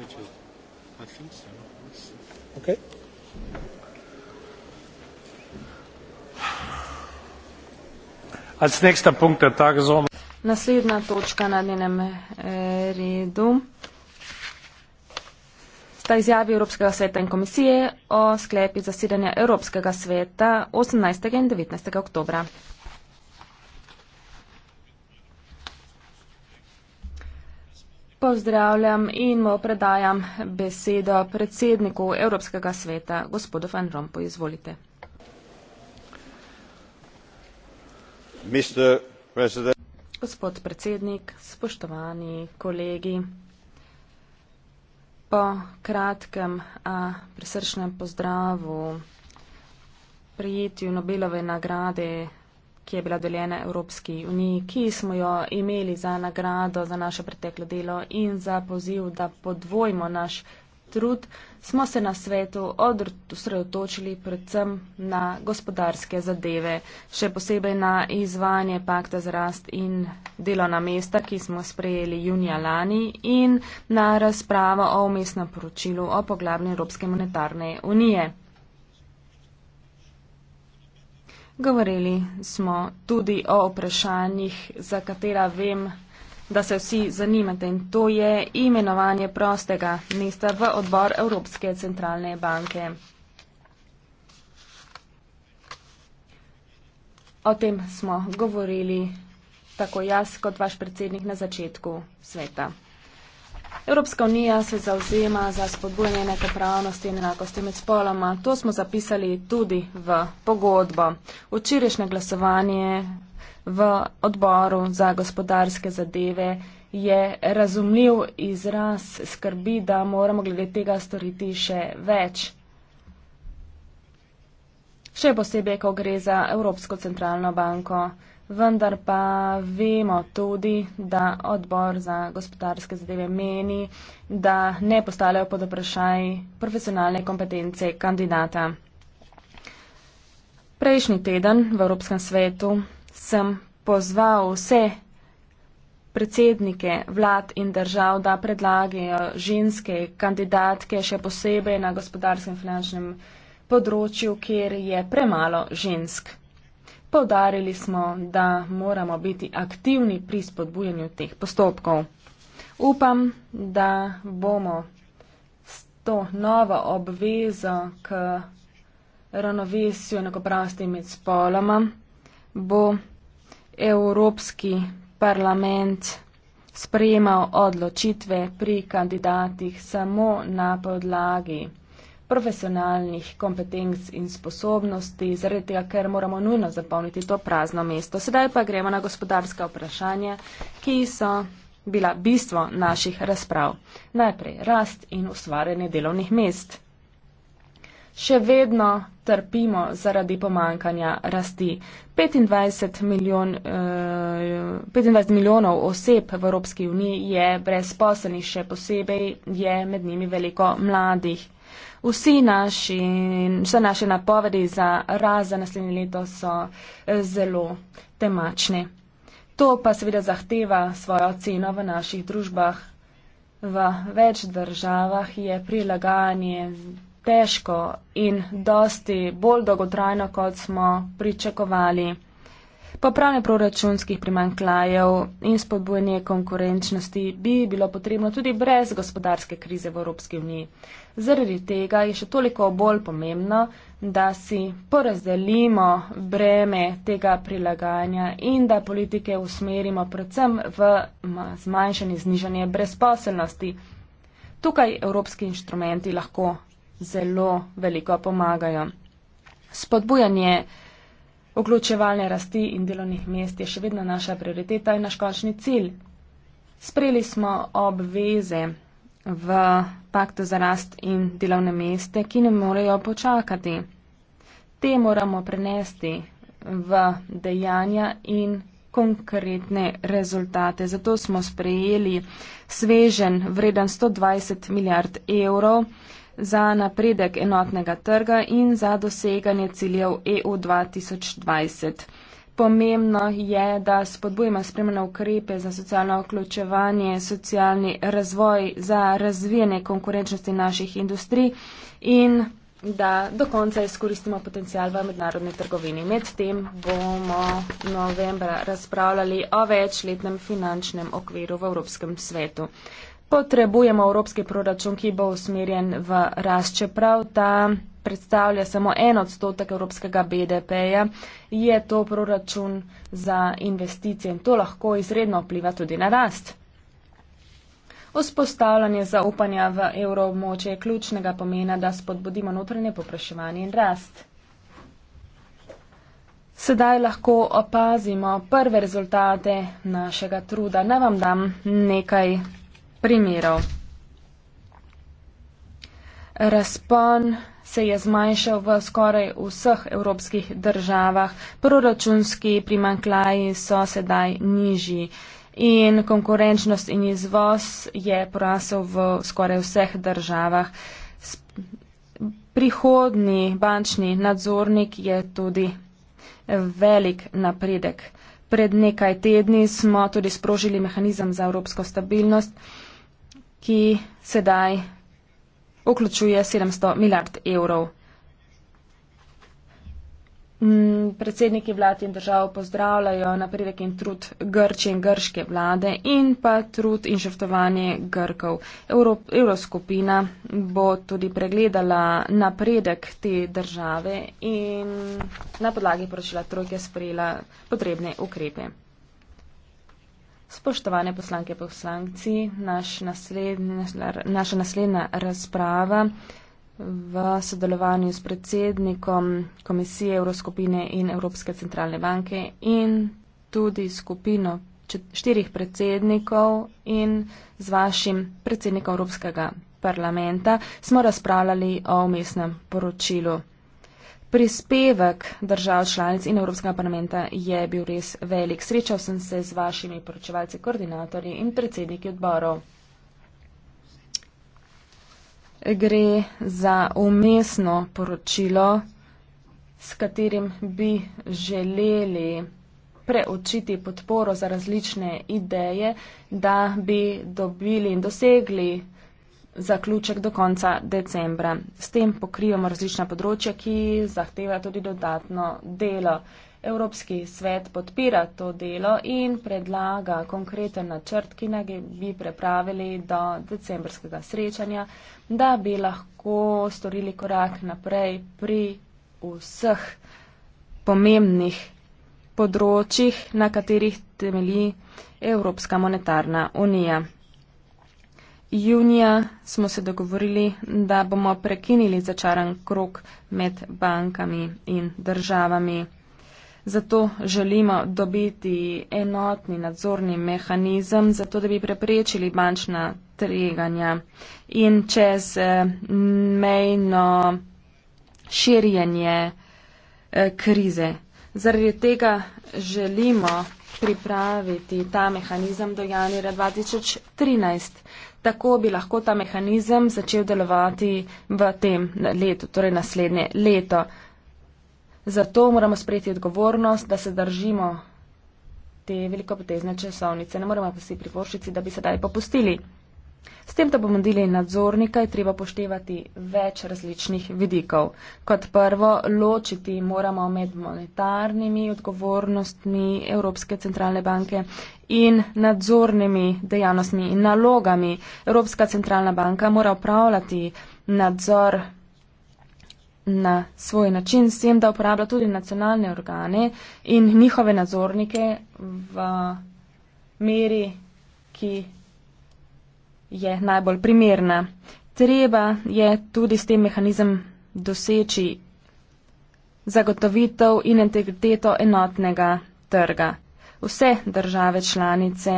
No, okay. Als nächster Punkt der Tagesordnung. Eh, Ta izjavi Evropskega sveta in komisije o sklepi zasedanja Evropskega sveta 18. in 19. oktobra. pozdravljam in mu predajam besedo predsedniku Evropskega sveta, gospodu Van Rompu. Izvolite. Gospod predsednik, spoštovani kolegi, po kratkem a presrčnem pozdravu prijetju Nobelove nagrade ki je bila deljena Evropski uniji, ki smo jo imeli za nagrado za naše preteklo delo in za poziv, da podvojimo naš trud, smo se na svetu osredotočili predvsem na gospodarske zadeve, še posebej na izvanje pakta za rast in delovna mesta, ki smo sprejeli junija lani in na razpravo o umestnem poročilu o poglavni Evropske monetarne unije. Govorili smo tudi o vprašanjih, za katera vem, da se vsi zanimate in to je imenovanje prostega mesta v odbor Evropske centralne banke. O tem smo govorili tako jaz kot vaš predsednik na začetku sveta. Evropska unija se zauzema za spodbujanje nekopravnosti in enakosti med spoloma. To smo zapisali tudi v pogodbo. Včerajšnje glasovanje v odboru za gospodarske zadeve je razumljiv izraz skrbi, da moramo glede tega storiti še več. Še posebej, ko gre za Evropsko centralno banko vendar pa vemo tudi, da odbor za gospodarske zadeve meni, da ne postavljajo pod vprašaj profesionalne kompetence kandidata. Prejšnji teden v Evropskem svetu sem pozval vse predsednike vlad in držav, da predlagajo ženske kandidatke, še posebej na gospodarskem in finančnem področju, kjer je premalo žensk. Povdarili smo, da moramo biti aktivni pri spodbujanju teh postopkov. Upam, da bomo s to novo obvezo k ravnovesju enakopravstva med spoloma, bo Evropski parlament sprejemal odločitve pri kandidatih samo na podlagi profesionalnih kompetenc in sposobnosti, zaradi tega, ker moramo nujno zapolniti to prazno mesto. Sedaj pa gremo na gospodarska vprašanja, ki so bila bistvo naših razprav. Najprej rast in ustvarjanje delovnih mest. Še vedno trpimo zaradi pomankanja rasti. 25, milijon, eh, 25 milijonov oseb v Evropski uniji je brezposelnih, še posebej je med njimi veliko mladih vsi naši, vse naše napovedi za raz za naslednje leto so eh, zelo temačni. To pa seveda zahteva svojo ceno v naših družbah. V več državah je prilagajanje težko in dosti bolj dolgotrajno, kot smo pričakovali. Popravljanje proračunskih primankljajev in spodbojanje konkurenčnosti bi bilo potrebno tudi brez gospodarske krize v Evropski uniji. Zaradi tega je še toliko bolj pomembno, da si porazdelimo breme tega prilagajanja in da politike usmerimo predvsem v zmanjšanje, znižanje brezposelnosti. Tukaj evropski inštrumenti lahko zelo veliko pomagajo. Spodbujanje Vključevalne rasti in delovnih mest je še vedno naša prioriteta in naš končni cilj. Sprejeli smo obveze v paktu za rast in delovne meste, ki ne morejo počakati. Te moramo prenesti v dejanja in konkretne rezultate. Zato smo sprejeli svežen vreden 120 milijard evrov za napredek enotnega trga in za doseganje ciljev EU 2020. Pomembno je, da spodbujamo spremljene ukrepe za socialno vključevanje, socialni razvoj, za razvijanje konkurenčnosti naših industrij in da do konca izkoristimo potencial v mednarodni trgovini. Medtem bomo novembra razpravljali o večletnem finančnem okviru v Evropskem svetu potrebujemo evropski proračun, ki bo usmerjen v rast, čeprav ta predstavlja samo en odstotek evropskega BDP-ja, je to proračun za investicije in to lahko izredno vpliva tudi na rast. Vzpostavljanje zaupanja v evroobmočje je ključnega pomena, da spodbudimo notranje popraševanje in rast. Sedaj lahko opazimo prve rezultate našega truda. Naj vam dam nekaj primerov. Razpon se je zmanjšal v skoraj vseh evropskih državah, proračunski primankljaji so sedaj nižji in konkurenčnost in izvoz je porasel v skoraj vseh državah. Prihodni bančni nadzornik je tudi velik napredek. Pred nekaj tedni smo tudi sprožili mehanizem za evropsko stabilnost ki sedaj vključuje 700 milijard evrov. Mm, predsedniki vlad in držav pozdravljajo napredek in trud Grčije in grške vlade in pa trud in žrtovanje Grkov. Evroskupina bo tudi pregledala napredek te države in na podlagi poročila trojke sprejela potrebne ukrepe. Spoštovane poslanke, poslanci, naš naslednja, naša naslednja razprava v sodelovanju s predsednikom Komisije Evroskopine in Evropske centralne banke in tudi skupino štirih predsednikov in z vašim predsednikom Evropskega parlamenta smo razpravljali o umestnem poročilu prispevek držav članic in Evropskega parlamenta je bil res velik. Srečal sem se z vašimi poročevalci, koordinatorji in predsedniki odborov. Gre za umestno poročilo, s katerim bi želeli preučiti podporo za različne ideje, da bi dobili in dosegli zaključek do konca decembra. S tem pokrijemo različna področja, ki zahteva tudi dodatno delo. Evropski svet podpira to delo in predlaga konkreten načrt, ki naj bi prepravili do decembrskega srečanja, da bi lahko storili korak naprej pri vseh pomembnih področjih, na katerih temelji Evropska monetarna unija. Junija smo se dogovorili, da bomo prekinili začaran krok med bankami in državami. Zato želimo dobiti enotni nadzorni mehanizem, zato da bi preprečili bančna treganja in čez eh, mejno širjenje eh, krize. Zaradi tega želimo pripraviti ta mehanizem do januarja 2013. Tako bi lahko ta mehanizem začel delovati v tem letu, torej naslednje leto. Zato moramo sprejeti odgovornost, da se držimo te velikopotezne časovnice. Ne moremo pa si privoščiti, da bi sedaj popustili. S tem, da bomo delili nadzornika, je treba poštevati več različnih vidikov. Kot prvo, ločiti moramo med monetarnimi odgovornostmi Evropske centralne banke in nadzornimi dejavnostmi in nalogami. Evropska centralna banka mora upravljati nadzor na svoj način, s tem, da uporablja tudi nacionalne organe in njihove nadzornike v meri, ki je najbolj primerna. Treba je tudi s tem mehanizmom doseči zagotovitev in integriteto enotnega trga. Vse države članice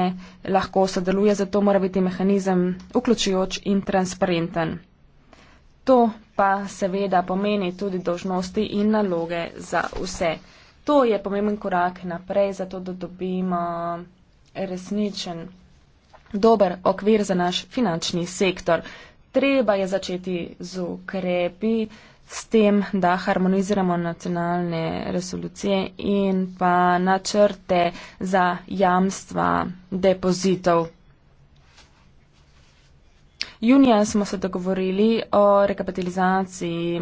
lahko sodeluje, zato mora biti mehanizem vključujoč in transparenten. To pa seveda pomeni tudi dožnosti in naloge za vse. To je pomemben korak naprej, zato da dobimo resničen dober okvir za naš finančni sektor. Treba je začeti z ukrepi, s tem, da harmoniziramo nacionalne resolucije in pa načrte za jamstva depozitov. Junija smo se dogovorili o rekapitalizaciji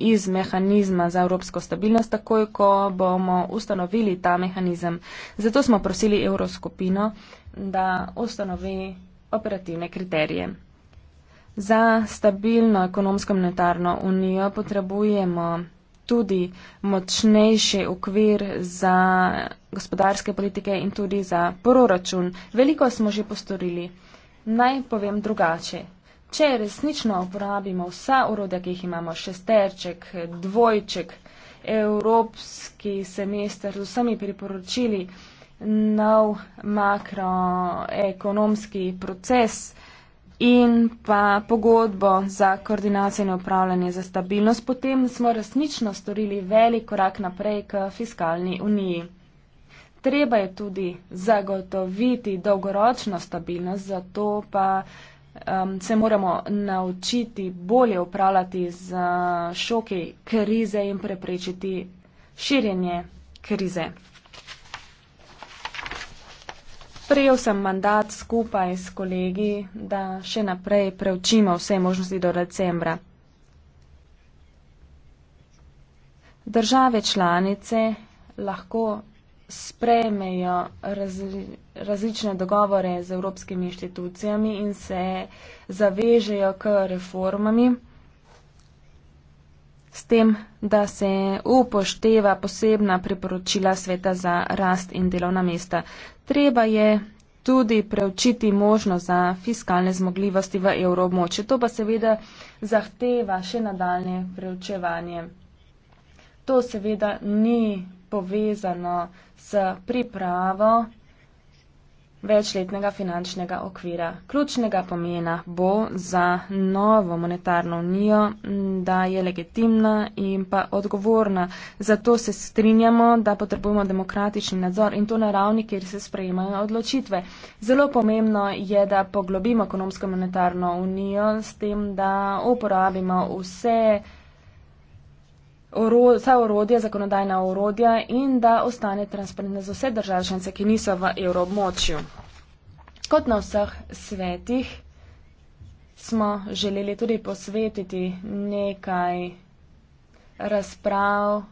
iz mehanizma za evropsko stabilnost, takoj ko bomo ustanovili ta mehanizem. Zato smo prosili Evroskupino, da ustanovi operativne kriterije. Za stabilno ekonomsko monetarno unijo potrebujemo tudi močnejši okvir za gospodarske politike in tudi za proračun. Veliko smo že postorili. Naj povem drugače. Če resnično uporabimo vsa urodja, ki jih imamo, šesterček, dvojček, evropski semester z vsemi priporočili, nov makroekonomski proces in pa pogodbo za koordinacijo in upravljanje za stabilnost, potem smo resnično storili velik korak naprej k fiskalni uniji. Treba je tudi zagotoviti dolgoročno stabilnost, zato pa um, se moramo naučiti bolje upravljati z uh, šoki krize in preprečiti širjenje krize. Prejel sem mandat skupaj s kolegi, da še naprej preučimo vse možnosti do decembra. Države članice lahko sprejmejo razli različne dogovore z evropskimi inštitucijami in se zavežejo k reformami s tem, da se upošteva posebna priporočila sveta za rast in delovna mesta. Treba je tudi preučiti možnost za fiskalne zmogljivosti v evroobmočju. To pa seveda zahteva še nadaljne preučevanje. To seveda ni povezano s pripravo večletnega finančnega okvira. Ključnega pomena bo za novo monetarno unijo, da je legitimna in pa odgovorna. Zato se strinjamo, da potrebujemo demokratični nadzor in to na ravni, kjer se sprejemajo odločitve. Zelo pomembno je, da poglobimo ekonomsko monetarno unijo s tem, da uporabimo vse oro, vsa orodja, zakonodajna orodja in da ostane transparentna za vse državšence, ki niso v evroobmočju. Kot na vseh svetih smo želeli tudi posvetiti nekaj razprav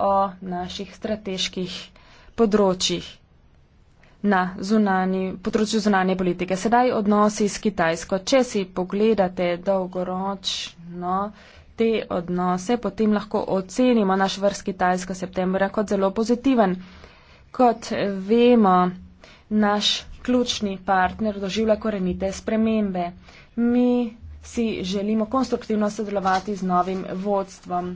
o naših strateških področjih na zunani, področju zunanje politike. Sedaj odnosi s Kitajsko. Če si pogledate dolgoročno, te odnose potem lahko ocenimo naš vrst Kitajska septembra kot zelo pozitiven. Kot vemo, naš ključni partner doživlja korenite spremembe. Mi si želimo konstruktivno sodelovati z novim vodstvom.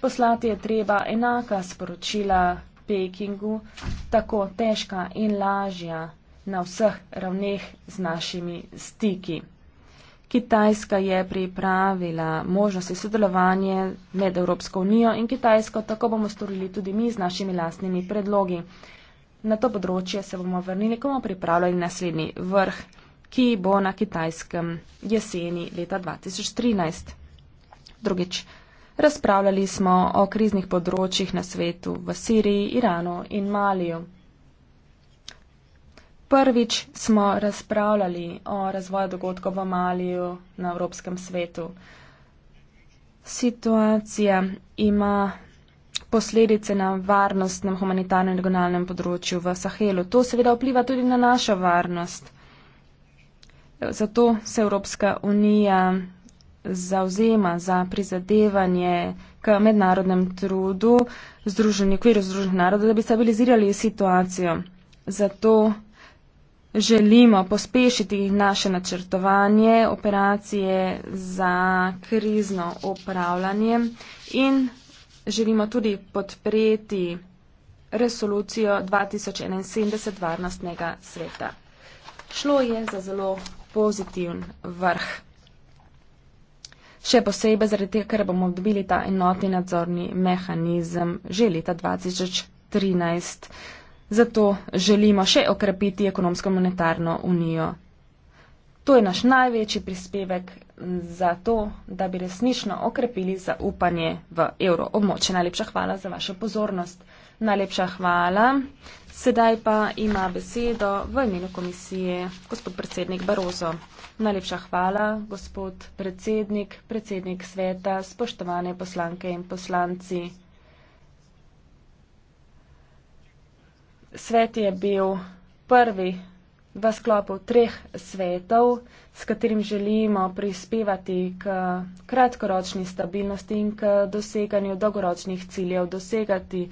Poslati je treba enaka sporočila Pekingu, tako težka in lažja na vseh ravneh z našimi stiki. Kitajska je pripravila možnosti sodelovanja med Evropsko unijo in Kitajsko, tako bomo storili tudi mi z našimi lastnimi predlogi. Na to področje se bomo vrnili, ko bomo pripravljali naslednji vrh, ki bo na Kitajskem jeseni leta 2013. Drugič, razpravljali smo o kriznih področjih na svetu v Siriji, Iranu in Maliju prvič smo razpravljali o razvoju dogodkov v Maliju na Evropskem svetu. Situacija ima posledice na varnostnem, humanitarnem in regionalnem področju v Sahelu. To seveda vpliva tudi na našo varnost. Zato se Evropska unija zauzema za prizadevanje k mednarodnem trudu v okviru Združenih narodov, da bi stabilizirali situacijo. Zato želimo pospešiti naše načrtovanje operacije za krizno upravljanje in želimo tudi podpreti resolucijo 2071 varnostnega sveta. Šlo je za zelo pozitivn vrh. Še posebej zaradi tega, ker bomo dobili ta enotni nadzorni mehanizem že leta 2013. Zato želimo še okrepiti ekonomsko-monetarno unijo. To je naš največji prispevek za to, da bi resnično okrepili zaupanje v evro območje. Najlepša hvala za vašo pozornost. Najlepša hvala. Sedaj pa ima besedo v imenu komisije gospod predsednik Barozo. Najlepša hvala, gospod predsednik, predsednik sveta, spoštovane poslanke in poslanci. Svet je bil prvi v sklopu treh svetov, s katerim želimo prispevati k kratkoročni stabilnosti in k doseganju dolgoročnih ciljev. Dosegati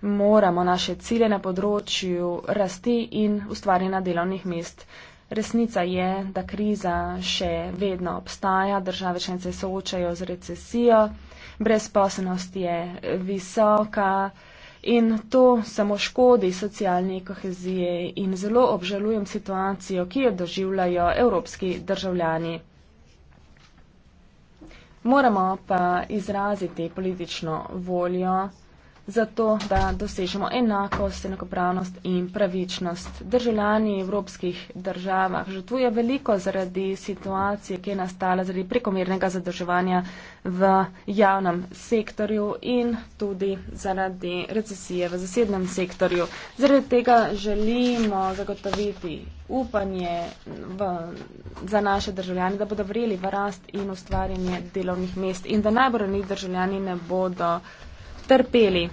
moramo naše cilje na področju rasti in ustvarjena delovnih mest. Resnica je, da kriza še vedno obstaja, države še se soočajo z recesijo, brezposobnost je visoka. In to samo škodi socialni koheziji in zelo obžalujem situacijo, ki jo doživljajo evropski državljani. Moramo pa izraziti politično voljo zato da dosežemo enakost, enakopravnost in pravičnost. Državljani v evropskih državah žrtvujejo veliko zaradi situacije, ki je nastala zaradi prekomernega zadrževanja v javnem sektorju in tudi zaradi recesije v zasebnem sektorju. Zaradi tega želimo zagotoviti upanje v, za naše državljane, da bodo vreli v rast in ustvarjanje delovnih mest in da najbolj ranjivi državljani ne bodo trpeli.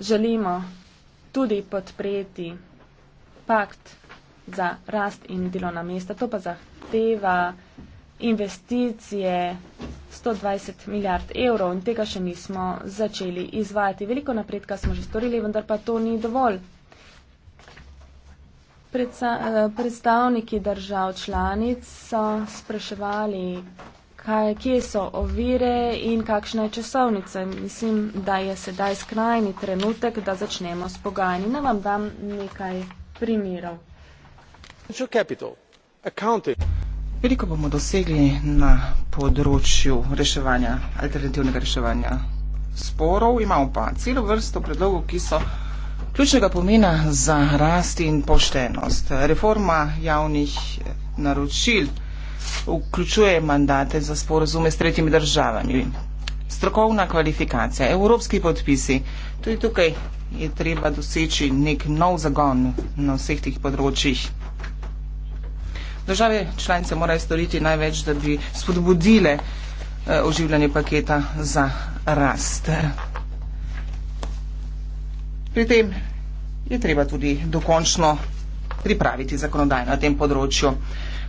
Želimo tudi podpreti pakt za rast in delovna mesta. To pa zahteva investicije 120 milijard evrov in tega še nismo začeli izvajati. Veliko napredka smo že storili, vendar pa to ni dovolj. Eh, predstavniki držav članic so spraševali kaj, kje so ovire in kakšna je časovnica. Mislim, da je sedaj skrajni trenutek, da začnemo s pogajanji. Naj vam dam nekaj primerov. Veliko bomo dosegli na področju reševanja, alternativnega reševanja sporov. Imamo pa celo vrsto predlogov, ki so ključnega pomena za rast in poštenost. Reforma javnih naročil vključuje mandate za sporozume s tretjimi državami. Strokovna kvalifikacija, evropski podpisi, tudi tukaj je treba doseči nek nov zagon na vseh tih področjih. Države članice morajo storiti največ, da bi spodbudile eh, oživljanje paketa za rast. Pri tem je treba tudi dokončno pripraviti zakonodajno na tem področju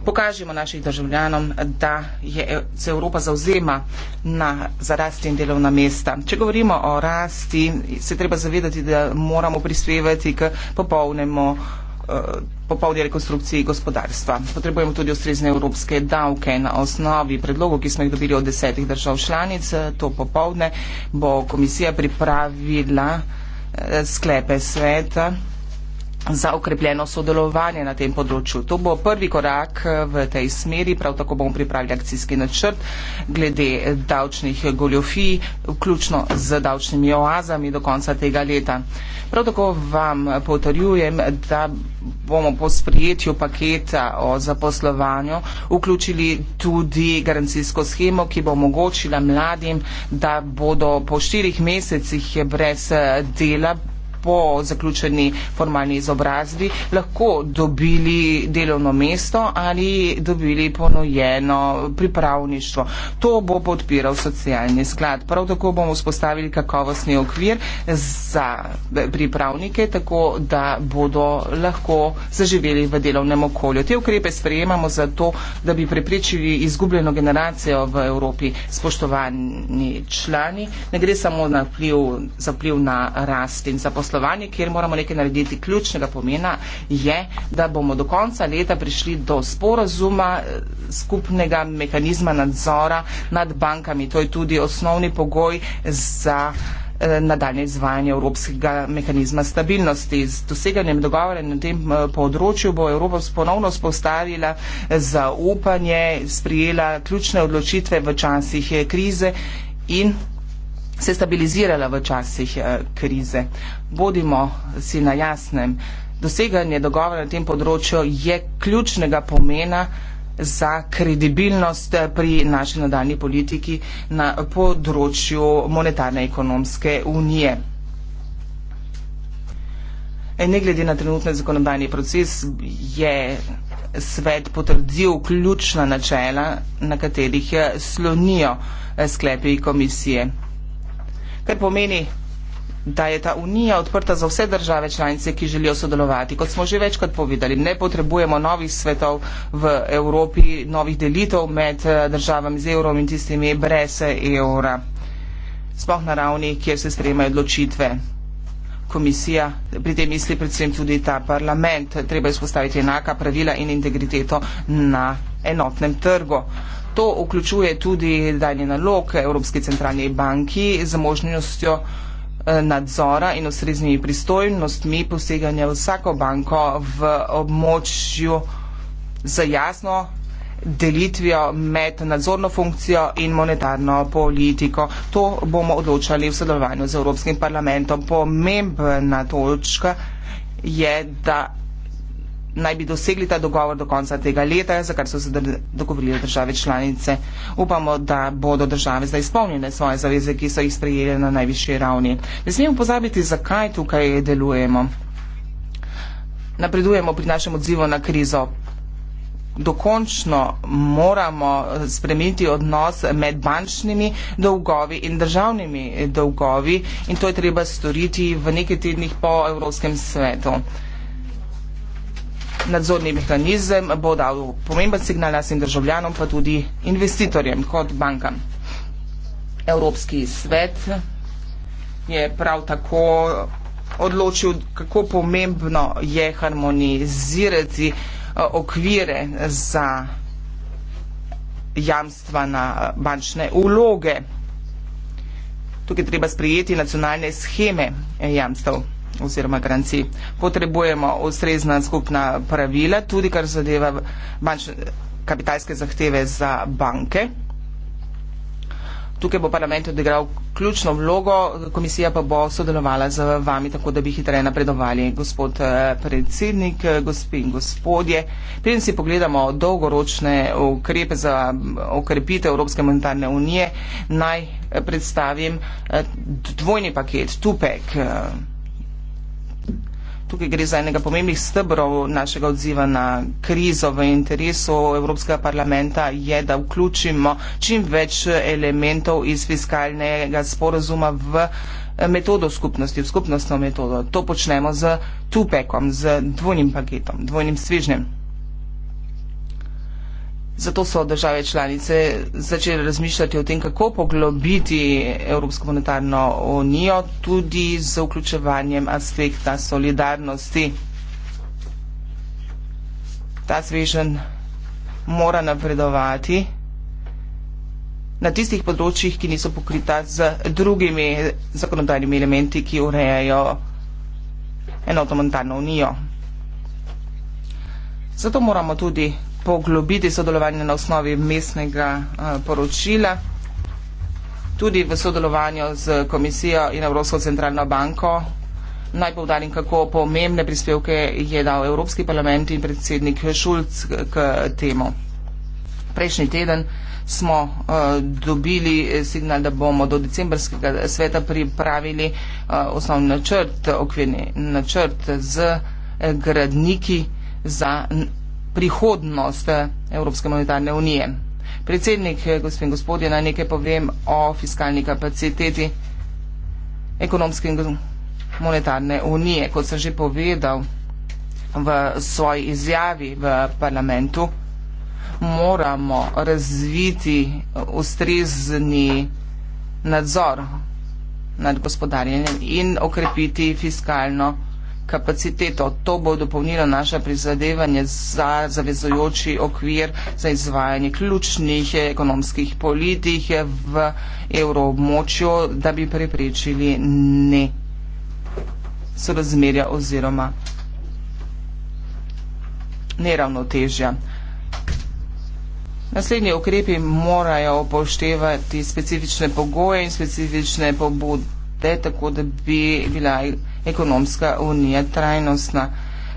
pokažimo našim državljanom, da je, se Evropa zauzema na, za rasti in delovna mesta. Če govorimo o rasti, se treba zavedati, da moramo prispevati k popolnemu eh, popolni rekonstrukciji gospodarstva. Potrebujemo tudi ustrezne evropske davke na osnovi predlogov, ki smo jih dobili od desetih držav članic. Eh, to popovdne bo komisija pripravila eh, sklepe sveta za okrepljeno sodelovanje na tem področju. To bo prvi korak eh, v tej smeri, prav tako bomo pripravili akcijski načrt glede eh, davčnih goljofij, vključno z davčnimi oazami do konca tega leta. Prav tako vam eh, potrjujem, da bomo po sprijetju paketa o zaposlovanju vključili tudi garancijsko schemo, ki bo omogočila mladim, da bodo po štirih mesecih brez dela po zaključeni formalni izobrazbi lahko dobili delovno mesto ali dobili ponujeno pripravništvo. To bo podpiral socialni sklad. Prav tako bomo vzpostavili kakovostni okvir za pripravnike, tako da bodo lahko zaživeli v delovnem okolju. Te ukrepe sprejemamo zato, da bi preprečili izgubljeno generacijo v Evropi. Spoštovani člani, ne gre samo za vpliv na rast in zaposlenost poslovanju, kjer moramo nekaj narediti ključnega pomena, je, da bomo do konca leta prišli do sporazuma eh, skupnega mehanizma nadzora nad bankami. To je tudi osnovni pogoj za eh, nadaljne izvajanje Evropskega mehanizma stabilnosti. Z doseganjem dogovora na tem eh, področju bo Evropa ponovno spostavila zaupanje, sprijela ključne odločitve v časih krize in se stabilizirala v časih eh, krize. Bodimo si na jasnem, doseganje dogovora na tem področju je ključnega pomena za kredibilnost eh, pri naši nadaljni politiki na področju monetarne ekonomske unije. Eh, ne glede na trenutni zakonodajni proces je svet potrdil ključna načela, na katerih slonijo sklepi komisije kar pomeni, da je ta unija odprta za vse države članice, ki želijo sodelovati. Kot smo že večkrat povedali, ne potrebujemo novih svetov v Evropi, novih delitev med eh, državami z evrom in tistimi brez eh, evra. Sploh na ravni, kjer se sprejemajo odločitve komisija, pri tem misli predvsem tudi ta parlament. Treba izpostaviti enaka pravila in integriteto na enotnem trgu. To vključuje tudi danje nalog Evropske centralne banki za možnostjo eh, nadzora in osreznimi pristojnostmi poseganja vsako banko v območju za jasno delitvijo med nadzorno funkcijo in monetarno politiko. To bomo odločali v sodelovanju z Evropskim parlamentom. Pomembna točka je, da naj bi dosegli ta dogovor do konca tega leta, za kar so se dogovorili države članice. Upamo, da bodo države zdaj izpolnjene svoje zaveze, ki so jih sprejeli na najvišji ravni. Ne smemo pozabiti, zakaj tukaj delujemo. Napredujemo pri našem odzivu na krizo. Dokončno moramo spremeniti odnos med bančnimi dolgovi in državnimi dolgovi in to je treba storiti v nekaj tednih po Evropskem svetu nadzorni mehanizem bo dal pomemben signal našim državljanom, pa tudi investitorjem kot bankam. Evropski svet je prav tako odločil, kako pomembno je harmonizirati eh, okvire za jamstva na bančne vloge. Tukaj treba sprejeti nacionalne scheme eh, jamstva oziroma garanci. Potrebujemo ustrezna skupna pravila, tudi kar zadeva bančne kapitalske zahteve za banke. Tukaj bo parlament odigral ključno vlogo, komisija pa bo sodelovala z vami, tako da bi hitreje napredovali. Gospod eh, predsednik, eh, gospi in gospodje, preden si pogledamo dolgoročne ukrepe za eh, okrepitev Evropske monetarne unije, naj predstavim dvojni paket, TUPEK. Tukaj gre za enega pomembnih stebrov našega odziva na krizo v interesu Evropskega parlamenta, je, da vključimo čim več elementov iz fiskalnega sporozuma v metodo skupnosti, v skupnostno metodo. To počnemo z tupekom, z dvojnim paketom, dvojnim svežnjem. Zato so države članice začele razmišljati o tem, kako poglobiti Evropsko monetarno unijo tudi z vključevanjem aspekta solidarnosti. Ta svežen mora napredovati na tistih področjih, ki niso pokrita z drugimi zakonodajnimi elementi, ki urejajo enotno monetarno unijo. Zato moramo tudi poglobiti sodelovanje na osnovi mestnega eh, poročila, tudi v sodelovanju z Komisijo in Evropsko centralno banko. Naj povdarim, kako pomembne prispevke je dal Evropski parlament in predsednik Šulc k temu. Prejšnji teden smo eh, dobili signal, da bomo do decembrskega sveta pripravili eh, osnovni načrt, okvirni načrt z gradniki za prihodnost eh, Evropske monetarne unije. Predsednik, eh, gospod in gospodje, naj nekaj povem o fiskalni kapaciteti ekonomske in monetarne unije. Kot sem že povedal v svoji izjavi v parlamentu, moramo razviti ustrezni nadzor nad gospodarjenjem in okrepiti fiskalno kapaciteto kapaciteto. To bo dopolnilo naše prizadevanje za zavezojoči okvir za izvajanje ključnih ekonomskih politik v evroobmočju, da bi preprečili ne sorazmerja oziroma neravnotežja. Naslednji ukrepi morajo upoštevati specifične pogoje in specifične pobude, tako da bi bila ekonomska unija trajnostna.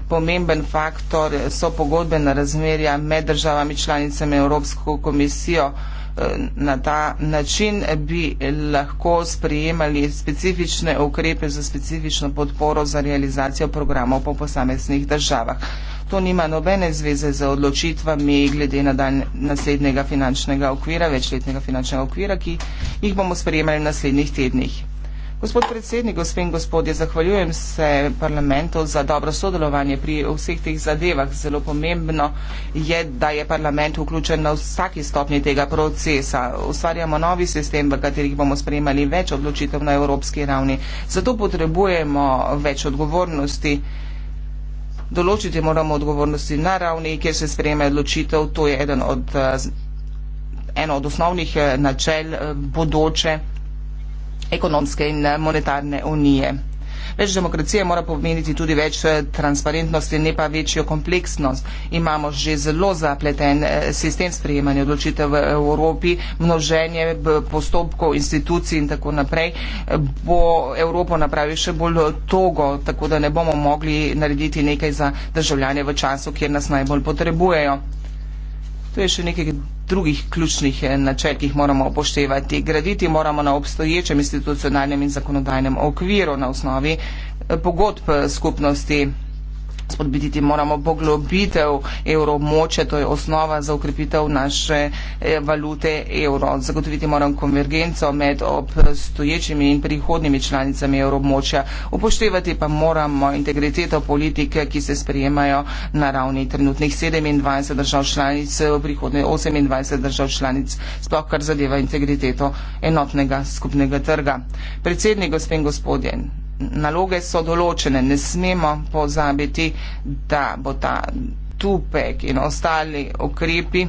Pomemben faktor so pogodbena razmerja med državami članicami Evropsko komisijo. Eh, na ta način bi lahko sprijemali specifične ukrepe za specifično podporo za realizacijo programov po posameznih državah. To nima nobene zveze z odločitvami glede na dan naslednjega finančnega okvira, večletnega finančnega okvira, ki jih bomo sprijemali v naslednjih tednih. Gospod predsednik, gospe in gospodje, zahvaljujem se parlamentu za dobro sodelovanje pri vseh teh zadevah. Zelo pomembno je, da je parlament vključen na vsaki stopni tega procesa. Ustvarjamo novi sistem, v katerih bomo sprejemali več odločitev na evropski ravni. Zato potrebujemo več odgovornosti. Določiti moramo odgovornosti na ravni, kjer se sprejema odločitev. To je eden od, eh, eno od osnovnih eh, načel eh, bodoče ekonomske in eh, monetarne unije. Več demokracije mora pomeniti tudi več eh, transparentnosti, ne pa večjo kompleksnost. Imamo že zelo zapleten eh, sistem sprejemanja odločitev v Evropi, množenje postopkov, institucij in tako naprej bo Evropo napravil še bolj togo, tako da ne bomo mogli narediti nekaj za državljanje v času, kjer nas najbolj potrebujejo. To je še nekaj drugih ključnih eh, načel, ki jih moramo upoštevati. Graditi moramo na obstoječem institucionalnem in zakonodajnem okviru na osnovi eh, pogodb eh, skupnosti spodbiti moramo poglobitev evromoče, to je osnova za ukrepitev naše eh, valute evro. Zagotoviti moram konvergenco med obstoječimi in prihodnimi članicami evromoča. Upoštevati pa moramo integriteto politike, ki se sprejemajo na ravni trenutnih 27 držav članic, eh, v prihodnje 28 držav članic, sploh kar zadeva integriteto enotnega skupnega trga. Predsednik, gospod in gospodje, naloge so določene, ne smemo pozabiti, da bo ta tupek in ostali okrepi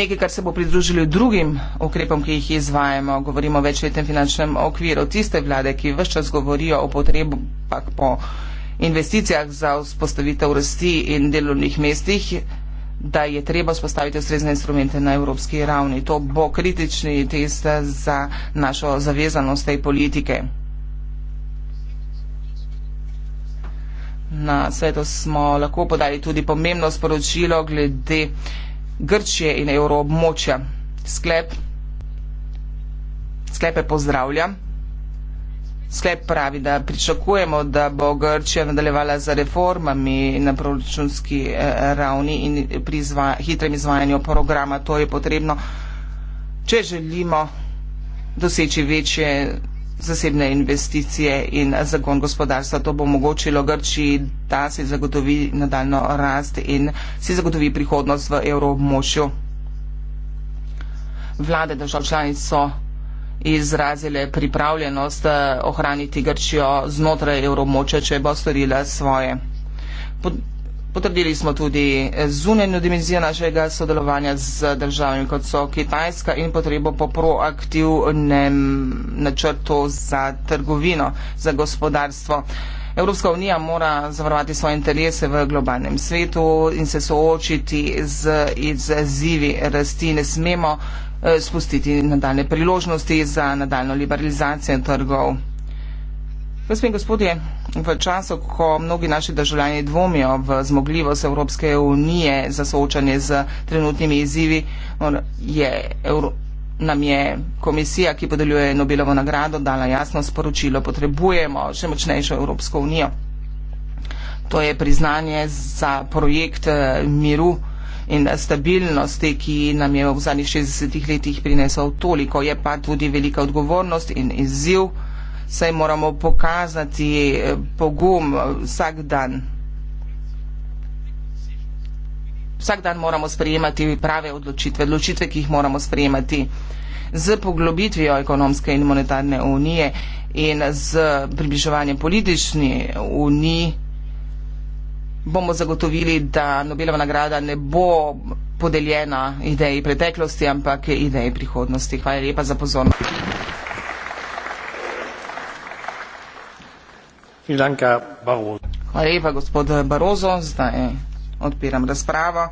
nekaj, kar se bo pridružilo drugim okrepom, ki jih izvajamo, govorimo o večletnem finančnem okviru, tiste vlade, ki vse čas govorijo o potrebah po investicijah za vzpostavitev rasti in delovnih mestih, da je treba vzpostaviti ustrezne instrumente na evropski ravni. To bo kritični test za našo zavezanost tej politike. Na svetu smo lahko podali tudi pomembno sporočilo glede Grčije in evroobmočja. Sklep, sklepe pozdravlja. Sklep pravi, da pričakujemo, da bo Grčija nadaljevala z reformami na proračunski eh, ravni in pri izva, hitrem izvajanju programa. To je potrebno, če želimo doseči večje zasebne investicije in zagon gospodarstva. To bo omogočilo Grčiji, da si zagotovi nadaljno rast in si zagotovi prihodnost v evroobmočju. Vlade držav članic so izrazile pripravljenost eh, ohraniti Grčijo znotraj evroobmočja, če bo storila svoje. Potrdili smo tudi zunanjo dimenzijo našega sodelovanja z državami, kot so Kitajska in potrebo po proaktivnem načrtu za trgovino, za gospodarstvo. Evropska unija mora zavarovati svoje interese v globalnem svetu in se soočiti z izzivi rasti. Ne smemo eh, spustiti nadaljne priložnosti za nadaljno liberalizacijo trgov. Gospe in gospodje, v času, ko mnogi naši državljani dvomijo v zmogljivost Evropske unije za soočanje z trenutnimi izzivi, je Euro nam je komisija, ki podeljuje Nobelovo nagrado, dala jasno sporočilo, potrebujemo še močnejšo Evropsko unijo. To je priznanje za projekt eh, miru in stabilnosti, ki nam je v zadnjih 60 letih prinesel toliko, je pa tudi velika odgovornost in izziv saj moramo pokazati eh, pogum eh, vsak dan. Vsak dan moramo sprejemati prave odločitve, odločitve, ki jih moramo sprejemati z poglobitvijo ekonomske in monetarne unije in z približevanjem politični uniji bomo zagotovili, da Nobelova nagrada ne bo podeljena ideji preteklosti, ampak ideji prihodnosti. Hvala lepa za pozornost. Hvala lepa, gospod Barozo. Zdaj odpiram razpravo.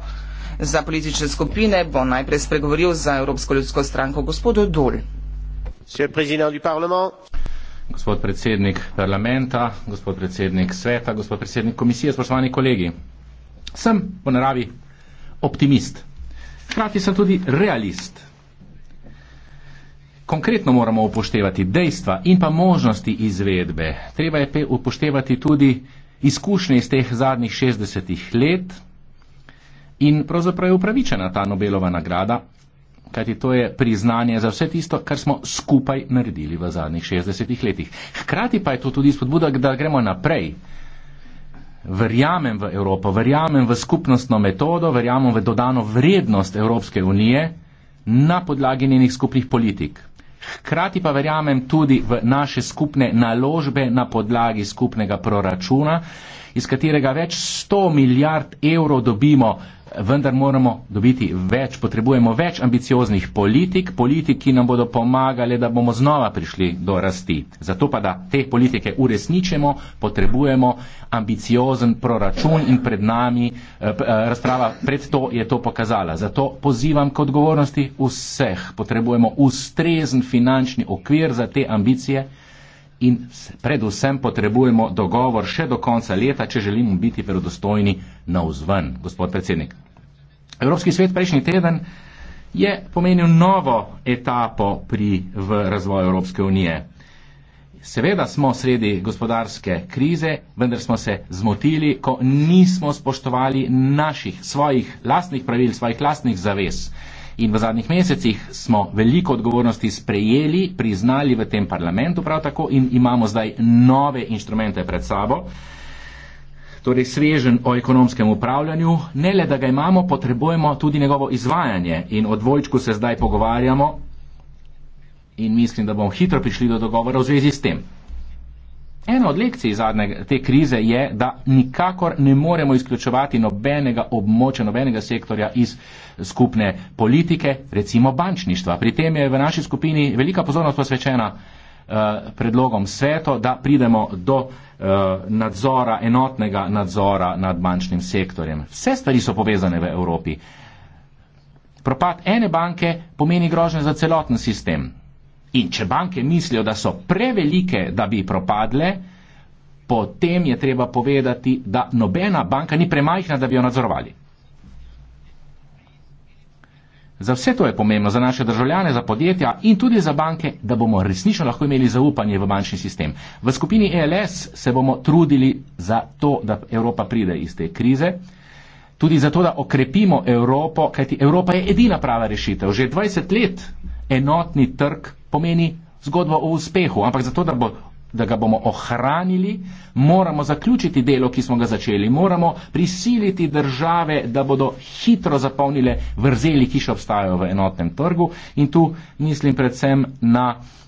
Za politične skupine bo najprej spregovoril za Evropsko ljudsko stranko gospod Dol. Gospod predsednik parlamenta, gospod predsednik sveta, gospod predsednik komisije, spoštovani kolegi. Sem po naravi optimist. Hkrati sem tudi realist. Konkretno moramo upoštevati dejstva in pa možnosti izvedbe. Treba je upoštevati tudi izkušnje iz teh zadnjih 60 let in pravzaprav je upravičena ta Nobelova nagrada, kajti to je priznanje za vse tisto, kar smo skupaj naredili v zadnjih 60 letih. Hkrati pa je to tudi spodbuda, da gremo naprej. Verjamem v Evropo, verjamem v skupnostno metodo, verjamem v dodano vrednost Evropske unije na podlagi njenih skupnih politik. Hkrati pa verjamem tudi v naše skupne naložbe na podlagi skupnega proračuna, iz katerega več 100 milijard evrov dobimo, vendar moramo dobiti več, potrebujemo več ambicioznih politik, politik, ki nam bodo pomagali, da bomo znova prišli do rasti. Zato pa, da te politike uresničemo, potrebujemo ambiciozen proračun in pred nami eh, eh, razprava pred to je to pokazala. Zato pozivam k odgovornosti vseh. Potrebujemo ustrezen finančni okvir za te ambicije in predvsem potrebujemo dogovor še do konca leta, če želimo biti verodostojni na vzven, gospod predsednik. Evropski svet prejšnji teden je pomenil novo etapo pri, v razvoju Evropske unije. Seveda smo sredi gospodarske krize, vendar smo se zmotili, ko nismo spoštovali naših, svojih lastnih pravil, svojih lastnih zavez. In v zadnjih mesecih smo veliko odgovornosti sprejeli, priznali v tem parlamentu prav tako in imamo zdaj nove inštrumente pred sabo. Torej, svežen o ekonomskem upravljanju, ne le da ga imamo, potrebujemo tudi njegovo izvajanje in o dvojčku se zdaj pogovarjamo in mislim, da bomo hitro prišli do dogovora v zvezi s tem. Ena od lekcij zadnje te krize je, da nikakor ne moremo izključevati nobenega območja, nobenega sektorja iz skupne politike, recimo bančništva. Pri tem je v naši skupini velika pozornost posvečena eh, predlogom sveto, da pridemo do eh, nadzora, enotnega nadzora nad bančnim sektorjem. Vse stvari so povezane v Evropi. Propad ene banke pomeni grožnje za celoten sistem. In če banke mislijo, da so prevelike, da bi propadle, potem je treba povedati, da nobena banka ni premajhna, da bi jo nadzorovali. Za vse to je pomembno, za naše državljane, za podjetja in tudi za banke, da bomo resnično lahko imeli zaupanje v bančni sistem. V skupini ELS se bomo trudili za to, da Evropa pride iz te krize. Tudi zato, da okrepimo Evropo, kajti Evropa je edina prava rešitev. Že 20 let enotni trg pomeni zgodba o uspehu, ampak zato, da, bo, da ga bomo ohranili, moramo zaključiti delo, ki smo ga začeli, moramo prisiliti države, da bodo hitro zapolnile vrzeli, ki še obstajajo v enotnem trgu in tu mislim predvsem na uh,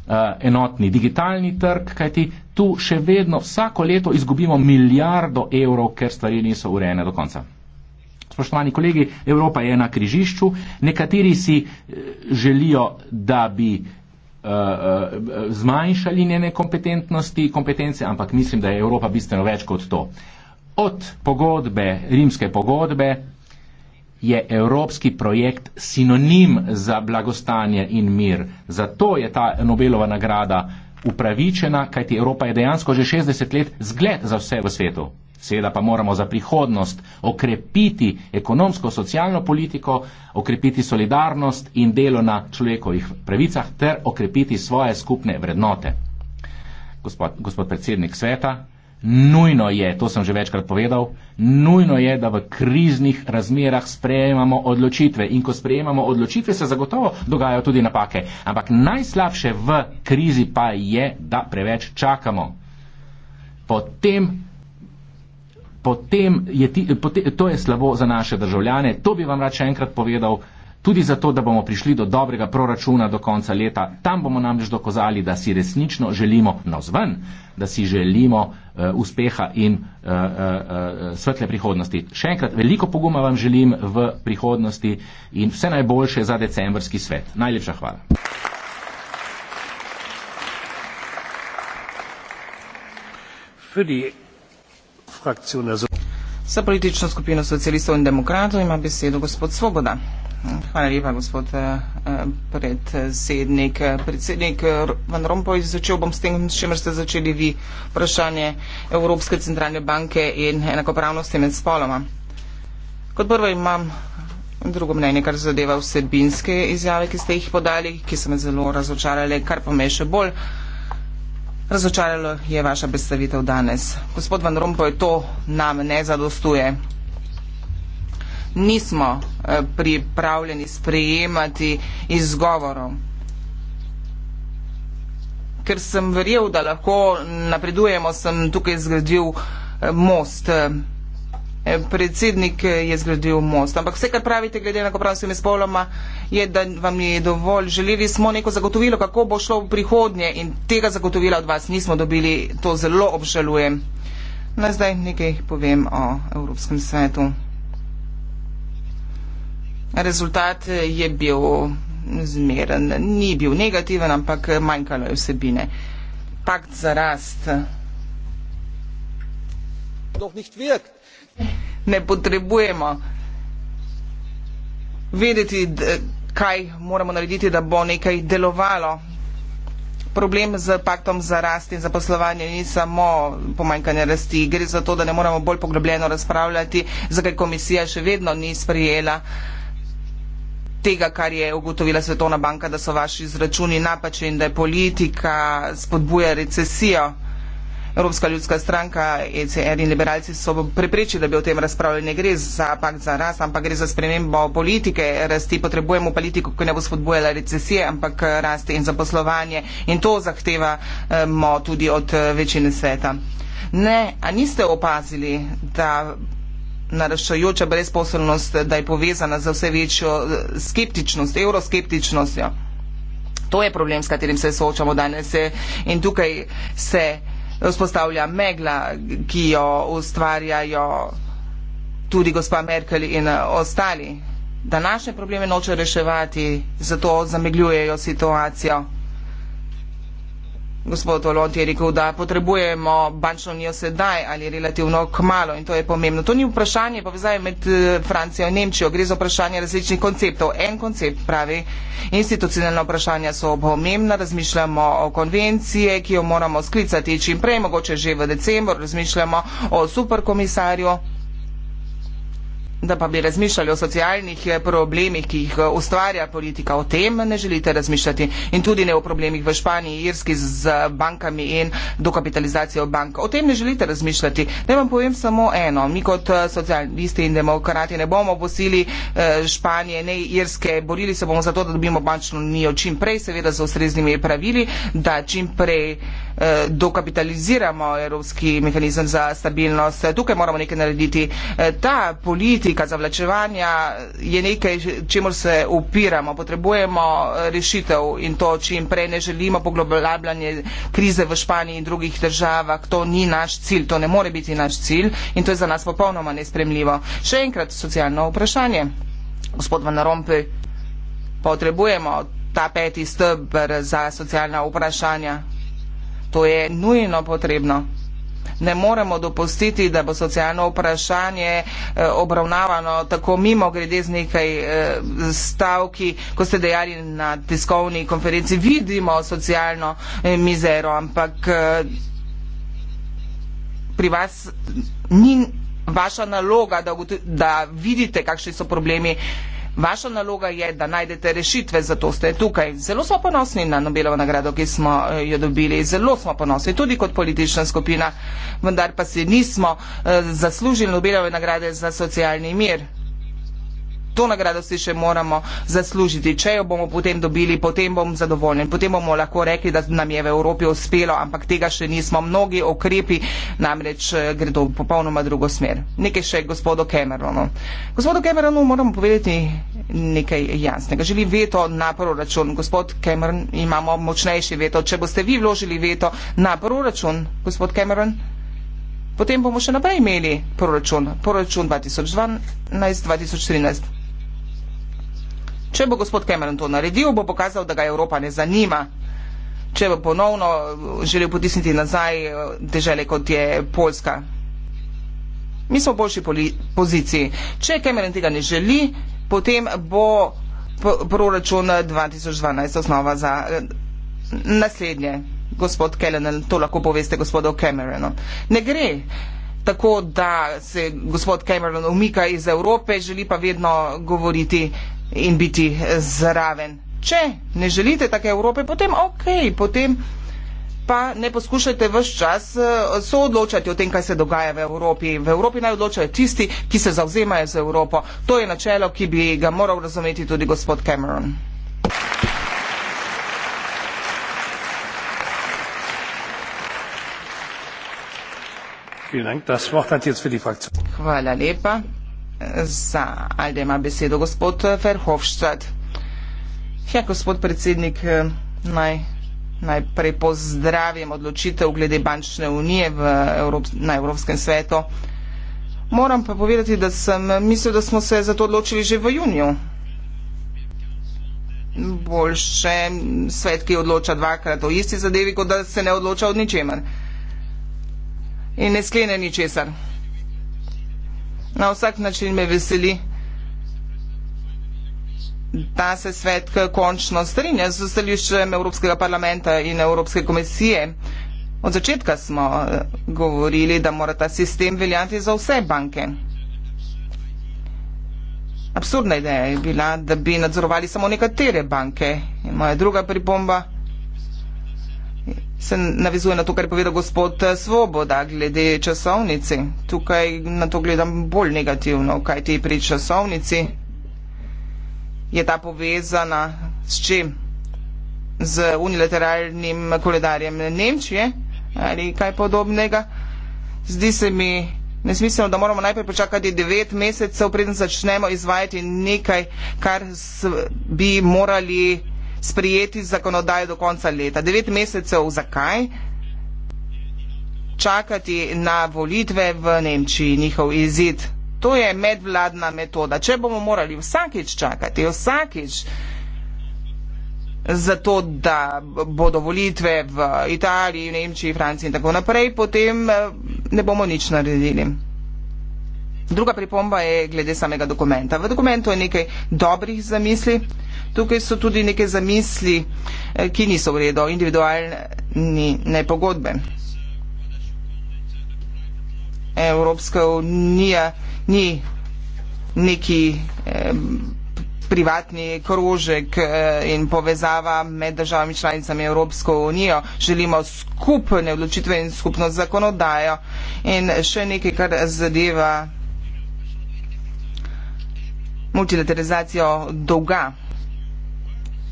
enotni digitalni trg, kajti tu še vedno vsako leto izgubimo milijardo evrov, ker stvari niso urejene do konca. Spoštovani kolegi, Evropa je na križišču, nekateri si eh, želijo, da bi Eh, eh, zmanjšali njene kompetentnosti, kompetence, ampak mislim, da je Evropa bistveno več kot to. Od pogodbe, rimske pogodbe, je evropski projekt sinonim za blagostanje in mir. Zato je ta Nobelova nagrada upravičena, kajti Evropa je dejansko že 60 let zgled za vse v svetu. Seveda pa moramo za prihodnost okrepiti ekonomsko-socialno politiko, okrepiti solidarnost in delo na človekovih pravicah ter okrepiti svoje skupne vrednote. Gospod, gospod predsednik sveta, nujno je, to sem že večkrat povedal, nujno je, da v kriznih razmerah sprejemamo odločitve in ko sprejemamo odločitve, se zagotovo dogajajo tudi napake. Ampak najslabše v krizi pa je, da preveč čakamo. Potem potem je ti, potem, to je slabo za naše državljane. To bi vam rad še enkrat povedal, tudi zato, da bomo prišli do dobrega proračuna do konca leta. Tam bomo namreč dokazali, da si resnično želimo navzven, da si želimo uh, uspeha in uh, uh, uh, svetle prihodnosti. Še enkrat, veliko poguma vam želim v prihodnosti in vse najboljše za decembrski svet. Najlepša hvala. Für die frakcijo ne zaupa. Za politično skupino socialistov in demokratov ima besedo gospod Svoboda. Hvala lepa, gospod eh, predsednik. Predsednik eh, Van Rompuy, začel bom s tem, s čimer ste začeli vi vprašanje Evropske centralne banke in enakopravnosti med spoloma. Kot prvo imam drugo mnenje, kar zadeva vsebinske izjave, ki ste jih podali, ki so me zelo razočarale, kar pa me še bolj. Razočaralo je vaša predstavitev danes. Gospod Van Rompuy, to nam ne zadostuje. Nismo eh, pripravljeni sprejemati izgovorov. Ker sem verjel, da lahko napredujemo, sem tukaj zgradil eh, most. Eh, predsednik eh, je zgradil most. Ampak vse, kar pravite glede enakopravnosti med spoloma, je, da vam je dovolj. Želeli smo neko zagotovilo, kako bo šlo v prihodnje in tega zagotovila od vas nismo dobili. To zelo obžalujem. Naj zdaj nekaj povem o Evropskem svetu. Rezultat eh, je bil zmeren. Ni bil negativen, ampak manjkalo je vsebine. Pakt za rast. Doch nicht wirkt ne potrebujemo vedeti, kaj moramo narediti, da bo nekaj delovalo. Problem z paktom za rast in zaposlovanje ni samo pomanjkanje rasti, gre za to, da ne moramo bolj poglobljeno razpravljati, zakaj komisija še vedno ni sprijela tega, kar je ugotovila Svetovna banka, da so vaši izračuni napačni in da je politika spodbuja recesijo. Evropska ljudska stranka, ECR in liberalci so preprečili, da bi o tem razpravljali. Ne gre za pakt za rast, ampak gre za spremembo politike rasti. Potrebujemo politiko, ki ne bo spodbujala recesije, ampak rasti in zaposlovanje. In to zahtevamo tudi od večine sveta. Ne, a niste opazili, da naraščajoča brezposelnost, da je povezana za vse večjo eh, skeptičnost, evroskeptičnostjo. To je problem, s katerim se soočamo danes eh, in tukaj se vzpostavlja megla, ki jo ustvarjajo tudi gospa Merkel in ostali. Današnje probleme noče reševati, zato zamegljujejo situacijo. Gospod Olont je rekel, da potrebujemo bančno unijo sedaj ali relativno kmalo in to je pomembno. To ni vprašanje povezave med eh, Francijo in Nemčijo, gre za vprašanje različnih konceptov. En koncept pravi, institucionalna vprašanja so pomembna, razmišljamo o konvencije, ki jo moramo sklicati čim prej, mogoče že v decembru, razmišljamo o superkomisarju da pa bi razmišljali o socialnih eh, problemih, ki jih eh, ustvarja politika, o tem ne želite razmišljati in tudi ne o problemih v Španiji, Irski z bankami in dokapitalizacijo bank. O tem ne želite razmišljati. Naj vam povem samo eno. Mi kot eh, socialisti in demokrati ne bomo posili Španije, ne Irske. Borili se bomo za to, da dobimo bančno unijo čim prej, seveda z ustreznimi pravili, da čim prej. Eh, dokapitaliziramo evropski mehanizem za stabilnost. Tukaj moramo nekaj narediti. Eh, ta politika zavlačevanja je nekaj, čemu se upiramo. Potrebujemo eh, rešitev in to čim prej. Ne želimo poglobljanje krize v Španiji in drugih državah. To ni naš cilj, to ne more biti naš cilj in to je za nas popolnoma nespremljivo. Še enkrat socialno vprašanje. Gospod Van Rompuy, potrebujemo ta peti stebr za socialna vprašanja. To je nujno potrebno. Ne moremo dopustiti, da bo socialno vprašanje eh, obravnavano tako mimo grede z nekaj eh, stavki, ko ste dejali na tiskovni konferenci, vidimo socialno eh, mizero, ampak pri vas ni vaša naloga, da, da vidite, kakšni so problemi. Vaša naloga je, da najdete rešitve, zato ste tukaj. Zelo smo ponosni na Nobelovo nagrado, ki smo eh, jo dobili. Zelo smo ponosni tudi kot politična skupina, vendar pa si nismo eh, zaslužili Nobelove nagrade za socialni mir to nagrado si še moramo zaslužiti. Če jo bomo potem dobili, potem bom zadovoljen. Potem bomo lahko rekli, da nam je v Evropi uspelo, ampak tega še nismo. Mnogi okrepi namreč eh, gredo v popolnoma drugo smer. Nekaj še gospodu Cameronu. Gospodu Cameronu moramo povedati nekaj jasnega. Želi veto na proračun. Gospod Cameron, imamo močnejši veto. Če boste vi vložili veto na proračun, gospod Cameron. Potem bomo še naprej imeli proračun, proračun 2012-2013. Če bo gospod Cameron to naredil, bo pokazal, da ga Evropa ne zanima. Če bo ponovno eh, želel potisniti nazaj eh, dežele, kot je Poljska. Mi smo v boljši poziciji. Če Cameron tega ne želi, potem bo proračun 2012 eh, osnova za naslednje. Gospod Cameron, to lahko poveste gospodu Cameronu. Ne gre tako, da se gospod Cameron umika iz Evrope, želi pa vedno govoriti in biti zraven. Če ne želite take Evrope, potem ok, potem pa ne poskušajte vse čas eh, soodločati o tem, kaj se dogaja v Evropi. V Evropi naj odločajo tisti, ki se zauzemajo za Evropo. To je načelo, ki bi ga moral razumeti tudi gospod Cameron. Hvala lepa za. Alde ima besedo gospod Verhofstadt. Ja, gospod predsednik, eh, naj najprej pozdravim odločitev glede bančne unije v Evrop, na Evropskem svetu. Moram pa povedati, da sem mislil, da smo se za to odločili že v juniju. Boljše svet, ki odloča dvakrat o isti zadevi, kot da se ne odloča od ničemer. In ne sklene ničesar. Na vsak način me veseli, da se svet končno strinja z stališčem Evropskega parlamenta in Evropske komisije. Od začetka smo eh, govorili, da mora ta sistem veljati za vse banke. Absurdna ideja je bila, da bi nadzorovali samo nekatere banke. In moja druga pripomba je, se navezuje na to, kar je povedal gospod Svoboda glede časovnici. Tukaj na to gledam bolj negativno, kaj ti pri časovnici je ta povezana s čim? Z unilateralnim koledarjem Nemčije ali kaj podobnega. Zdi se mi nesmiselno, da moramo najprej počakati devet mesecev, preden začnemo izvajati nekaj, kar bi morali sprijeti zakonodajo do konca leta. Devet mesecev zakaj? Čakati na volitve v Nemčiji, njihov izid. To je medvladna metoda. Če bomo morali vsakič čakati, vsakič, zato da bodo volitve v Italiji, v Nemčiji, Franciji in tako naprej, potem eh, ne bomo nič naredili. Druga pripomba je glede samega dokumenta. V dokumentu je nekaj dobrih zamisli, tukaj so tudi neke zamisli, eh, ki niso v redu, individualni nepogodbe. Evropska unija ni neki eh, privatni krožek eh, in povezava med državami članicami Evropsko unijo. Želimo skupne odločitve in skupno zakonodajo. In še nekaj, kar zadeva multilaterizacijo dolga.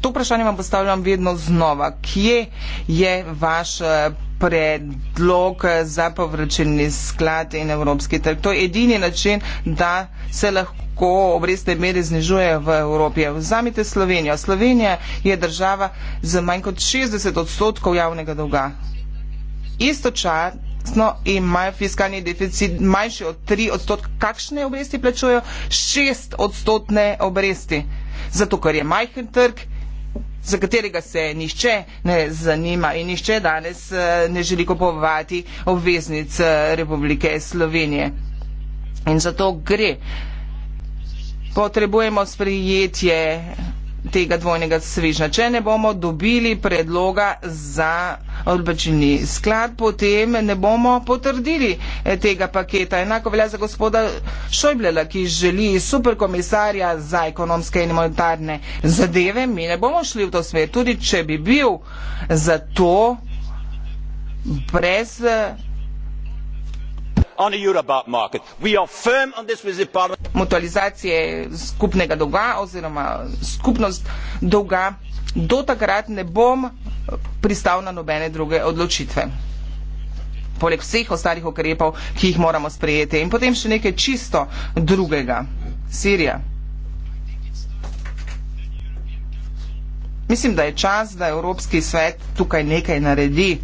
To vprašanje vam postavljam vedno znova. Kje je vaš eh, predlog za povračeni sklad in evropski trg? To je edini način, da se lahko obrestne mere znižuje v Evropi. Vzamite Slovenijo. Slovenija je država z manj kot 60 odstotkov javnega dolga. Istočasno jasno, imajo fiskalni deficit manjši od 3 odstotka. Kakšne obresti plačujo? 6 odstotne obresti. Zato, ker je majhen trg, za katerega se nišče ne zanima in nišče danes eh, ne želi kupovati obveznic eh, Republike Slovenije. In zato gre. Potrebujemo sprejetje tega dvojnega svežna. Če ne bomo dobili predloga za odbačni sklad, potem ne bomo potrdili eh, tega paketa. Enako velja za gospoda Šojblela, ki želi superkomisarja za ekonomske in monetarne zadeve. Mi ne bomo šli v to smer, tudi če bi bil za to brez eh, on a eurobond market. we are firm on this with the parliament. skupnega dolga oziroma skupnost dolga do takrat ne bom pristal na nobene druge odločitve. Poleg vseh ostalih ukrepov, ki jih moramo sprejeti. In potem še nekaj čisto drugega. Sirija. Mislim, da je čas, da Evropski svet tukaj nekaj naredi.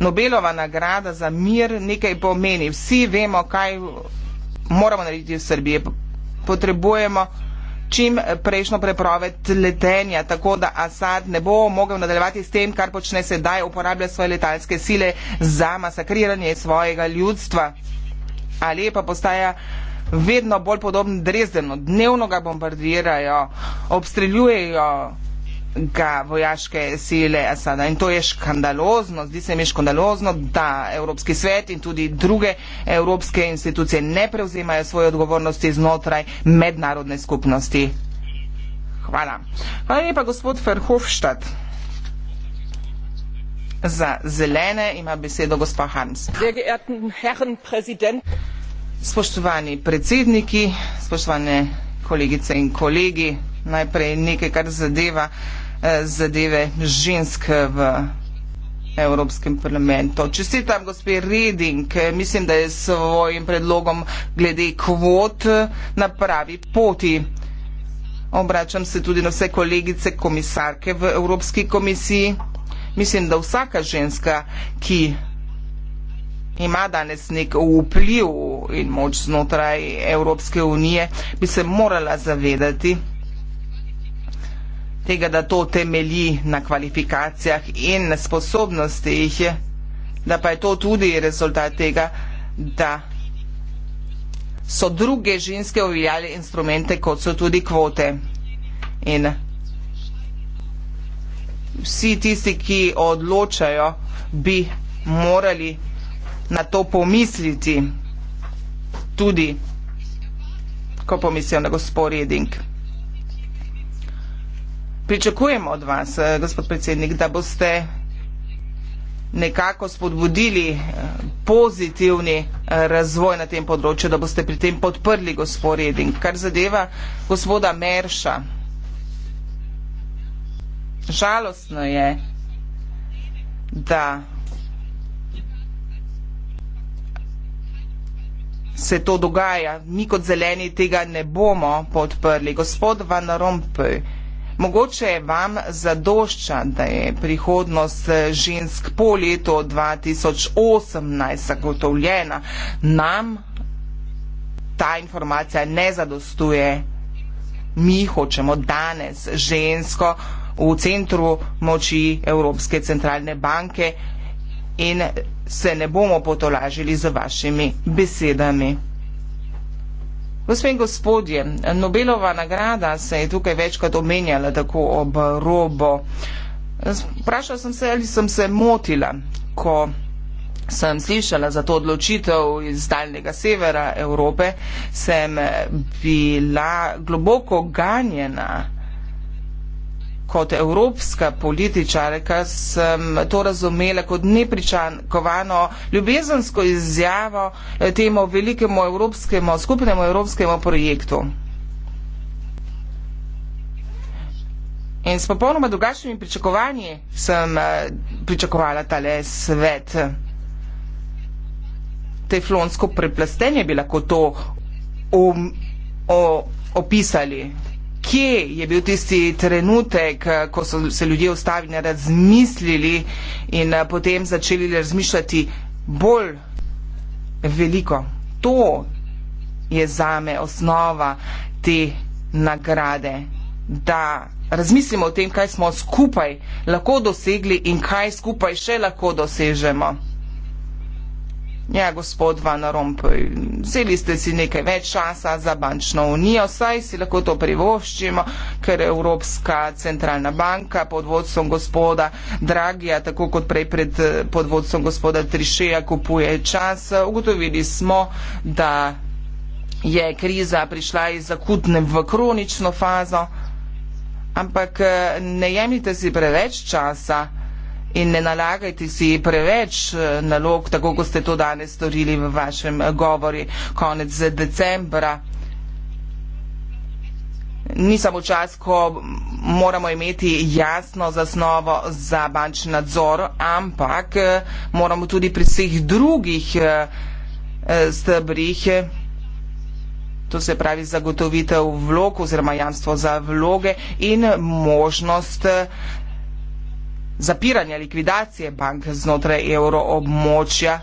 Nobelova nagrada za mir nekaj pomeni. Vsi vemo, kaj moramo narediti v Srbiji. Potrebujemo čim prejšnjo prepoved letenja, tako da Asad ne bo mogel nadaljevati s tem, kar počne sedaj, uporablja svoje letalske sile za masakriranje svojega ljudstva. Ali pa postaja vedno bolj podoben Drezdenu. Dnevno ga bombardirajo, obstreljujejo ga vojaške sile Asada. In to je škandalozno, zdi se mi škandalozno, da Evropski svet in tudi druge evropske institucije ne prevzemajo svoje odgovornosti znotraj mednarodne skupnosti. Hvala. Hvala lepa, gospod Ferhofštad. Za zelene ima besedo gospa Hans. Spoštovani predsedniki, spoštovane kolegice in kolegi, najprej nekaj, kar zadeva uh, Eh, zadeve žensk v Evropskem parlamentu. Čestitam gospe Reding, mislim, da je s svojim predlogom glede kvot na pravi poti. Obračam se tudi na vse kolegice komisarke v Evropski komisiji. Mislim, da vsaka ženska, ki ima danes nek vpliv in moč znotraj Evropske unije, bi se morala zavedati, tega, da to temelji na kvalifikacijah in sposobnostih, da pa je to tudi rezultat tega, da so druge ženske uvijali instrumente, kot so tudi kvote. In vsi tisti, ki odločajo, bi morali na to pomisliti tudi, ko pomislijo na gospod Reding pričakujem od vas, eh, gospod predsednik, da boste nekako spodbudili eh, pozitivni eh, razvoj na tem področju, da boste pri tem podprli gospod Reding. Kar zadeva gospoda Merša, žalostno je, da se to dogaja. Mi kot zeleni tega ne bomo podprli. Gospod Van Rompuy, Mogoče vam zadošča, da je prihodnost žensk po letu 2018 zagotovljena. Nam ta informacija ne zadostuje. Mi hočemo danes žensko v centru moči Evropske centralne banke in se ne bomo potolažili z vašimi besedami. Gospe in gospodje, Nobelova nagrada se je tukaj večkrat omenjala tako ob robo. Vprašala sem se, ali sem se motila, ko sem slišala za to odločitev iz daljnega severa Evrope, sem bila globoko ganjena kot evropska političarka sem to razumela kot nepričankovano ljubezensko izjavo eh, temu velikemu evropskemu, skupnemu evropskemu projektu. In s popolnoma drugačnimi pričakovanji sem eh, pričakovala tale svet. Teflonsko preplastenje bi lahko to um, opisali kje je bil tisti trenutek, eh, ko so se ljudje ustavili, razmislili in eh, potem začeli razmišljati bolj veliko. To je zame osnova te nagrade, da razmislimo o tem, kaj smo skupaj lahko dosegli in kaj skupaj še lahko dosežemo. Ja, gospod Van Rompuy, vzeli ste si nekaj več časa za bančno unijo, saj si lahko to privoščimo, ker Evropska centralna banka pod vodstvom gospoda Dragija, tako kot prej pred pod vodstvom gospoda Trišeja, kupuje čas. Ugotovili smo, da je kriza prišla iz akutne v kronično fazo, ampak ne jemljite si preveč časa. In ne nalagajte si preveč eh, nalog, tako kot ste to danes storili v vašem eh, govori konec decembra. Ni samo čas, ko moramo imeti jasno zasnovo za bančni nadzor, ampak eh, moramo tudi pri vseh drugih stebrih, to se pravi zagotovitev vlog oziroma jamstvo za vloge in možnost zapiranja, likvidacije bank znotraj evroobmočja,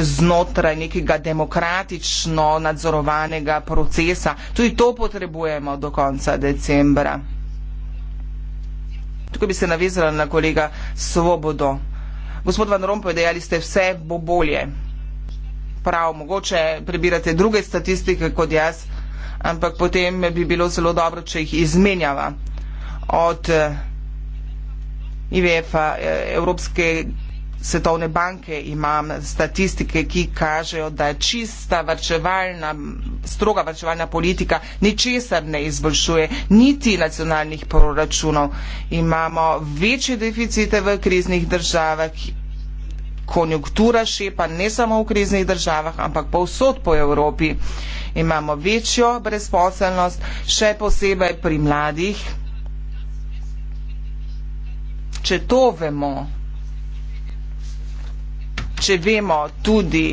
znotraj nekega demokratično nadzorovanega procesa. Tudi to potrebujemo do konca decembra. Tukaj bi se navezala na kolega Svobodo. Gospod Van Rompuy, dejali ste, vse bo bolje. Prav, mogoče prebirate druge statistike kot jaz, ampak potem bi bilo zelo dobro, če jih izmenjava. Od eh, IVF-a, eh, Evropske svetovne banke imam statistike, ki kažejo, da čista varčevalna, stroga varčevalna politika ničesar ne izboljšuje, niti nacionalnih proračunov. Imamo večje deficite v kriznih državah, konjunktura šepa ne samo v kriznih državah, ampak povsod po Evropi. Imamo večjo brezposelnost, še posebej pri mladih, če to vemo, če vemo tudi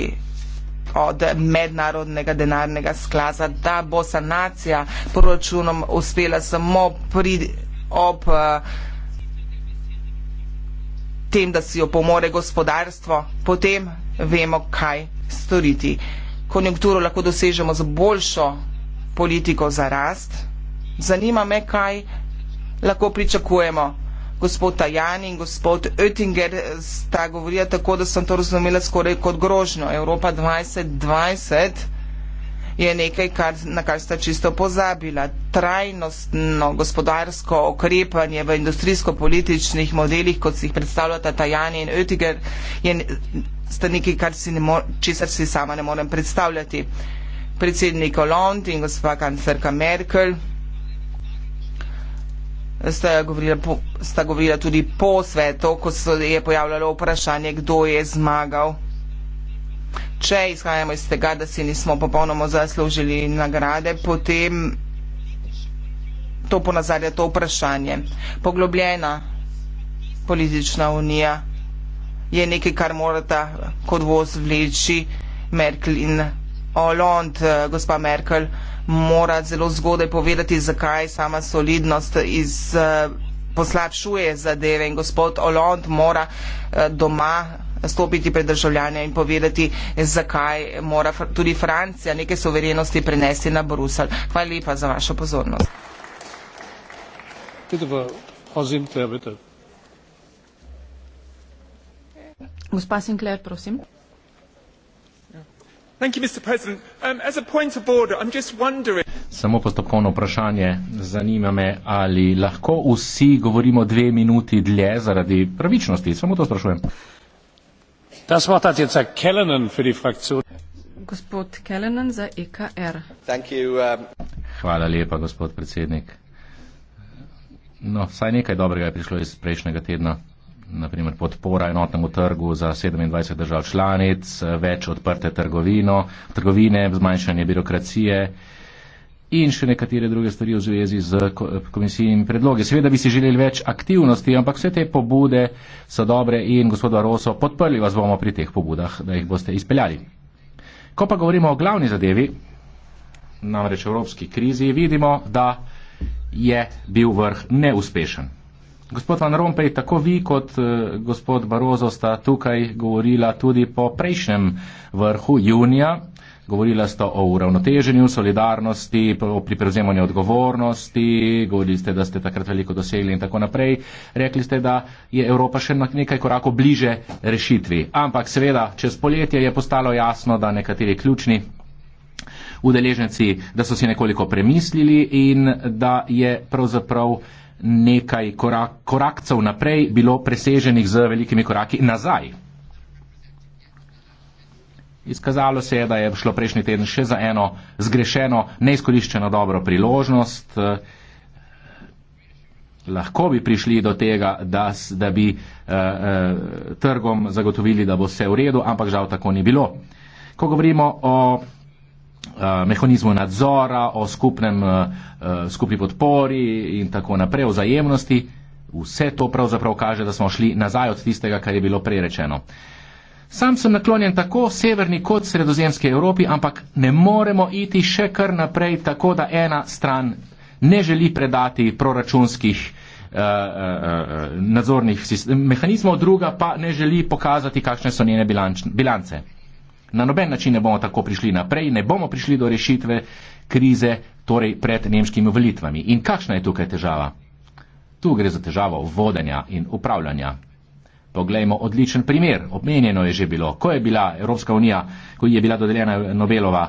od mednarodnega denarnega sklaza, da bo sanacija proračunom uspela samo pri, ob uh, tem, da si jo pomore gospodarstvo, potem vemo, kaj storiti. Konjunkturo lahko dosežemo z boljšo politiko za rast. Zanima me, kaj lahko pričakujemo gospod Tajani in gospod Oettinger sta govorila tako, da sem to razumela skoraj kot grožno. Evropa 2020 je nekaj, kar, na kar sta čisto pozabila. Trajnostno gospodarsko okrepanje v industrijsko-političnih modelih, kot si jih predstavljata Tajani in Oettinger, je sta nekaj, kar si ne česar si sama ne morem predstavljati. Predsednik Hollande in gospa kancerka Merkel sta govorila, po, sta govorila tudi po svetu, ko se je pojavljalo vprašanje, kdo je zmagal. Če izhajamo iz tega, da si nismo popolnoma zaslužili nagrade, potem to ponazarja to vprašanje. Poglobljena politična unija je nekaj, kar morata kot voz vleči Merkel in Hollande, gospa Merkel mora zelo zgodaj povedati, zakaj sama solidnost iz, eh, poslabšuje zadeve in gospod Olond mora eh, doma stopiti pred državljanje in povedati, zakaj mora tudi Francija neke soverenosti prenesti na Brusel. Hvala lepa za vašo pozornost. Gospa Sinclair, prosim. Um, Samo postopkovno vprašanje zanima me, ali lahko vsi govorimo dve minuti dlje zaradi pravičnosti. Samo to sprašujem. Das Wort hat jetzt Herr Kellenen für die Fraktion. Gospod Kellenen za EKR. Thank you, uh... Hvala lepa, gospod predsednik. No, saj nekaj dobrega je prišlo iz prejšnjega tedna naprimer podpora enotnemu trgu za 27 držav članic, več odprte trgovino, trgovine, zmanjšanje birokracije in še nekatere druge stvari v zvezi z komisijnimi predlogi. Seveda bi si želeli več aktivnosti, ampak vse te pobude so dobre in gospod Varoso, podprli vas bomo pri teh pobudah, da jih boste izpeljali. Ko pa govorimo o glavni zadevi, namreč o evropski krizi, vidimo, da je bil vrh neuspešen. Gospod Van Rompuy, tako vi kot eh, gospod Barozo sta tukaj govorila tudi po prejšnjem vrhu junija. Govorila ste o uravnoteženju, solidarnosti, pri prevzemanju odgovornosti, govorili ste, da ste takrat veliko dosegli in tako naprej. Rekli ste, da je Evropa še nekaj korakov bliže rešitvi. Ampak seveda, čez poletje je postalo jasno, da nekateri ključni udeleženci, da so si nekoliko premislili in da je pravzaprav nekaj korak, korakcev naprej bilo preseženih z velikimi koraki nazaj. Izkazalo se je, da je šlo prejšnji teden še za eno zgrešeno, neizkoriščeno dobro priložnost. Lahko bi prišli do tega, da, da bi eh, eh, trgom zagotovili, da bo vse v redu, ampak žal tako ni bilo. Ko govorimo o Eh, mehanizmu nadzora, o skupnem, eh, eh, skupni podpori in tako naprej, o zajemnosti. Vse to pravzaprav kaže, da smo šli nazaj od tistega, kar je bilo prerečeno. Sam sem naklonjen tako severni kot sredozemski Evropi, ampak ne moremo iti še kar naprej tako, da ena stran ne želi predati proračunskih Uh, uh, uh, nadzornih mehanizmov, druga pa ne želi pokazati, kakšne so njene bilanč, bilance. Na noben način ne bomo tako prišli naprej, ne bomo prišli do rešitve krize, torej pred nemškimi volitvami. In kakšna je tukaj težava? Tu gre za težavo vodenja in upravljanja. Poglejmo odličen primer. Omenjeno je že bilo, ko je bila Evropska unija, ko je bila dodeljena Nobelova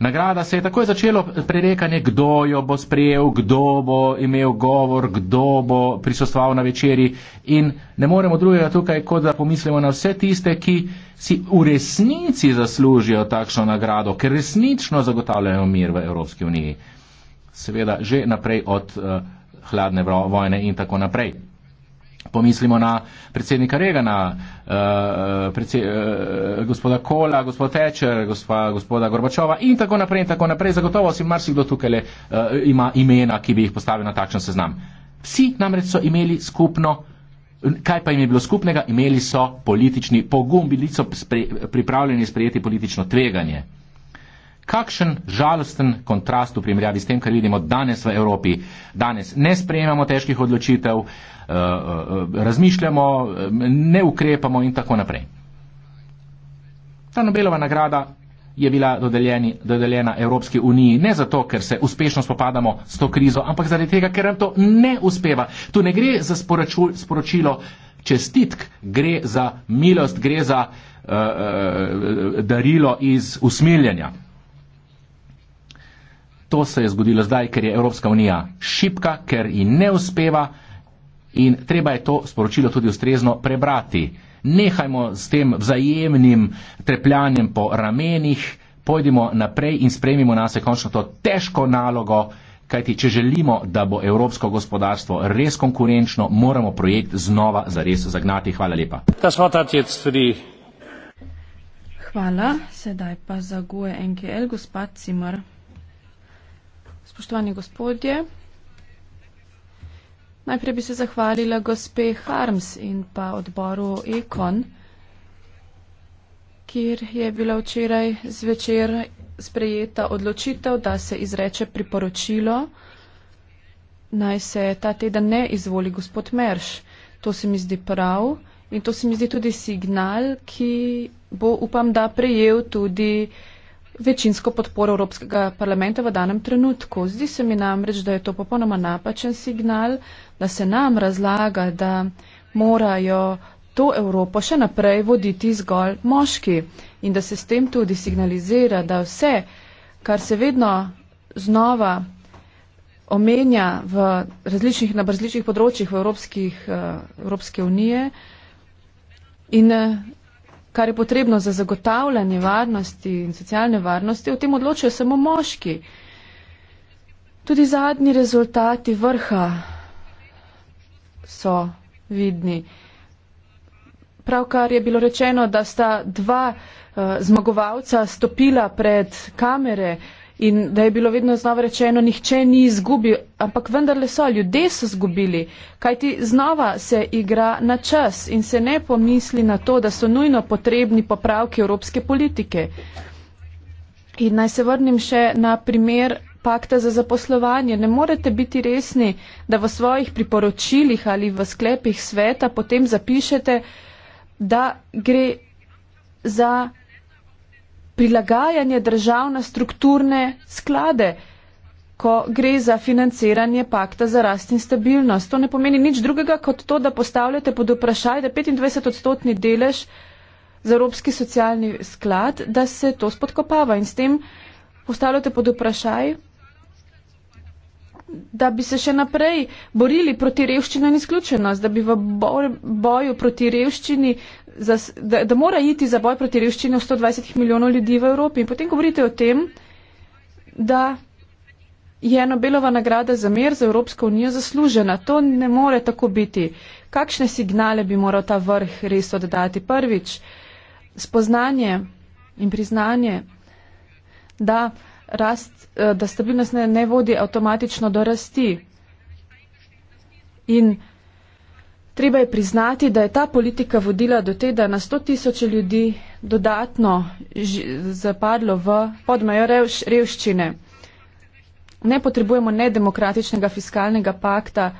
Nagrada se je takoj začelo prerekanje, kdo jo bo sprejel, kdo bo imel govor, kdo bo prisostval na večeri in ne moremo drugega tukaj, kot da pomislimo na vse tiste, ki si v resnici zaslužijo takšno nagrado, ker resnično zagotavljajo mir v Evropski uniji. Seveda že naprej od uh, hladne vojne in tako naprej. Pomislimo na predsednika Regana, uh, predse, uh, gospoda Kola, gospod Tečer, gospa, gospoda Gorbačova in tako naprej in tako naprej. Zagotovo si marsikdo tukaj le, uh, ima imena, ki bi jih postavil na takšen seznam. Vsi namreč so imeli skupno, kaj pa jim je bilo skupnega, imeli so politični pogum, bili so spre, pripravljeni sprejeti politično tveganje. Kakšen žalosten kontrast v primerjavi s tem, kar vidimo danes v Evropi. Danes ne sprejemamo težkih odločitev, uh, Eh, eh, razmišljamo, ne ukrepamo in tako naprej. Ta Nobelova nagrada je bila dodeljena Evropski uniji ne zato, ker se uspešno spopadamo s to krizo, ampak zaradi tega, ker nam to ne uspeva. Tu ne gre za sporočul, sporočilo čestitk, gre za milost, gre za uh, uh, darilo iz usmiljenja. To se je zgodilo zdaj, ker je Evropska unija šipka, ker ji ne uspeva uh, In treba je to sporočilo tudi ustrezno prebrati. Nehajmo s tem vzajemnim trepljanjem po ramenih, pojdimo naprej in sprejmimo na se končno to težko nalogo, kajti če želimo, da bo evropsko gospodarstvo res konkurenčno, moramo projekt znova zares zagnati. Hvala lepa. Hvala. Sedaj pa za GUE NKL, gospod Cimer. Spoštovani gospodje, Najprej bi se zahvalila gospe Harms in pa odboru Ekon, kjer je bila včeraj zvečer sprejeta odločitev, da se izreče priporočilo, naj se ta teden ne izvoli gospod Merš. To se mi zdi prav in to se mi zdi tudi signal, ki bo, upam, da prejel tudi večinsko podporo Evropskega parlamenta v danem trenutku. Zdi se mi namreč, da je to popolnoma napačen signal, da se nam razlaga, da morajo to Evropo še naprej voditi zgolj moški in da se s tem tudi signalizira, da vse, kar se vedno znova omenja v različnih, na različnih področjih Evropskih, eh, Evropske unije in eh, kar je potrebno za zagotavljanje varnosti in socialne varnosti, o tem odločajo samo moški. Tudi zadnji rezultati vrha so vidni. Pravkar je bilo rečeno, da sta dva uh, zmagovalca stopila pred kamere in da je bilo vedno znova rečeno, nihče ni izgubil, ampak vendarle so, ljudje so izgubili, kajti znova se igra na čas in se ne pomisli na to, da so nujno potrebni popravki evropske politike. In naj se vrnim še na primer pakta za zaposlovanje. Ne morete biti resni, da v svojih priporočilih ali v sklepih sveta potem zapišete, da gre za prilagajanje držav na strukturne sklade, ko gre za financiranje pakta za rast in stabilnost. To ne pomeni nič drugega, kot to, da postavljate pod vprašaj, da 25 odstotni delež za Evropski socialni sklad, da se to spodkopava in s tem postavljate pod vprašaj da bi se še naprej borili proti revščini in izključenosti, da bi v boj, boju proti revščini, za, da, da mora iti za boj proti revščini v 120 milijonov ljudi v Evropi. In potem govorite o tem, da je Nobelova nagrada za mir za Evropsko unijo zaslužena. To ne more tako biti. Kakšne signale bi moral ta vrh res oddati? Prvič, spoznanje in priznanje, da rast, eh, da stabilnost ne, ne vodi avtomatično do rasti. In treba je priznati, da je ta politika vodila do tega, da je na 100 tisoče ljudi dodatno zapadlo v podmejo revščine. Ne potrebujemo nedemokratičnega fiskalnega pakta,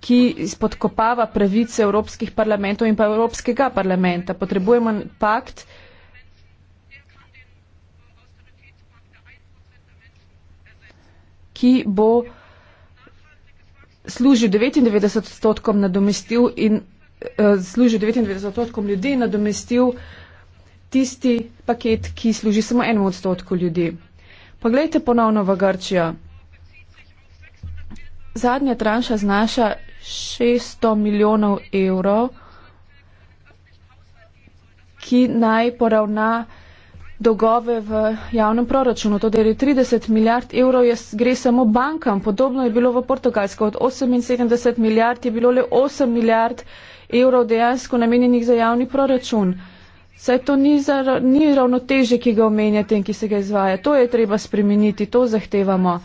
ki spodkopava pravice evropskih parlamentov in pa evropskega parlamenta. Potrebujemo pakt, ki bo služil 99 odstotkom nadomestil in uh, služil 99 odstotkom ljudi nadomestil tisti paket, ki služi samo enemu odstotku ljudi. Poglejte ponovno v Grčijo. Zadnja tranša znaša 600 milijonov evrov, ki naj poravna dolgove v javnem proračunu. To deli 30 milijard evrov, je, gre samo bankam. Podobno je bilo v Portugalsko. Od 78 milijard je bilo le 8 milijard evrov dejansko namenjenih za javni proračun. Saj to ni, za, ni ravnoteže, ki ga omenjate in ki se ga izvaja. To je treba spremeniti, to zahtevamo.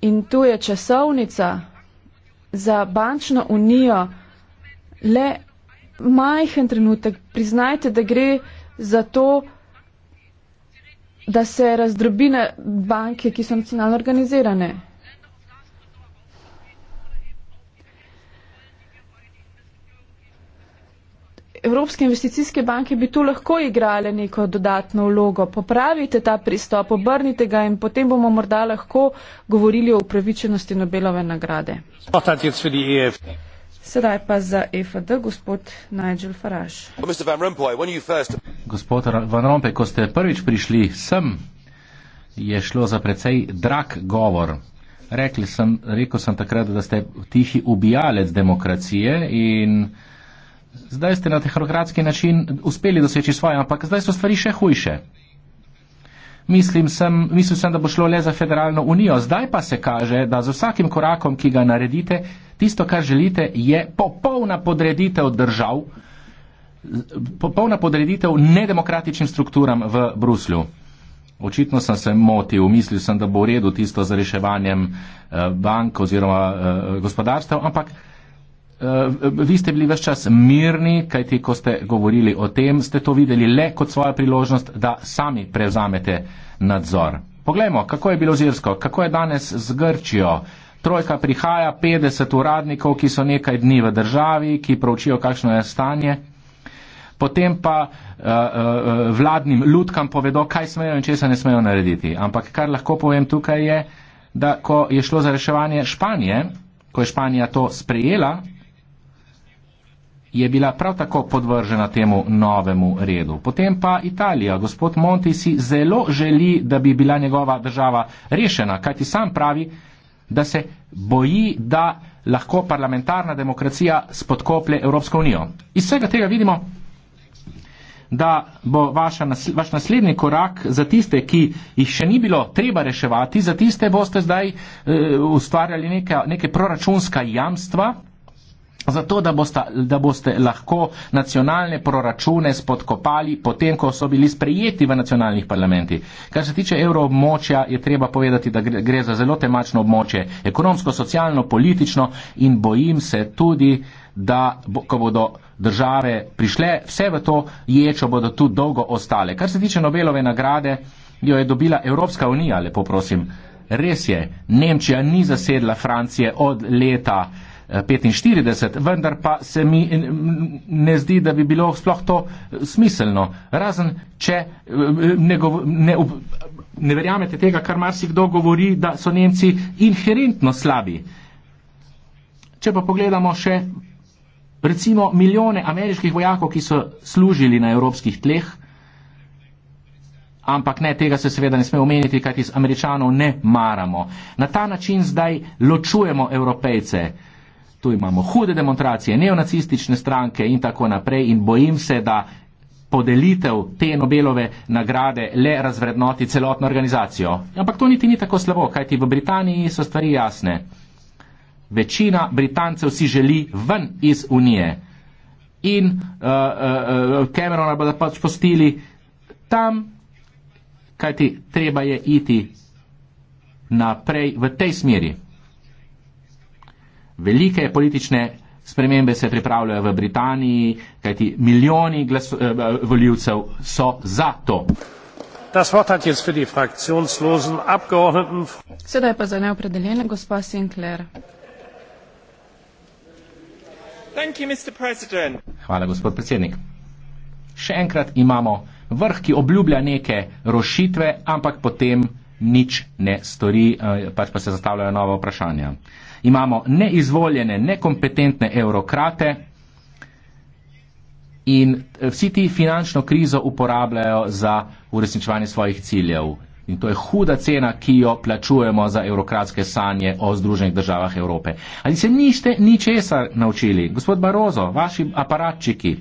In tu je časovnica za bančno unijo le majhen trenutek. Priznajte, da gre za to, da se razdrobi na banke, ki so nacionalno organizirane. Evropske investicijske banke bi tu lahko igrale neko dodatno vlogo. Popravite ta pristop, obrnite ga in potem bomo morda lahko govorili o upravičenosti Nobelove nagrade. Oh, Sedaj pa za EFD gospod Nigel Farage. Gospod Van Rompuy, ko ste prvič prišli sem, je šlo za precej drag govor. Rekl sem, rekel sem takrat, da ste tihi ubijalec demokracije in zdaj ste na tehnokratski način uspeli doseči svoje, ampak zdaj so stvari še hujše. Mislim sem, mislim sem, da bo šlo le za federalno unijo. Zdaj pa se kaže, da z vsakim korakom, ki ga naredite, tisto, kar želite, je popolna podreditev držav, popolna podreditev nedemokratičnim strukturam v Bruslju. Očitno sem se motil, mislil sem, da bo v redu tisto z reševanjem eh, bank oziroma eh, gospodarstva, ampak Eh, vi ste bili vse čas mirni, kajti ko ste govorili o tem, ste to videli le kot svojo priložnost, da sami prevzamete nadzor. Poglejmo, kako je bilo z Irsko, kako je danes z Grčijo. Trojka prihaja, 50 uradnikov, ki so nekaj dni v državi, ki pravčijo, kakšno je stanje. Potem pa uh, uh, vladnim ljudkam povedo, kaj smejo in česa ne smejo narediti. Ampak kar lahko povem tukaj je, da ko je šlo za reševanje Španije, ko je Španija to sprejela, je bila prav tako podvržena temu novemu redu. Potem pa Italija. Gospod Monti si zelo želi, da bi bila njegova država rešena, kajti sam pravi, da se boji, da lahko parlamentarna demokracija spodkople Evropsko unijo. Iz vsega tega vidimo, da bo nasl vaš naslednji korak za tiste, ki jih še ni bilo treba reševati, za tiste boste zdaj e, ustvarjali neke, neke proračunska jamstva, Zato, da, bosta, da boste lahko nacionalne proračune spodkopali potem, ko so bili sprejeti v nacionalnih parlamentih. Kar se tiče evroobmočja, je treba povedati, da gre za zelo temačno območje, ekonomsko, socialno, politično in bojim se tudi, da bo, ko bodo države prišle vse v to ječo, bodo tu dolgo ostale. Kar se tiče Nobelove nagrade, jo je dobila Evropska unija, lepo prosim. Res je, Nemčija ni zasedla Francije od leta 45, eh, vendar pa se mi ne zdi, da bi bilo sploh to eh, smiselno. Razen, če eh, ne, ne, ne verjamete tega, kar marsikdo govori, da so Nemci inherentno slabi. Če pa pogledamo še recimo milijone ameriških vojakov, ki so služili na evropskih tleh, ampak ne, tega se seveda ne sme omeniti, kajti z američanov ne maramo. Na ta način zdaj ločujemo evropejce tu imamo hude demonstracije, neonacistične stranke in tako naprej in bojim se, da podelitev te Nobelove nagrade le razvrednoti celotno organizacijo. Ampak to niti ni tako slabo, kajti v Britaniji so stvari jasne. Večina Britancev si želi ven iz Unije in uh, uh, uh Camerona bodo pač postili tam, kajti treba je iti naprej v tej smeri. Velike politične spremembe se pripravljajo v Britaniji, kajti milijoni glasu, eh, voljivcev so za to. Sedaj pa za neopredeljene, gospa Sinclair. Hvala, gospod predsednik. Še enkrat imamo vrh, ki obljublja neke rošitve, ampak potem nič ne stori, eh, pač pa se zastavljajo nove vprašanja imamo neizvoljene, nekompetentne eurokrate in eh, vsi ti finančno krizo uporabljajo za uresničevanje svojih ciljev. In to je huda cena, ki jo plačujemo za eurokratske sanje o Združenih državah Evrope. Ali se niste ničesar naučili? Gospod Barozo, vaši aparatčiki,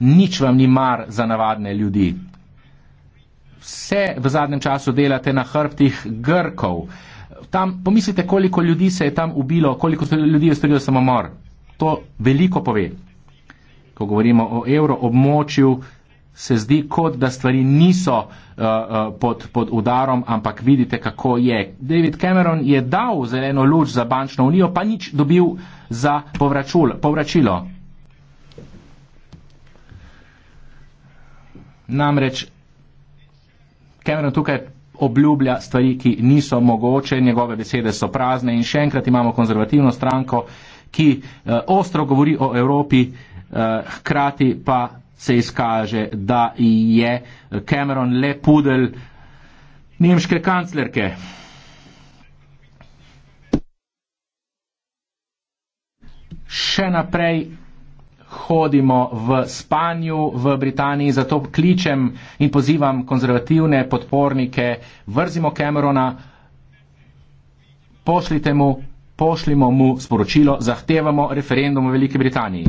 nič vam ni mar za navadne ljudi. Vse v zadnjem času delate na hrbtih Grkov. Uh, Tam, pomislite, koliko ljudi se je tam ubilo, koliko ljudi je storilo samomor. To veliko pove. Ko govorimo o evro območju, se zdi, kot da stvari niso uh, uh, pod, pod udarom, ampak vidite, kako je. David Cameron je dal zeleno luč za bančno unijo, pa nič dobil za povračul, povračilo. Namreč Cameron tukaj obljublja stvari, ki niso mogoče, njegove besede so prazne in še enkrat imamo konzervativno stranko, ki eh, ostro govori o Evropi, eh, hkrati pa se izkaže, da je Cameron le pudel nemške kanclerke. Še naprej hodimo v spanju v Britaniji, zato kličem in pozivam konzervativne podpornike, vrzimo Camerona, pošljite mu, pošljimo mu sporočilo, zahtevamo referendum v Veliki Britaniji.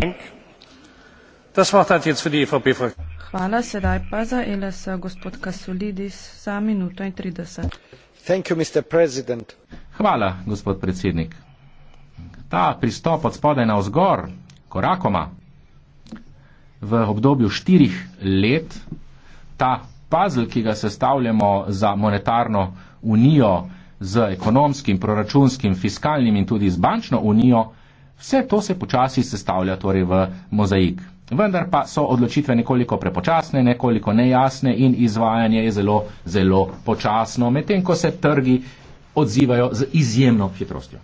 Hvala, sedaj pa za LS gospod Kasulidis za minuto in 30. Thank you, Mr. President. Hvala, gospod predsednik. Ta pristop od spodaj na vzgor, korakoma v obdobju štirih let ta puzzle, ki ga sestavljamo za monetarno unijo, z ekonomskim, proračunskim, fiskalnim in tudi z bančno unijo, vse to se počasi sestavlja torej v mozaik. Vendar pa so odločitve nekoliko prepočasne, nekoliko nejasne in izvajanje je zelo, zelo počasno, medtem ko se trgi odzivajo z izjemno hitrostjo.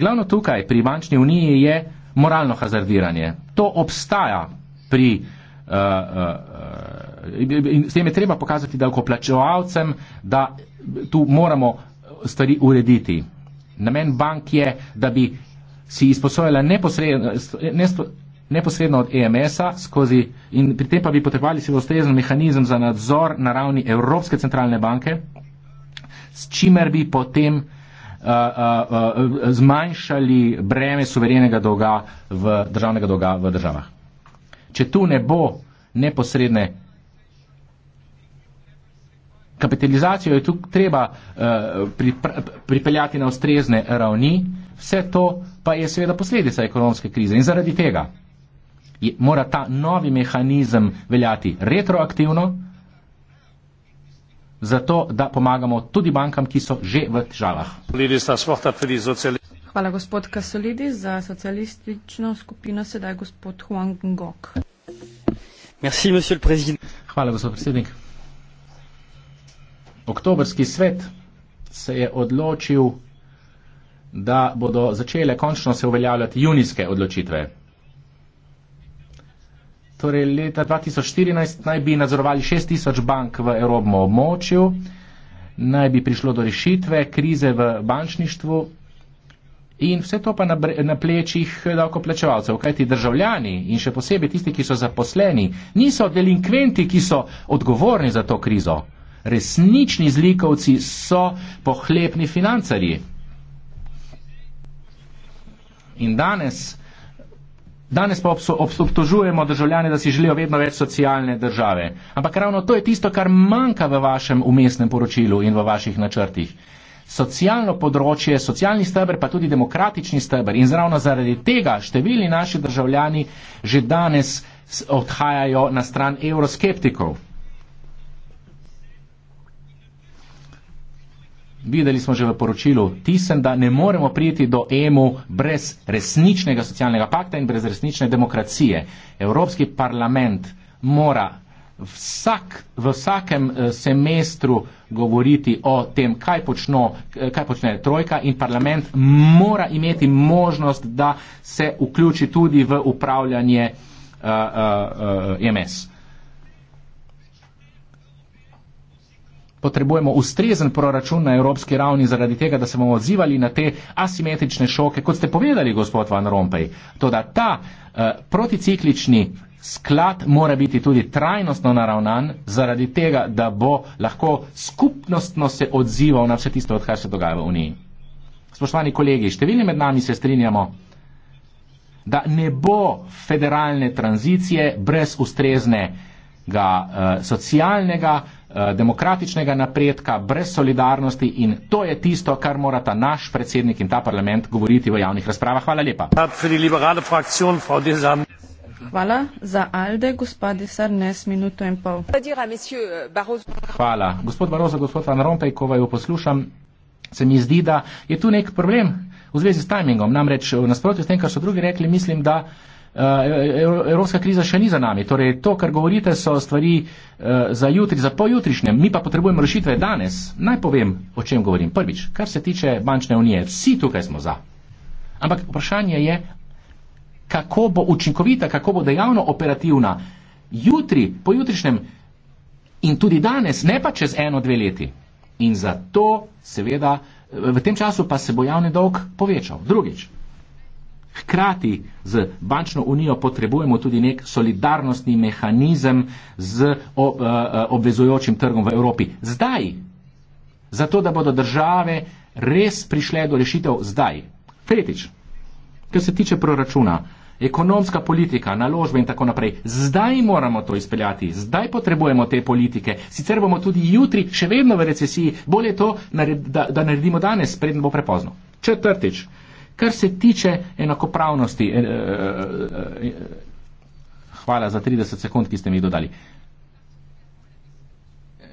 Glavno tukaj pri bančni uniji je moralno hazardiranje. To obstaja pri uh, uh, in s tem je treba pokazati, da ko plačevalcem, da tu moramo stvari urediti. Namen bank je, da bi si izposojala neposredno, neposredno od EMS-a skozi in pri tem pa bi potrebovali se ustrezen mehanizem za nadzor na ravni Evropske centralne banke, s čimer bi potem uh, zmanjšali breme suverenega dolga v državnega dolga v državah. Če tu ne bo neposredne kapitalizacije, je tu treba pripeljati na ustrezne ravni, vse to pa je seveda posledica ekonomske krize in zaradi tega je, mora ta novi mehanizem veljati retroaktivno, zato da pomagamo tudi bankam, ki so že v težavah. Hvala gospod Kasolidi za socialistično skupino, sedaj gospod Huang Ngok. Merci, Hvala gospod predsednik. Oktobrski svet se je odločil, da bodo začele končno se uveljavljati junijske odločitve. Torej, leta 2014 naj bi nadzorovali 6000 bank v evropskem območju, naj bi prišlo do rešitve krize v bančništvu in vse to pa na, na plečih davkoplačevalcev. Kajti državljani in še posebej tisti, ki so zaposleni, niso delinkventi, ki so odgovorni za to krizo. Resnični zlikovci so pohlepni financarji. In danes Danes pa obsobtožujemo državljane, da si želijo vedno več socialne države. Ampak ravno to je tisto, kar manjka v vašem umestnem poročilu in v vaših načrtih. Socialno področje, socialni stebr, pa tudi demokratični stebr. In ravno zaradi tega številni naši državljani že danes odhajajo na stran evroskeptikov. videli smo že v poročilu Tisen, da ne moremo priti do EMU brez resničnega socialnega pakta in brez resnične demokracije. Evropski parlament mora vsak, v vsakem eh, semestru govoriti o tem, kaj, počno, eh, kaj počne trojka in parlament mora imeti možnost, da se vključi tudi v upravljanje uh, eh, uh, uh, e MS. potrebujemo ustrezen proračun na evropski ravni zaradi tega, da se bomo odzivali na te asimetrične šoke, kot ste povedali, gospod Van Rompej. Toda ta uh, proticiklični sklad mora biti tudi trajnostno naravnan zaradi tega, da bo lahko skupnostno se odzival na vse tisto, kar se dogaja v Uniji. Spoštovani kolegi, številni med nami se strinjamo, da ne bo federalne tranzicije brez ustreznega uh, socialnega Eh, demokratičnega napredka, brez solidarnosti in to je tisto, kar morata naš predsednik in ta parlament govoriti v javnih razpravah. Hvala lepa. Hvala za Alde, gospod Desar, nes minuto in pol. Hvala. Gospod Barozo, gospod Van Rompej, ko vaju poslušam, se mi zdi, da je tu nek problem v zvezi s timingom. Namreč v nasprotju s tem, kar so drugi rekli, mislim, da Eh, evropska kriza še ni za nami. Torej, to, kar govorite, so stvari eh, za jutri, za pojutrišnje. Mi pa potrebujemo rešitve danes. Naj povem, o čem govorim. Prvič, kar se tiče bančne unije, vsi tukaj smo za. Ampak vprašanje je, kako bo učinkovita, kako bo dejavno operativna jutri, pojutrišnjem in tudi danes, ne pa čez eno, dve leti. In zato, seveda, v tem času pa se bo javni dolg povečal. Drugič. Hkrati z bančno unijo potrebujemo tudi nek solidarnostni mehanizem z ob, eh, eh, obvezujočim trgom v Evropi. Zdaj, zato da bodo države res prišle do rešitev zdaj. Tretjič, kar se tiče proračuna, ekonomska politika, naložbe in tako naprej, zdaj moramo to izpeljati, zdaj potrebujemo te politike, sicer bomo tudi jutri še vedno v recesiji, bolje to, da, da naredimo danes, predno bo prepozno. Četrtič, Kar se tiče enakopravnosti, eh, eh, eh, eh hvala za 30 sekund, ki ste mi dodali.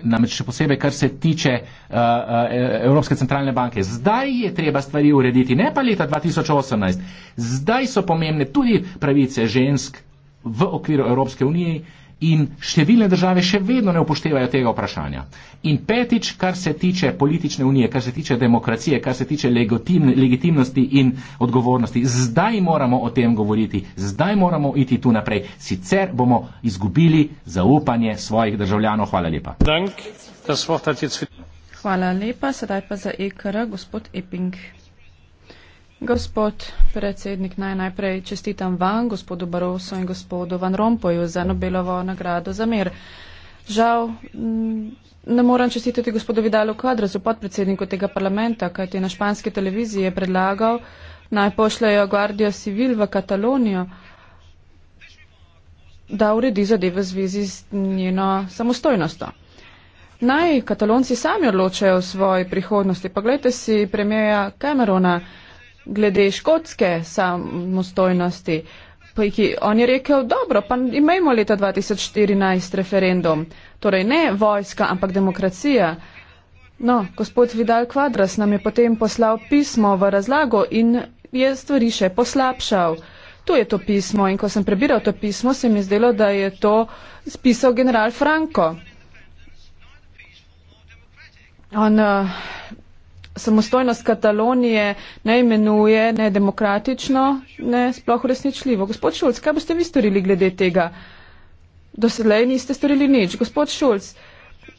Namreč še posebej, kar se tiče uh, Evropske centralne banke. Zdaj je treba stvari urediti, ne pa leta 2018. Zdaj so pomembne tudi pravice žensk v okviru Evropske unije In številne države še vedno ne upoštevajo tega vprašanja. In petič, kar se tiče politične unije, kar se tiče demokracije, kar se tiče legitimnosti in odgovornosti, zdaj moramo o tem govoriti, zdaj moramo iti tu naprej, sicer bomo izgubili zaupanje svojih državljanov. Hvala lepa. Hvala lepa, sedaj pa za EKR, gospod Epping. Gospod predsednik, naj najprej čestitam vam, gospodu Barosu in gospodu Van Rompoju za Nobelovo nagrado za mir. Žal, mm, ne moram čestitati gospodu Vidalu Kadrazu, podpredsedniku tega parlamenta, kaj ti na španski televiziji je predlagal, naj pošljajo Guardia Civil v Katalonijo, da uredi zadeve v zvezi z njeno samostojnostjo. Naj katalonci sami odločajo o svoji prihodnosti. Poglejte si premijeja Camerona glede škotske samostojnosti. Ki, on je rekel, dobro, pa imejmo leta 2014 referendum. Torej ne vojska, ampak demokracija. No, gospod Vidal Kvadras nam je potem poslal pismo v razlago in je stvari še poslabšal. To je to pismo in ko sem prebiral to pismo, se mi je zdelo, da je to spisal general Franco. On uh, samostojnost Katalonije ne imenuje ne demokratično, ne sploh uresničljivo. Gospod Šulc, kaj boste vi storili glede tega? Doslej niste storili nič. Gospod Šulc,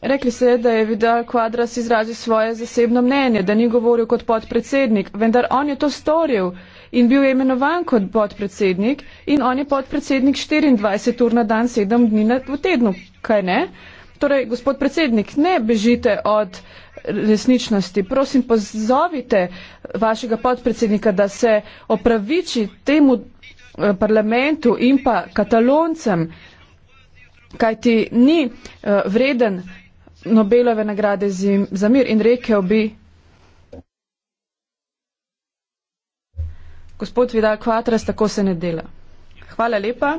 rekli ste, da je Vidal Quadras izrazil svoje zasebno mnenje, da ni govoril kot podpredsednik, vendar on je to storil in bil je imenovan kot podpredsednik in on je podpredsednik 24 ur na dan, 7 dni v tednu, kaj ne? Torej, gospod predsednik, ne bežite od resničnosti. Prosim, pozovite vašega podpredsednika, da se opraviči temu eh, parlamentu in pa kataloncem, kajti ni eh, vreden Nobelove nagrade za mir in rekel bi. Gospod Vidal Kvatras, tako se ne dela. Hvala lepa.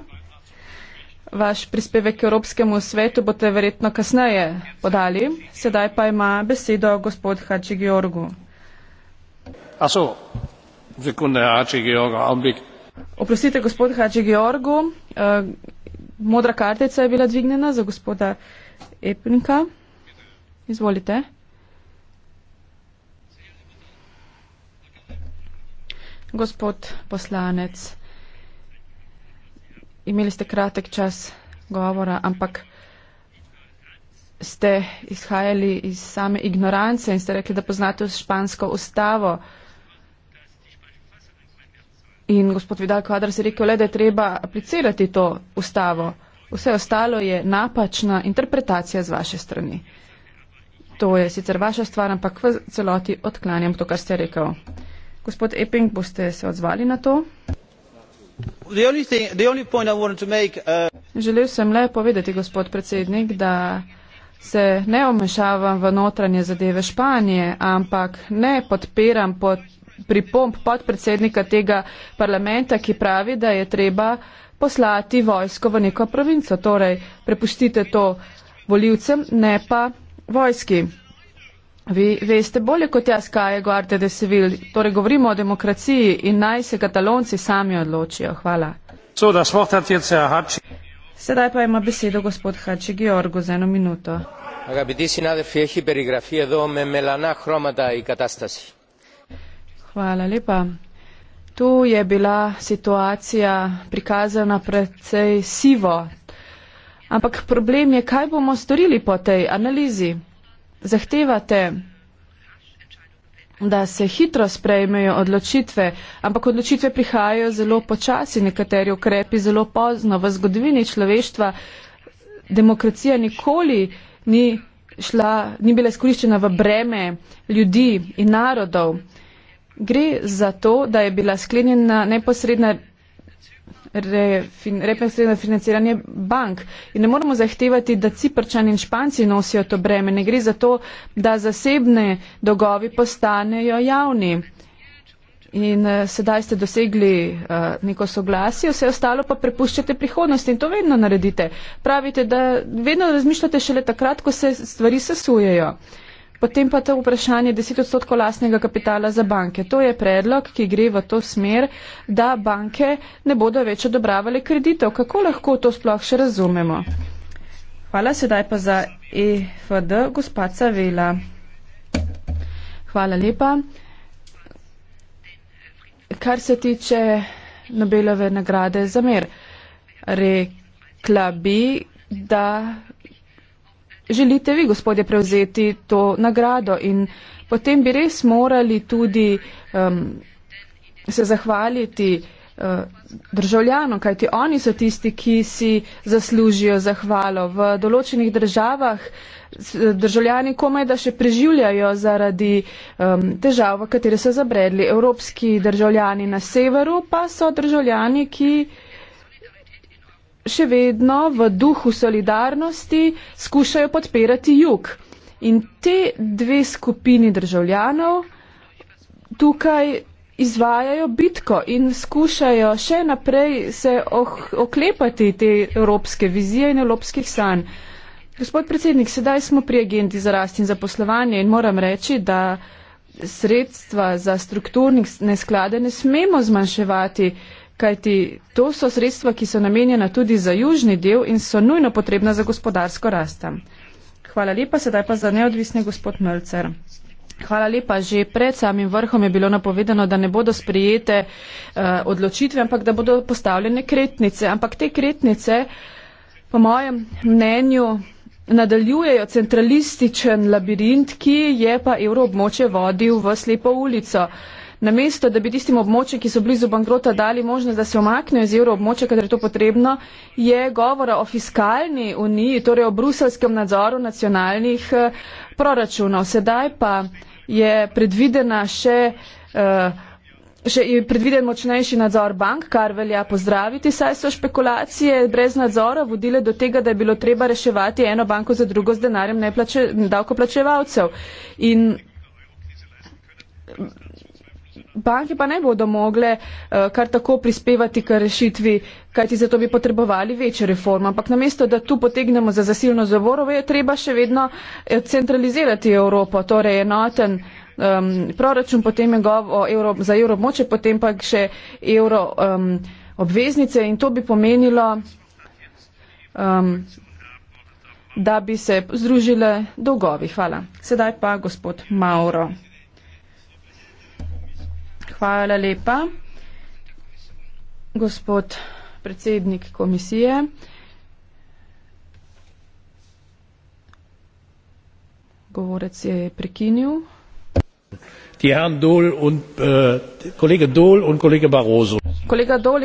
Vaš prispevek k Evropskemu svetu boste verjetno kasneje podali. Sedaj pa ima besedo gospod Hači Georgu. Oprostite, gospod Hači Georgu, eh, modra kartica je bila dvignjena za gospoda Epnika. Izvolite. Gospod poslanec imeli ste kratek čas govora, ampak ste izhajali iz same ignorance in ste rekli, da poznate špansko ustavo. In gospod Vidal Kvadras je rekel le, da je treba aplicirati to ustavo. Vse ostalo je napačna interpretacija z vaše strani. To je sicer vaša stvar, ampak v celoti odklanjam to, kar ste rekel. Gospod Epping, boste se odzvali na to? Uh, Želel sem le povedati, gospod predsednik, da se ne omešavam v notranje zadeve Španije, ampak ne podpiram pod pripomp podpredsednika tega parlamenta, ki pravi, da je treba poslati vojsko v neko provinco. Torej, prepustite to volivcem, ne pa vojski. Vi veste bolje kot jaz, kaj je Guarte de Civil. Torej, govorimo o demokraciji in naj se katalonci sami odločijo. Hvala. Sedaj pa ima besedo gospod Hači Georgo za eno minuto. Hvala lepa. Tu je bila situacija prikazana predvsej sivo. Ampak problem je, kaj bomo storili po tej analizi zahtevate, da se hitro sprejmejo odločitve, ampak odločitve prihajajo zelo počasi, nekateri ukrepi zelo pozno. V zgodovini človeštva demokracija nikoli ni, šla, ni bila izkoriščena v breme ljudi in narodov. Gre za to, da je bila sklenjena neposredna reprezentativno financiranje bank. In ne moramo zahtevati, da ciprčani in španci nosijo to breme. Ne gre za to, da zasebne dolgovi postanejo javni. In uh, sedaj ste dosegli uh, neko soglasje, vse ostalo pa prepuščate prihodnosti in to vedno naredite. Pravite, da vedno razmišljate šele takrat, ko se stvari sesujejo. Uh, Potem pa to vprašanje 10 odstotkov lastnega kapitala za banke. To je predlog, ki gre v to smer, da banke ne bodo več odobravali kreditev. Kako lahko to sploh še razumemo? Hvala sedaj pa za EFD, gospod Savela. Hvala lepa. Kar se tiče Nobelove nagrade za mer, rekla bi, da želite vi, gospodje, prevzeti to nagrado in potem bi res morali tudi um, se zahvaliti uh, državljanom, kajti oni so tisti, ki si zaslužijo zahvalo. V določenih državah državljani komaj da še preživljajo zaradi um, težav, v katere so zabredli. Evropski državljani na severu pa so državljani, ki uh, še vedno v duhu solidarnosti skušajo podpirati jug. In te dve skupini državljanov tukaj izvajajo bitko in skušajo še naprej se oh, oklepati te evropske vizije in evropskih sanj. Gospod predsednik, sedaj smo pri agenti za rast in zaposlovanje in moram reči, da sredstva za strukturni nesklade ne smemo zmanjševati kajti to so sredstva, ki so namenjena tudi za južni del in so nujno potrebna za gospodarsko rast. Hvala lepa, sedaj pa za neodvisni gospod Mölcer. Hvala lepa. Že pred samim vrhom je bilo napovedano, da ne bodo sprijete uh, eh, odločitve, ampak da bodo postavljene kretnice. Ampak te kretnice, po mojem mnenju, nadaljujejo centralističen labirint, ki je pa evroobmoče vodil v slepo ulico. Uh, namesto da bi tistim območjem, ki so blizu bankrota, dali možnost, da se omaknejo iz evroobmočja, kadar je to potrebno, je govora o fiskalni uniji, torej o bruselskem nadzoru nacionalnih eh, proračunov. Sedaj pa je predvidena še. Eh, še je predviden močnejši nadzor bank, kar velja pozdraviti, saj so špekulacije brez nadzora vodile do tega, da je bilo treba reševati eno banko za drugo z denarjem davkoplačevalcev. In banke pa ne bodo mogle uh, kar tako prispevati k rešitvi, kajti zato bi potrebovali večjo reformo. Ampak namesto, da tu potegnemo za zasilno zavoro, je treba še vedno eh, centralizirati Evropo, torej enoten um, proračun, potem Euro, za evroobmoče, potem pa še evro um, obveznice in to bi pomenilo. Um, da bi se združile dolgovi. Hvala. Sedaj pa gospod Mauro. Hvala lepa. Gospod predsednik komisije. Govorec je prekinil. Äh, kolega Dol in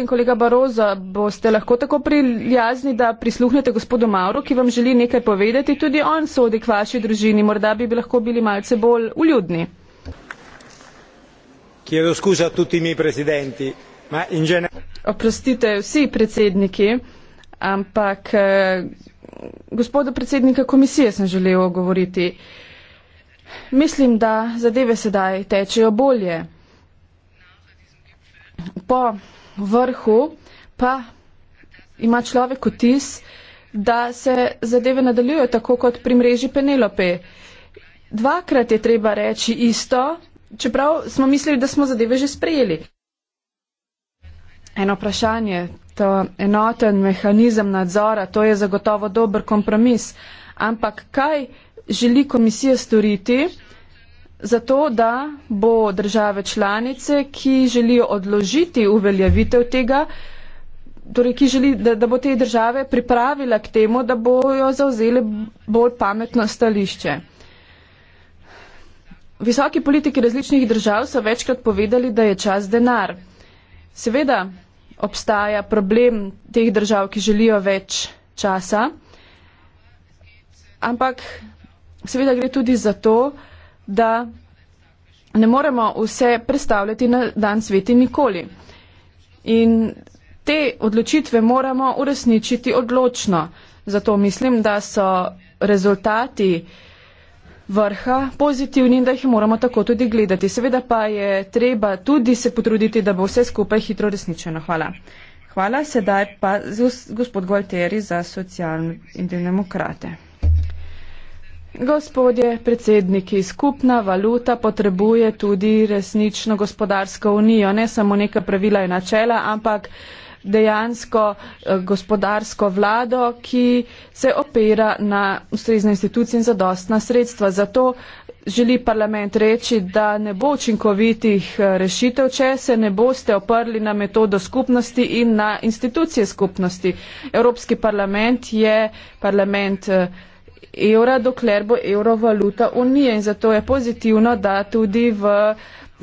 kolega Barozo, boste lahko tako prijazni, da prisluhnete gospodu Mauro, ki vam želi nekaj povedati. Tudi on sodi k vaši družini. Morda bi lahko bili malce bolj uljudni oprostite vsi predsedniki ampak eh, gospodu predsednika komisije sem želel govoriti mislim da zadeve sedaj tečejo bolje po vrhu pa ima človek vtis da se zadeve nadaljujejo tako kot pri mreži penelope dvakrat je treba reči isto čeprav smo mislili, da smo zadeve že sprejeli. Eno vprašanje, to enoten mehanizem nadzora, to je zagotovo dober kompromis, ampak kaj želi komisija storiti za to, da bo države članice, ki želijo odložiti uveljavitev tega, torej ki želi, da, da bo te države pripravila k temu, da bojo zauzeli bolj pametno stališče. Visoki politiki različnih držav so večkrat povedali, da je čas denar. Seveda obstaja problem teh držav, ki želijo več časa, ampak seveda gre tudi za to, da ne moremo vse predstavljati na dan sveti nikoli. In te odločitve moramo uresničiti odločno. Zato mislim, da so rezultati uh, vrha pozitivni in da jih moramo tako tudi gledati. Seveda pa je treba tudi se potruditi, da bo vse skupaj hitro resničeno. Hvala. Hvala sedaj pa gospod Gualteri za socialne demokrate. Gospodje predsedniki, skupna valuta potrebuje tudi resnično gospodarsko unijo, ne samo neka pravila in načela, ampak dejansko eh, gospodarsko vlado, ki se opera na ustrezne institucije in zadostna sredstva. Zato želi parlament reči, da ne bo učinkovitih eh, rešitev, če se ne boste oprli na metodo skupnosti in na institucije skupnosti. Evropski parlament je parlament eh, evra, dokler bo evrovaluta unije in zato je pozitivno, da tudi v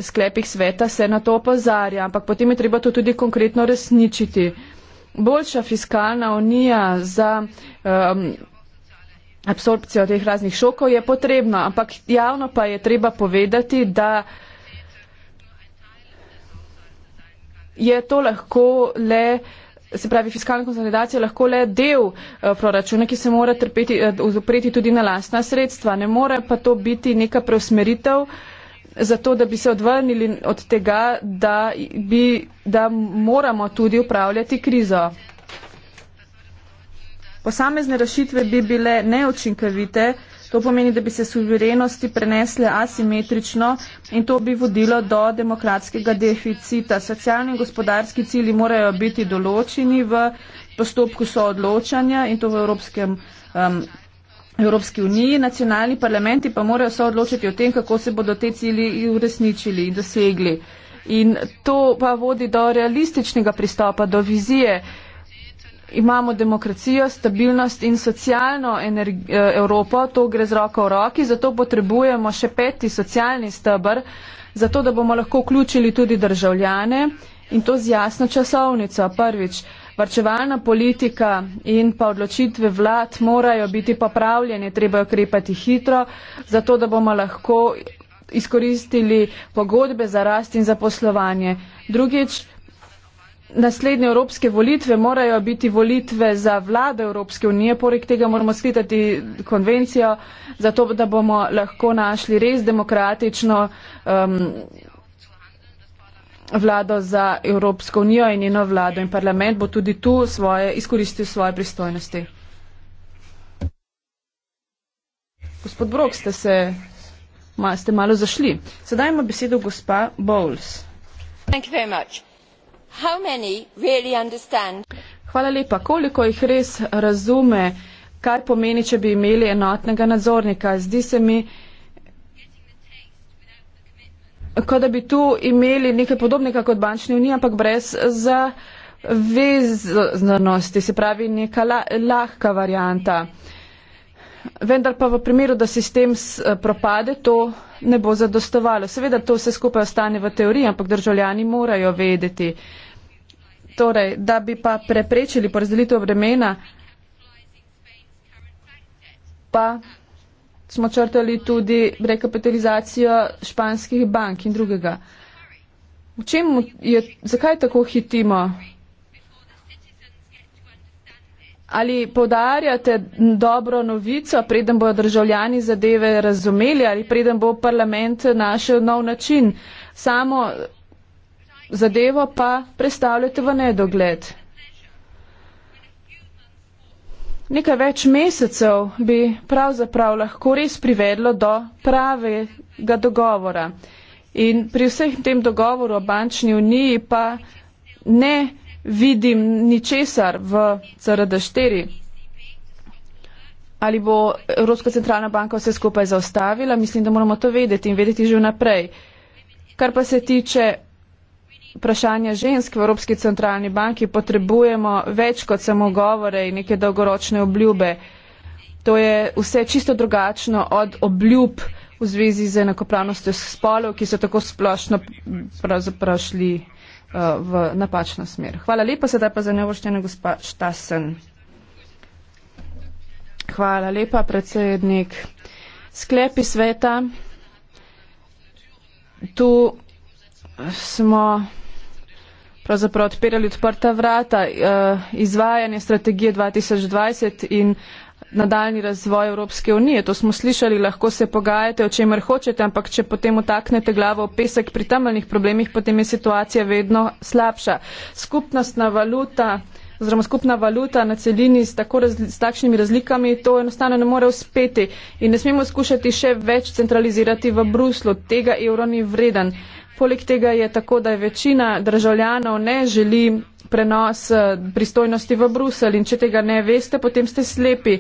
sklepih sveta se na to opozarja, ampak potem je treba to tudi konkretno resničiti. Boljša fiskalna unija za um, absorpcijo teh raznih šokov je potrebna, ampak javno pa je treba povedati, da je to lahko le, se pravi, fiskalna konsolidacija lahko le del uh, proračuna, ki se mora trpeti, uh, eh, upreti tudi na lastna sredstva. Ne more pa to biti neka preusmeritev uh, zato, da bi se odvrnili od tega, da, bi, da moramo tudi upravljati krizo. Posamezne rešitve bi bile neočinkovite, to pomeni, da bi se suverenosti prenesle asimetrično in to bi vodilo do demokratskega deficita. Socialni in gospodarski cili morajo biti določeni v postopku soodločanja in to v evropskem um, Evropski uniji, nacionalni parlamenti pa morajo se odločiti o tem, kako se bodo te cilji uresničili in dosegli. In to pa vodi do realističnega pristopa, do vizije. Imamo demokracijo, stabilnost in socialno eh, Evropo, to gre z roko v roki, zato potrebujemo še peti socialni stebr, zato da bomo lahko vključili tudi državljane in to z jasno časovnico. Prvič, varčevalna politika in pa odločitve vlad morajo biti popravljene, treba je ukrepati hitro, zato da bomo lahko izkoristili pogodbe za rast in za poslovanje. Drugič, naslednje evropske volitve morajo biti volitve za vlado Evropske unije, poreg tega moramo skritati konvencijo, zato da bomo lahko našli res demokratično. Um, vlado za Evropsko unijo in njeno vlado in parlament bo tudi tu svoje, izkoristil svoje pristojnosti. Gospod Brok, ste se ma, ste malo zašli. Sedaj ima besedo gospa Bowles. Really Hvala lepa. Koliko jih res razume, kaj pomeni, če bi imeli enotnega nadzornika? Zdi se mi, kot da bi tu imeli nekaj podobnega kot bančni uniji, ampak brez zaveznanosti, se pravi neka la, lahka varijanta. Vendar pa v primeru, da sistem eh, propade, to ne bo zadostovalo. Seveda to vse skupaj ostane v teoriji, ampak državljani morajo vedeti. Torej, da bi pa preprečili porazdelitev vremena, pa smo črtali tudi rekapitalizacijo španskih bank in drugega. Je, zakaj tako hitimo? Ali povdarjate dobro novico, preden bojo državljani zadeve razumeli, ali preden bo parlament našel nov način? Samo zadevo pa predstavljate v nedogled. nekaj več mesecev bi pravzaprav lahko res privedlo do pravega dogovora. In pri vseh tem dogovoru o bančni uniji pa ne vidim ničesar v CRD4. Ali bo Evropska centralna banka vse skupaj zaustavila, mislim, da moramo to vedeti in vedeti že vnaprej. Kar pa se tiče vprašanja žensk v Evropski centralni banki potrebujemo več kot samo govore in neke dolgoročne obljube. To je vse čisto drugačno od obljub v zvezi z enakopravnostjo spolov, ki so tako splošno pravzaprav šli uh, v napačno smer. Hvala lepa, sedaj pa za neuvrščene gospa Štasen. Hvala lepa, predsednik. Sklepi sveta. Tu smo pravzaprav odpirali odprta vrata eh, izvajanje strategije 2020 in nadaljni razvoj Evropske unije. To smo slišali, lahko se pogajate o čemer hočete, ampak če potem utaknete glavo v pesek pri temeljnih problemih, potem je situacija vedno slabša. Skupnostna valuta. Oziroma, skupna valuta na celini s, razli, s takšnimi razlikami, to enostavno ne more uspeti. In ne smemo skušati še več centralizirati v Bruslu. Tega evro ni vreden. Poleg tega je tako, da je večina državljanov ne želi prenos eh, pristojnosti v Bruselj in če tega ne veste, potem ste slepi.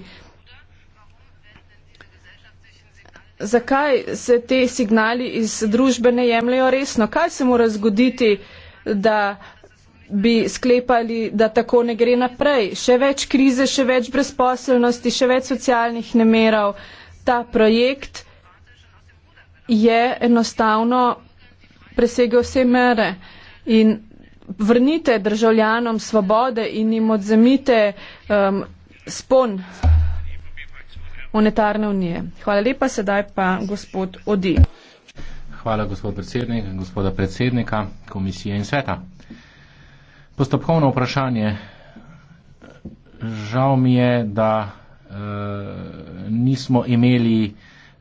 Zakaj se te signali iz družbe ne jemljajo resno? Kaj se mora zgoditi, da bi sklepali, da tako ne gre naprej? Še več krize, še več brezposelnosti, še več socialnih nemerov. Ta projekt je enostavno presega vse mere. In vrnite državljanom svobode in jim odzemite um, spon monetarne unije. Hvala lepa, sedaj pa gospod Odi. Hvala gospod predsednik, gospoda predsednika komisije in sveta. Postopkovno vprašanje. Žal mi je, da uh, nismo imeli uh,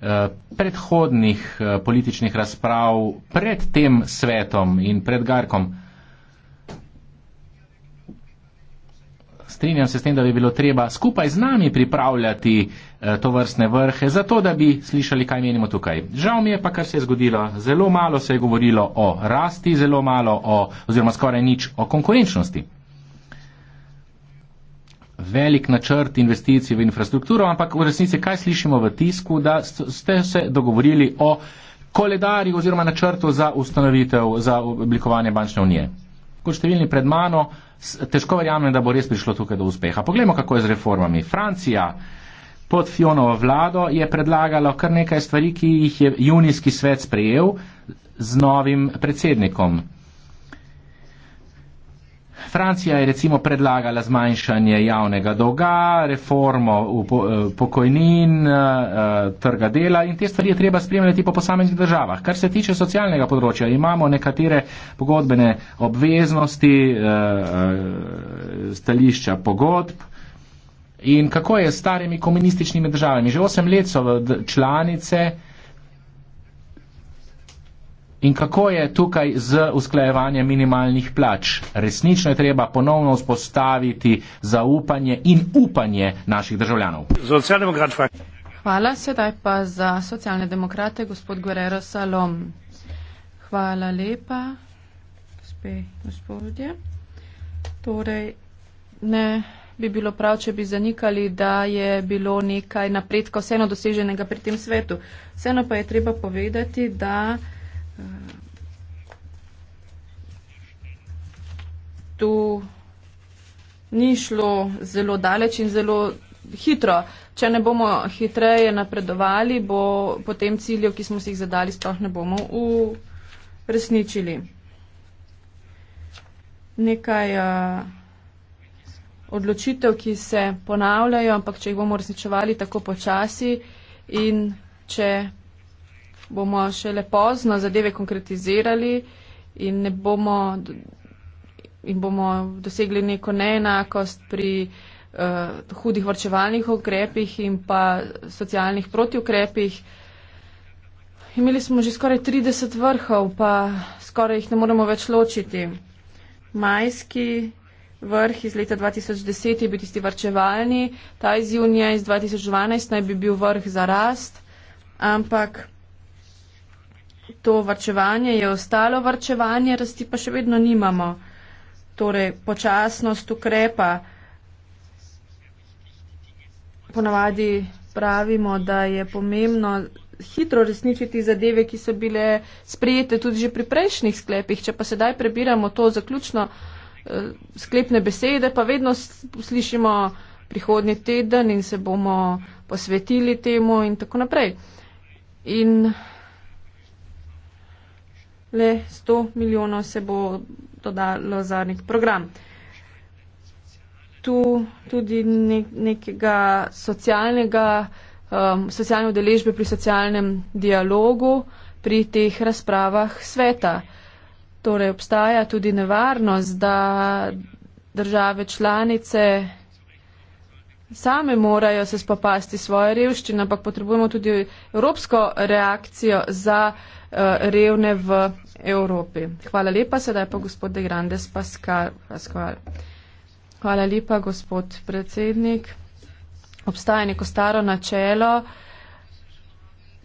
Eh, predhodnih eh, političnih razprav pred tem svetom in pred Garkom. Strinjam se s tem, da bi bilo treba skupaj z nami pripravljati eh, to vrstne vrhe, zato da bi slišali, kaj menimo tukaj. Žal mi je pa, kar se je zgodilo. Zelo malo se je govorilo o rasti, zelo malo o, oziroma skoraj nič o konkurenčnosti velik načrt investicij v infrastrukturo, ampak v resnici kaj slišimo v tisku, da ste se dogovorili o koledarju oziroma načrtu za ustanovitev, za oblikovanje bančne unije. Kot številni pred mano, težko verjamem, da bo res prišlo tukaj do uspeha. Poglejmo, kako je z reformami. Francija pod Fionovo vlado je predlagala kar nekaj stvari, ki jih je junijski svet sprejel z novim predsednikom. Francija je recimo predlagala zmanjšanje javnega dolga, reformo eh, pokojnin, eh, eh, trga dela in te stvari je treba spremljati po posameznih državah. Kar se tiče socialnega področja, imamo nekatere pogodbene obveznosti, stališča pogodb. In kako je s starimi komunističnimi državami? Že osem let so članice In kako je tukaj z usklajevanjem minimalnih plač? Resnično je treba ponovno vzpostaviti zaupanje in upanje naših državljanov. Hvala, sedaj pa za socialne demokrate, gospod Guerrero Salom. Hvala lepa, gospe in gospodje. Torej, ne bi bilo prav, če bi zanikali, da je bilo nekaj napredka vseeno doseženega pri tem svetu. Vseeno pa je treba povedati, da tu ni šlo zelo daleč in zelo hitro. Če ne bomo hitreje napredovali, bo potem ciljev, ki smo si jih zadali, sploh ne bomo uresničili. Nekaj a, eh, odločitev, ki se ponavljajo, ampak če jih bomo uresničevali tako počasi in če bomo šele pozno zadeve konkretizirali in, bomo, in bomo dosegli neko neenakost pri uh, hudih vrčevalnih ukrepih in pa socialnih protiukrepih. Imeli smo že skoraj 30 vrhov, pa skoraj jih ne moremo več ločiti. Majski vrh iz leta 2010 je bil tisti vrčevalni, ta iz junija iz 2012 naj bi bil vrh za rast, ampak to vrčevanje, je ostalo vrčevanje, rasti pa še vedno nimamo. Torej, počasnost ukrepa. Ponavadi pravimo, da je pomembno hitro resničiti zadeve, ki so bile sprejete tudi že pri prejšnjih sklepih. Če pa sedaj prebiramo to zaključno eh, sklepne besede, pa vedno slišimo prihodnji teden in se bomo posvetili temu in tako naprej. In le 100 milijonov se bo dodalo za nek program. Tu tudi ne, nekega socialnega, um, socialne udeležbe pri socialnem dialogu, pri teh razpravah sveta. Torej obstaja tudi nevarnost, da države članice same morajo se spopasti svoje revščine, ampak potrebujemo tudi evropsko reakcijo za uh, Eh, revne v Evropi. Hvala lepa, sedaj pa gospod De Grandes Pascal. Hvala lepa, gospod predsednik. Obstaja neko staro načelo,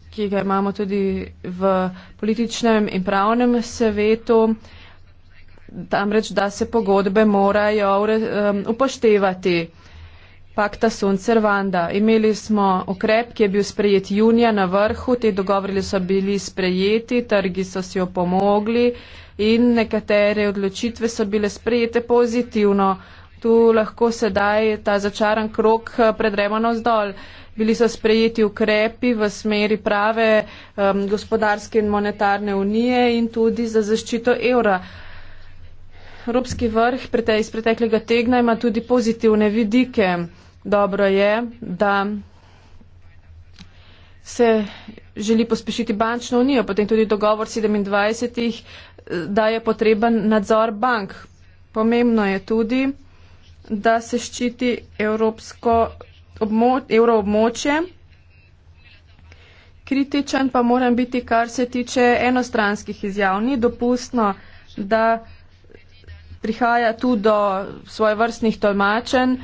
ki ga imamo tudi v političnem in pravnem svetu. Tam reč, da se pogodbe morajo eh, upoštevati. Um, pakta Sunce-Rwanda. Imeli smo okrep, ki je bil sprejet junija na vrhu, te dogovori so bili sprejeti, trgi so si opomogli in nekatere odločitve so bile sprejete pozitivno. Tu lahko sedaj ta začaran krok eh, predremo navzdol. Bili so sprejeti ukrepi v smeri prave um, gospodarske in monetarne unije in tudi za zaščito evra. Evropski vrh pretej, iz preteklega tegna ima tudi pozitivne vidike dobro je, da se želi pospešiti bančno unijo, potem tudi dogovor 27, eh, da je potreben nadzor bank. Pomembno je tudi, da se ščiti evroobmočje. Kritičen pa moram biti, kar se tiče enostranskih izjav. Ni dopustno, da prihaja tu do svojevrstnih tolmačenj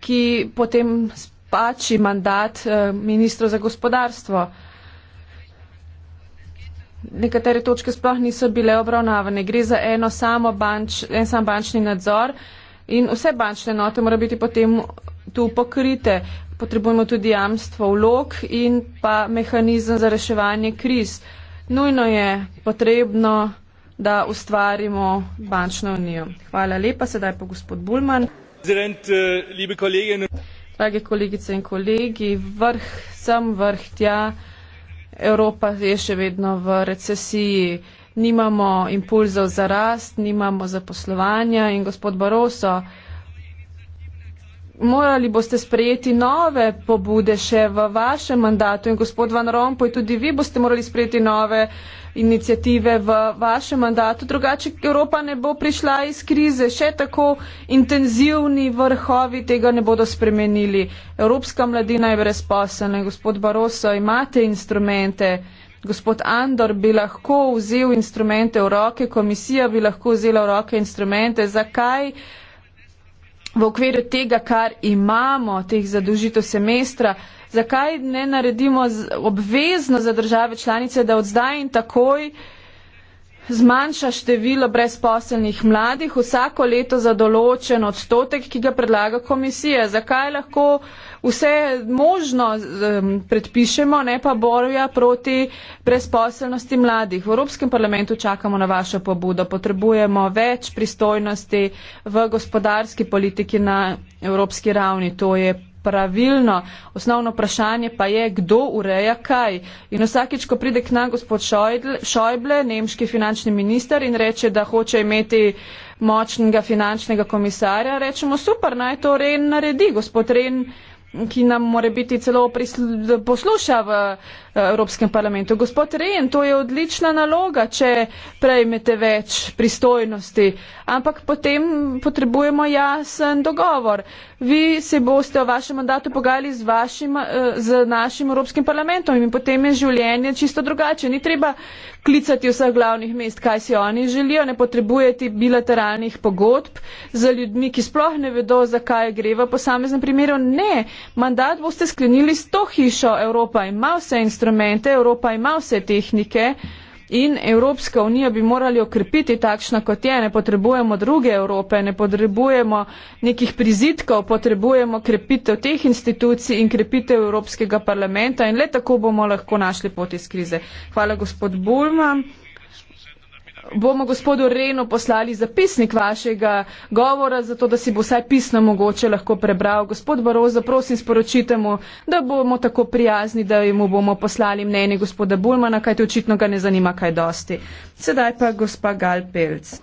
ki potem spači mandat eh, ministra za gospodarstvo. Nekatere točke sploh niso bile obravnavane. Gre za eno samo banč, en sam bančni nadzor in vse bančne note mora biti potem tu pokrite. Potrebujemo tudi jamstvo vlog in pa mehanizem za reševanje kriz. Nujno je potrebno, da ustvarimo bančno unijo. Hvala lepa, sedaj pa gospod Bulman präsident eh, liebe kolleginnen drage kolegice in kolegi vrh sem vrh tja evropa je še vedno v recesiji nimamo impulzov za rast nimamo zaposlovanja in gospod barroso morali boste sprejeti nove pobude še v vašem mandatu in gospod Van Rompuy, tudi vi boste morali sprejeti nove inicijative v vašem mandatu, drugače Evropa ne bo prišla iz krize, še tako intenzivni vrhovi tega ne bodo spremenili. Evropska mladina je brezposelna in gospod Baroso, imate instrumente, gospod Andor bi lahko vzel instrumente v roke, komisija bi lahko vzela v roke instrumente, zakaj? v okviru tega, kar imamo, teh zadolžitev semestra, zakaj ne naredimo obvezno za države članice, da od zdaj in takoj zmanjša število brezposelnih mladih vsako leto za določen odstotek, ki ga predlaga komisija. Zakaj lahko uh, vse možno um, predpišemo, ne pa borja proti brezposelnosti mladih. V Evropskem parlamentu čakamo na vašo pobudo. Potrebujemo več pristojnosti v gospodarski politiki na evropski ravni. To je pravilno. Osnovno vprašanje pa je, kdo ureja kaj. In vsakič, ko pride k nam gospod Šojble, nemški finančni minister, in reče, da hoče imeti močnega finančnega komisarja, rečemo super, naj to Ren naredi. Gospod Ren ki nam more biti celo poslušal v Eh, Evropskem parlamentu. Gospod Rejen, to je odlična naloga, če prejmete več pristojnosti, ampak potem potrebujemo jasen dogovor. Vi se boste o vašem mandatu pogajali z, vašim, eh, z našim Evropskim parlamentom in potem je življenje čisto drugače. Ni treba klicati vseh glavnih mest, kaj si oni želijo, ne potrebujete bilateralnih pogodb za ljudmi, ki sploh ne vedo, zakaj gre v posameznem primeru. Ne, mandat boste sklenili s to hišo Evropa in ima vse instrumente instrumente, Evropa ima vse tehnike in Evropska unija bi morali okrepiti takšna, kot je. Ne potrebujemo druge Evrope, ne potrebujemo nekih prizitkov, potrebujemo okrepitev teh institucij in okrepitev Evropskega parlamenta in le tako bomo lahko našli pot iz krize. Hvala, gospod Bulman bomo gospodu Renu poslali zapisnik vašega govora, zato da si bo vsaj pisno mogoče lahko prebral. Gospod Barozo, prosim sporočite mu, da bomo tako prijazni, da mu bomo poslali mnenje gospoda Bulmana, kaj te očitno ga ne zanima kaj dosti. Sedaj pa gospa Gal Pelc.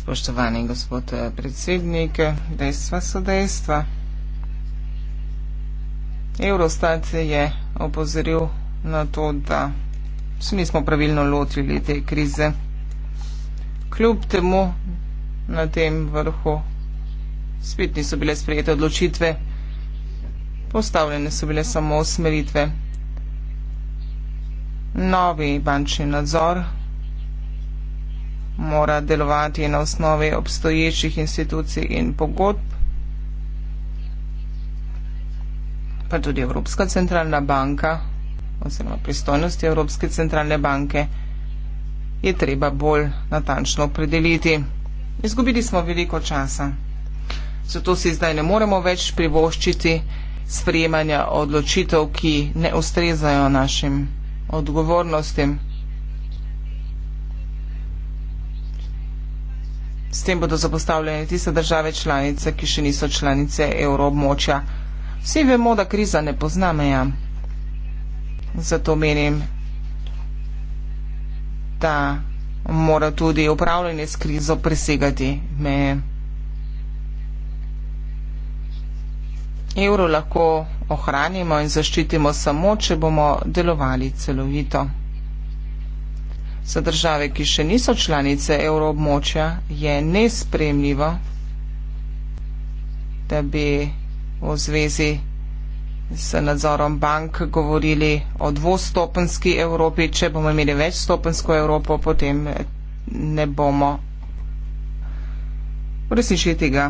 Spoštovani gospod eh, predsednik, dejstva so dejstva. Eurostat je opozoril na to, da se nismo pravilno lotili te krize. Kljub temu na tem vrhu spet niso bile sprejete odločitve, postavljene so bile samo usmeritve. Novi bančni nadzor mora delovati na osnovi obstoječih institucij in pogodb, pa tudi Evropska centralna banka oziroma pristojnosti Evropske centralne banke je treba bolj natančno opredeliti. Izgubili smo veliko časa, zato si zdaj ne moremo več privoščiti sprejemanja odločitev, ki ne ustrezajo našim odgovornostim. S tem bodo zapostavljene tiste države članice, ki še niso članice evroobmočja. Vsi vemo, da kriza ne pozna meja. Zato menim, da mora tudi upravljanje s krizo presegati meje. Evro lahko ohranimo in zaščitimo samo, če bomo delovali celovito. Za države, ki še niso članice evroobmočja, je nespremljivo, da bi v zvezi z nadzorom bank govorili o dvostopenski Evropi. Če bomo imeli večstopensko Evropo, potem ne bomo uresničili tega,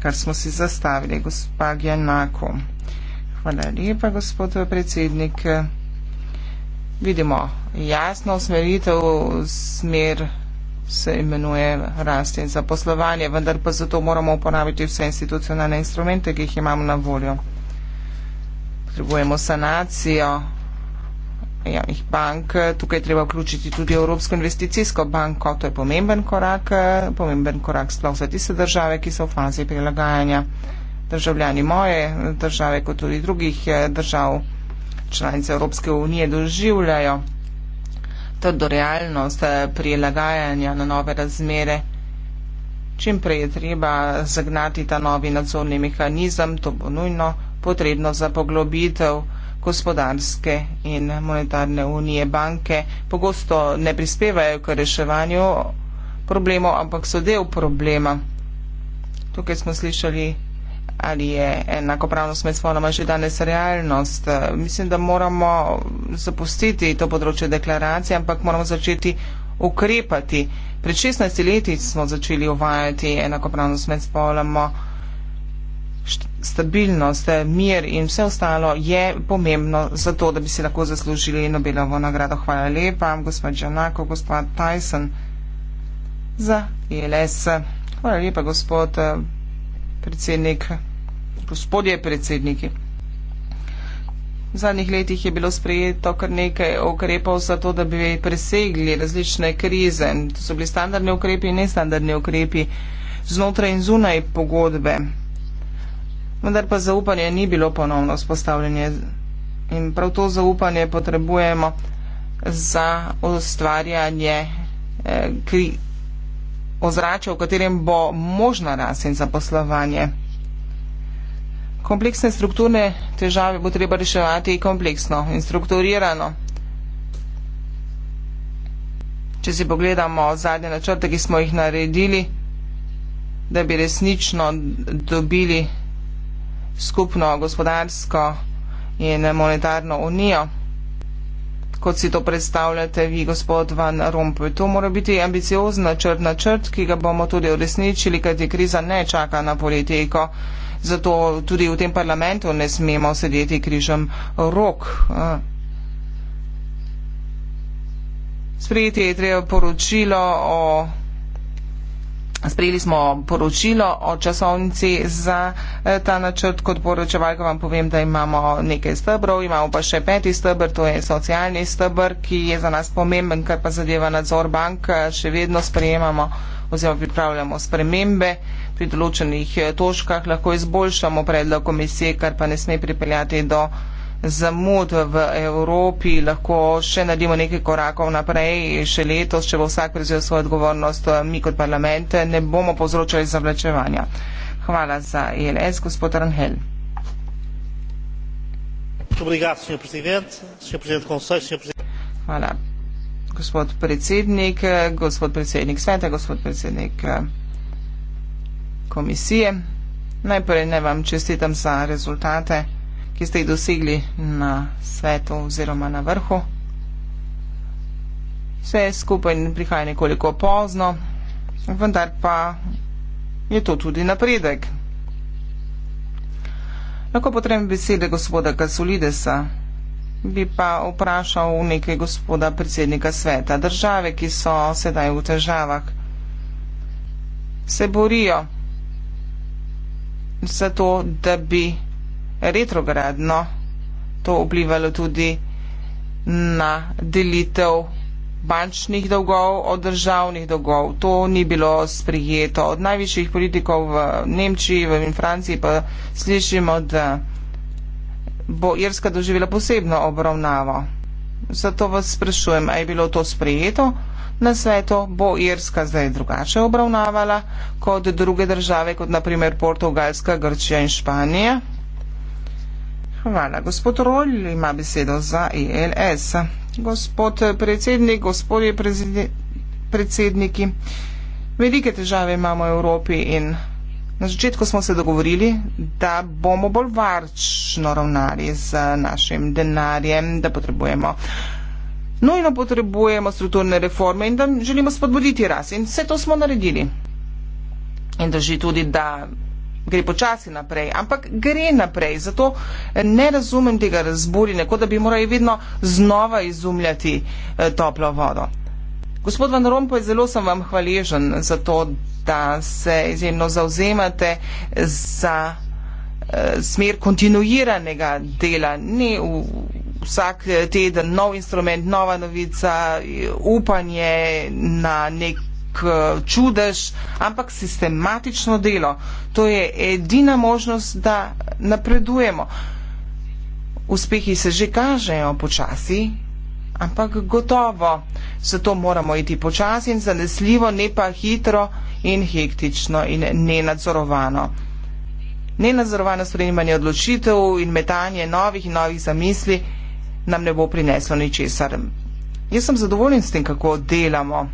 kar smo si zastavili, gospa Gjanako. Hvala lepa, gospod predsednik. Vidimo jasno usmeritev v smer se imenuje rast in zaposlovanje, vendar pa zato moramo uporabiti vse institucionalne instrumente, ki jih imamo na voljo. Potrebujemo sanacijo javnih bank, tukaj treba vključiti tudi Evropsko investicijsko banko, to je pomemben korak, pomemben korak sploh za tiste države, ki so v fazi prilagajanja državljani moje države, kot tudi drugih eh, držav članice Evropske unije doživljajo trdo realnost eh, prilagajanja na nove razmere. Čim prej je treba zagnati ta novi nadzorni mehanizem, to bo nujno potrebno za poglobitev gospodarske in monetarne unije. Banke pogosto ne prispevajo k reševanju problemov, ampak so del problema. Tukaj smo slišali ali je enakopravnost med spoloma že danes realnost. Mislim, da moramo zapustiti to področje deklaracije, ampak moramo začeti ukrepati. Pred 16 leti smo začeli uvajati enakopravnost med spoloma. Stabilnost, mir in vse ostalo je pomembno za to, da bi si lahko zaslužili Nobelovo nagrado. Hvala lepa, gospod Džanako, gospod Tyson za ILS. E Hvala lepa, gospod eh, predsednik gospodje predsedniki. V zadnjih letih je bilo sprejeto kar nekaj ukrepov za to, da bi presegli različne krize. To so bili standardni ukrepi in nestandardni ukrepi znotraj in zunaj pogodbe. Vendar pa zaupanje ni bilo ponovno vzpostavljanje in prav to zaupanje potrebujemo za ustvarjanje eh, ozračja, v katerem bo možna rast in zaposlovanje kompleksne strukturne težave bo treba reševati kompleksno in strukturirano. Če si pogledamo zadnje načrte, ki smo jih naredili, da bi resnično dobili skupno gospodarsko in monetarno unijo, kot si to predstavljate vi, gospod Van Rompuy. To mora biti ambiciozen načrt, načrt, ki ga bomo tudi uresničili, kajti kriza ne čaka na politiko zato tudi v tem parlamentu ne smemo sedeti križem rok. Sprejeti je treba poročilo o. Sprejeli smo poročilo o časovnici za eh, ta načrt. Kot poročevalka vam povem, da imamo nekaj stebrov, imamo pa še peti stebr, to je socialni stebr, ki je za nas pomemben, kar pa zadeva nadzor bank. Še vedno sprejemamo oziroma pripravljamo spremembe pri določenih eh, točkah lahko izboljšamo predlog komisije, kar pa ne sme pripeljati do zamud v Evropi, lahko še naredimo nekaj korakov naprej, še letos, če bo vsak prevzel svojo odgovornost, eh, mi kot parlament eh, ne bomo povzročali zavlačevanja. Hvala za ELS, gospod Ranhel. Hvala, gospod predsednik, gospod predsednik sveta, gospod predsednik komisije. Najprej naj vam čestitam za rezultate, ki ste jih dosegli na svetu oziroma na vrhu. Vse skupaj prihaja nekoliko pozno, vendar pa je to tudi napredek. Lahko potrebujem besede gospoda Kasulidesa, bi pa vprašal nekaj gospoda predsednika sveta. Države, ki so sedaj v težavah, se borijo za to, da bi retrogradno to vplivalo tudi na delitev bančnih dolgov od državnih dolgov. To ni bilo sprijeto. Od najvišjih politikov v Nemčiji in Franciji pa slišimo, da bo Irska doživela posebno obravnavo. Zato vas sprašujem, a je bilo to sprijeto? na svetu bo Irska zdaj drugače obravnavala kot druge države, kot naprimer Portugalska, Grčija in Španija. Hvala. Gospod Rolj ima besedo za ILS. E Gospod predsednik, gospodje prezidi, predsedniki, velike težave imamo v Evropi in na začetku smo se dogovorili, da bomo bolj varčno ravnali z našim denarjem, da potrebujemo Nujno potrebujemo strukturne reforme in da želimo spodbuditi rast. In vse to smo naredili. In drži tudi, da gre počasi naprej, ampak gre naprej. Zato ne razumem tega razburjenja, kot da bi morali vedno znova izumljati eh, toplo vodo. Gospod Van Rompuy, zelo sem vam hvaležen za to, da se izjemno zauzemate za Eh, smer kontinuiranega dela, ne v vsak eh, teden nov instrument, nova novica, upanje na nek eh, čudež, ampak sistematično delo. To je edina možnost, da napredujemo. Uspehi se že kažejo počasi, ampak gotovo. Zato moramo iti počasi in zanesljivo, ne pa hitro in hektično in nenadzorovano. Nenazorovano sprejemanje odločitev in metanje novih in novih zamisli nam ne bo prineslo ničesar. Jaz sem zadovoljen s tem, kako delamo.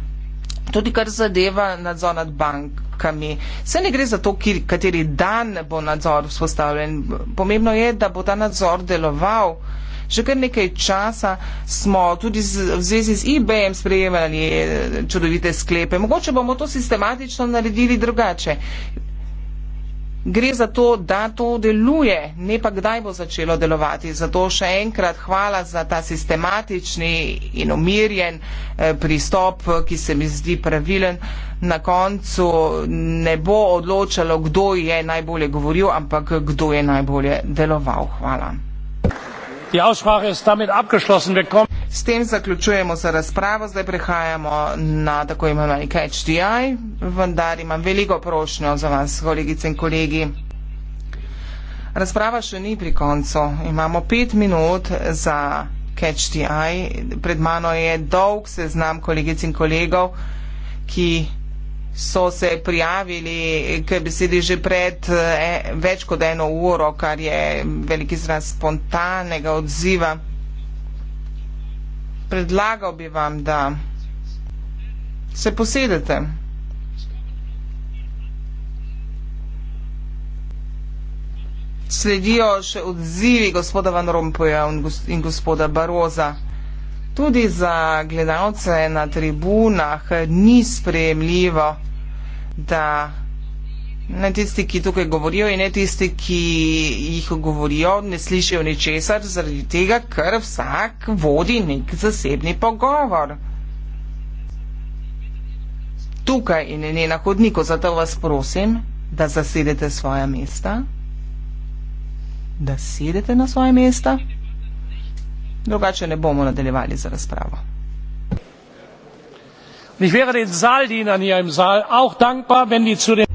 Tudi kar zadeva nadzor nad bankami. Se ne gre za to, ki, kateri dan bo nadzor vzpostavljen. Pomembno je, da bo ta nadzor deloval. Že kar nekaj časa smo tudi z, v zvezi z IBM sprejemali eh, čudovite sklepe. Mogoče bomo to sistematično naredili drugače. Gre za to, da to deluje, ne pa kdaj bo začelo delovati. Zato še enkrat hvala za ta sistematični in umirjen eh, pristop, ki se mi zdi pravilen. Na koncu ne bo odločalo, kdo je najbolje govoril, ampak kdo je najbolje deloval. Hvala. S tem zaključujemo za razpravo, zdaj prehajamo na tako imenovani catch the eye, vendar imam veliko prošnjo za vas, kolegice in kolegi. Razprava še ni pri koncu. Imamo pet minut za catch the eye. Pred mano je dolg seznam kolegic in kolegov, ki so se prijavili, ker bi sedeli že pred eh, več kot eno uro, kar je velik izraz spontanega odziva predlagal bi vam, da se posedete. Sledijo še odzivi gospoda Van Rompuja in gospoda Baroza. Tudi za gledalce na tribunah ni sprejemljivo, da Ne tisti, ki tukaj govorijo in ne tisti, ki jih govorijo, ne slišijo ničesar zaradi tega, ker vsak vodi nek zasebni pogovor. Tukaj in ne na hodniku, zato vas prosim, da zasedete svoja mesta. Da sedete na svoje mesta. Drugače ne bomo nadaljevali za razpravo. Ich wäre den Saaldienern hier im Saal auch dankbar, wenn die zu den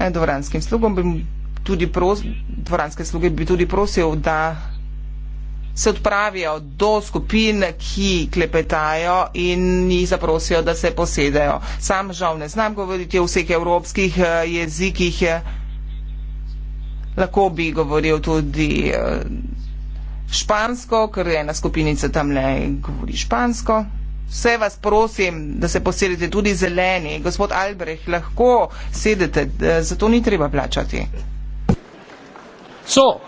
Eh, dvoranskim slugom, tudi pros, dvoranske sluge bi tudi prosil, da se odpravijo do skupin, ki klepetajo in jih zaprosijo, da se posedejo. Sam žal ne znam govoriti o vseh evropskih eh, jezikih, lahko bi govoril tudi eh, špansko, ker ena skupinica tam ne govori špansko. Vse vas prosim, da se posedete tudi zeleni. Gospod Albreh, lahko sedete, eh, zato ni treba plačati. So,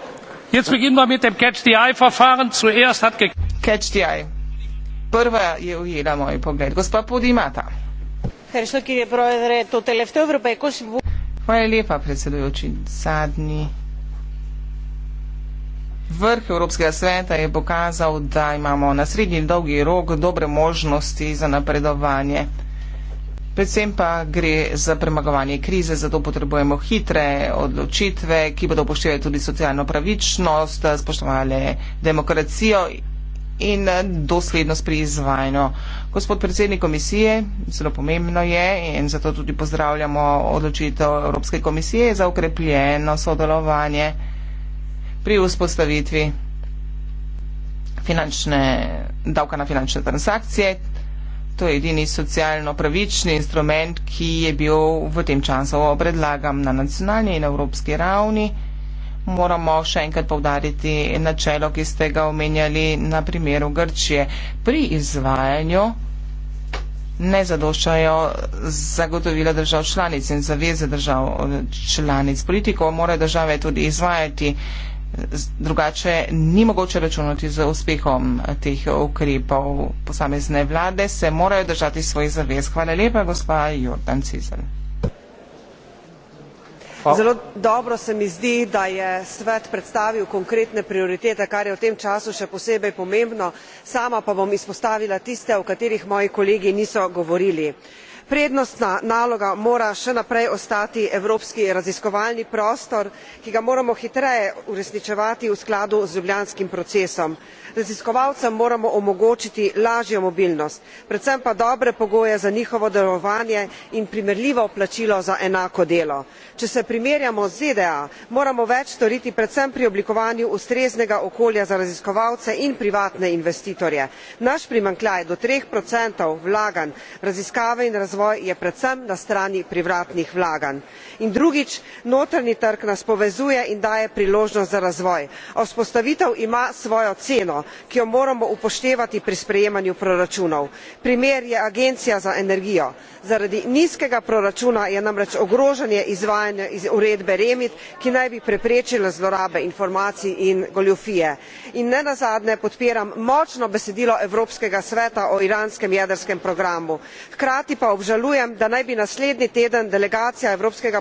jetzt beginnen wir mit dem Catch-the-Eye-Verfahren. Zuerst hat Catch-the-Eye. Prva je ujela moj pogled. Gospa Podimata. Hvala lepa, predsedujoči. Zadnji. Vrh Evropskega sveta je pokazal, da imamo na srednji in dolgi rok dobre možnosti za napredovanje. Predvsem pa gre za premagovanje krize, zato potrebujemo hitre odločitve, ki bodo upoštevali tudi socialno pravičnost, spoštovali demokracijo in doslednost pri izvajanju. Gospod predsednik komisije, zelo pomembno je in zato tudi pozdravljamo odločitev Evropske komisije za ukrepljeno sodelovanje pri vzpostavitvi finančne, davka na finančne transakcije. To je edini socialno pravični instrument, ki je bil v tem času predlagan na nacionalni in evropski ravni. Moramo še enkrat povdariti načelo, ki ste ga omenjali na primeru Grčije. Pri izvajanju ne zadošajo zagotovila držav članic in zaveze držav članic. Politiko mora države tudi izvajati. Drugače ni mogoče računati z uspehom teh ukrepov. Posamezne vlade se morajo držati svojih zavez. Hvala lepa, gospa Jordan Cizel. Zelo dobro se mi zdi, da je svet predstavil konkretne prioritete, kar je v tem času še posebej pomembno. Sama pa bom izpostavila tiste, o katerih moji kolegi niso govorili prednostna naloga mora še naprej ostati evropski raziskovalni prostor ki ga moramo hitreje uresničevati v skladu z ljubljanskim procesom raziskovalcem moramo omogočiti lažjo mobilnost predvsem pa dobre pogoje za njihovo delovanje in primerljivo plačilo za enako delo če se primerjamo z zda moramo več storiti predvsem pri oblikovanju ustreznega okolja za raziskovalce in privatne investitorje naš primanjkljaj do treh vlaganj raziskave in razvoj razvoj je predvsem na strani privatnih vlaganj in drugič notranji trg nas povezuje in daje priložnost za razvoj a vzpostavitev ima svojo ceno ki jo moramo upoštevati pri sprejemanju proračunov primer je agencija za energijo zaradi nizkega proračuna je namreč ogrožanje izvajanja uredbe remit ki naj bi preprečila zlorabe informacij in goljufije in nenazadnje podpiram močno besedilo evropskega sveta o iranskem jedrskem programu hkrati pa obžalujem da naj bi naslednji teden delegacija evropskega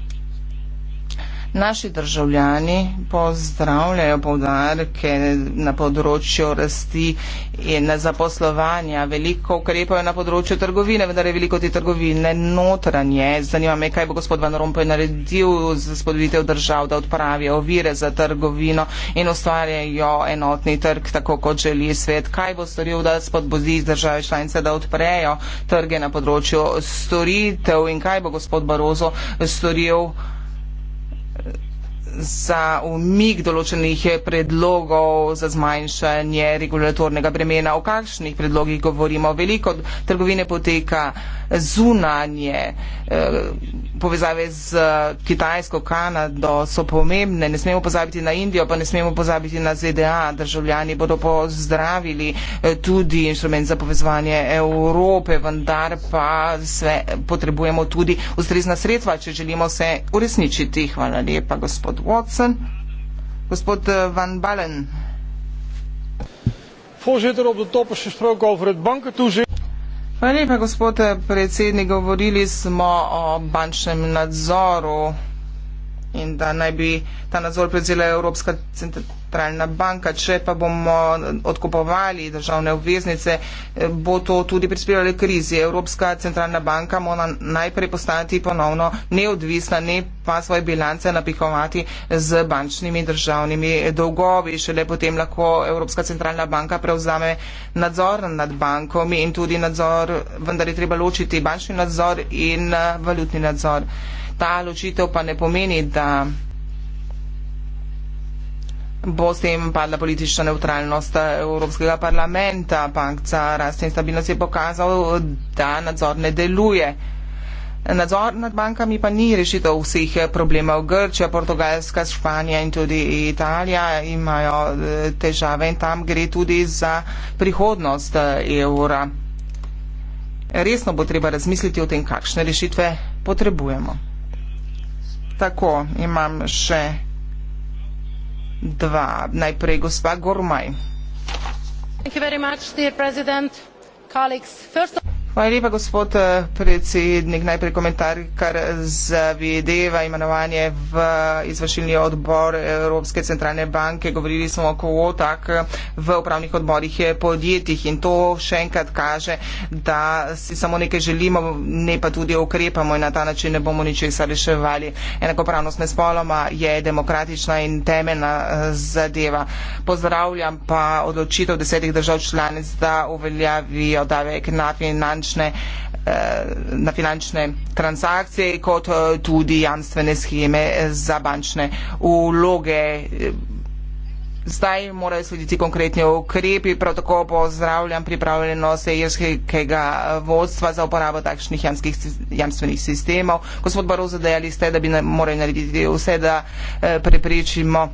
Naši državljani pozdravljajo povdarke na področju rasti in zaposlovanja. Veliko ukrepajo na področju trgovine, vendar je veliko te trgovine notranje. Zanima me, kaj bo gospod Van Rompuy naredil za spodbitev držav, da odpravijo ovire za trgovino in ustvarjajo enotni trg, tako kot želi svet. Kaj bo storil, da spodbudi države članice, da odprejo trge na področju storitev in kaj bo gospod Barozo storil? za umik določenih predlogov za zmanjšanje regulatornega bremena. O kakšnih predlogih govorimo? Veliko trgovine poteka zunanje, eh, povezave z Kitajsko, Kanado so pomembne, ne smemo pozabiti na Indijo, pa ne smemo pozabiti na ZDA. Državljani bodo pozdravili eh, tudi inštrument za povezovanje Evrope, vendar pa potrebujemo tudi ustrezna sredstva, če želimo se uresničiti. Hvala lepa, gospod. Watson. Gospod eh, Van Ballen. Voorzitter, op de top is gesproken over het bankentoezicht. Hvala lepa, gospod eh, predsednik. Govorili smo o bančnem nadzoru in da naj bi ta nadzor prevzela Evropska centralna banka. Če pa bomo odkupovali državne obveznice, eh, bo to tudi prispevalo krizi. Evropska centralna banka mora najprej postati ponovno neodvisna, ne pa svoje bilance napihovati z bančnimi državnimi dolgovi. Šele potem lahko Evropska centralna banka prevzame nadzor nad bankami in tudi nadzor, vendar je treba ločiti bančni nadzor in eh, valutni nadzor ta ločitev pa ne pomeni, da bo s tem padla politična neutralnost Evropskega parlamenta. Pakt za rast in stabilnost je pokazal, da nadzor ne deluje. Nadzor nad bankami pa ni rešitev vseh problemov. Grčija, Portugalska, Španija in tudi Italija imajo eh, težave in tam gre tudi za prihodnost eh, evra. Resno bo treba razmisliti o tem, kakšne rešitve potrebujemo tako, imam še dva. Najprej gospa Gormaj. Thank you very much, dear President, colleagues. First of all, Hvala lepa, gospod eh, predsednik. Najprej komentar, kar zavedeva imenovanje v izvršilni odbor Evropske centralne banke. Govorili smo o kvotah v upravnih odborih eh, podjetjih in to še enkrat kaže, da si samo nekaj želimo, ne pa tudi ukrepamo in na ta način ne bomo ničesar reševali. Enakopravnost med spoloma je demokratična in temeljna eh, zadeva. Pozdravljam pa odločitev desetih držav članic, da uveljavijo davek na finančne finančne, eh, na finančne transakcije kot eh, tudi jamstvene scheme za bančne vloge. Zdaj morajo slediti konkretni ukrepi, prav tako pozdravljam pripravljenost irskega vodstva za uporabo takšnih jamskih, jamstvenih sistemov. Gospod Barozo, dejali ste, da bi morali narediti vse, da eh, preprečimo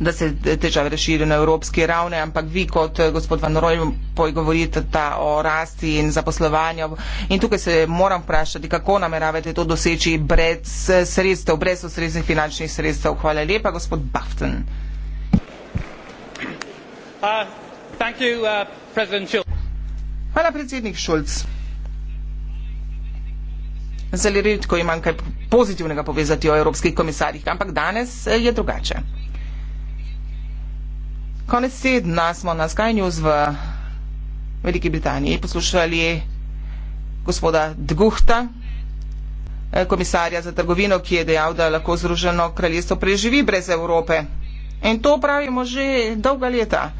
da se težave razširijo na evropske ravne, ampak vi kot eh, gospod Van Rojpoj govorite ta o rasti in zaposlovanju. In tukaj se moram vprašati, kako nameravate to doseči brez eh, sredstev, brez ustreznih finančnih sredstev. Hvala lepa, gospod Bafton. Uh, you, uh, Hvala, predsednik Šulc. Zelo redko imam kaj pozitivnega povezati o evropskih komisarjih, ampak danes eh, je drugače. Konec tedna smo na Sky News v Veliki Britaniji poslušali gospoda Dguhta, eh, komisarja za trgovino, ki je dejal, da lahko Združeno kraljestvo preživi brez Evrope. In to pravimo že dolga leta.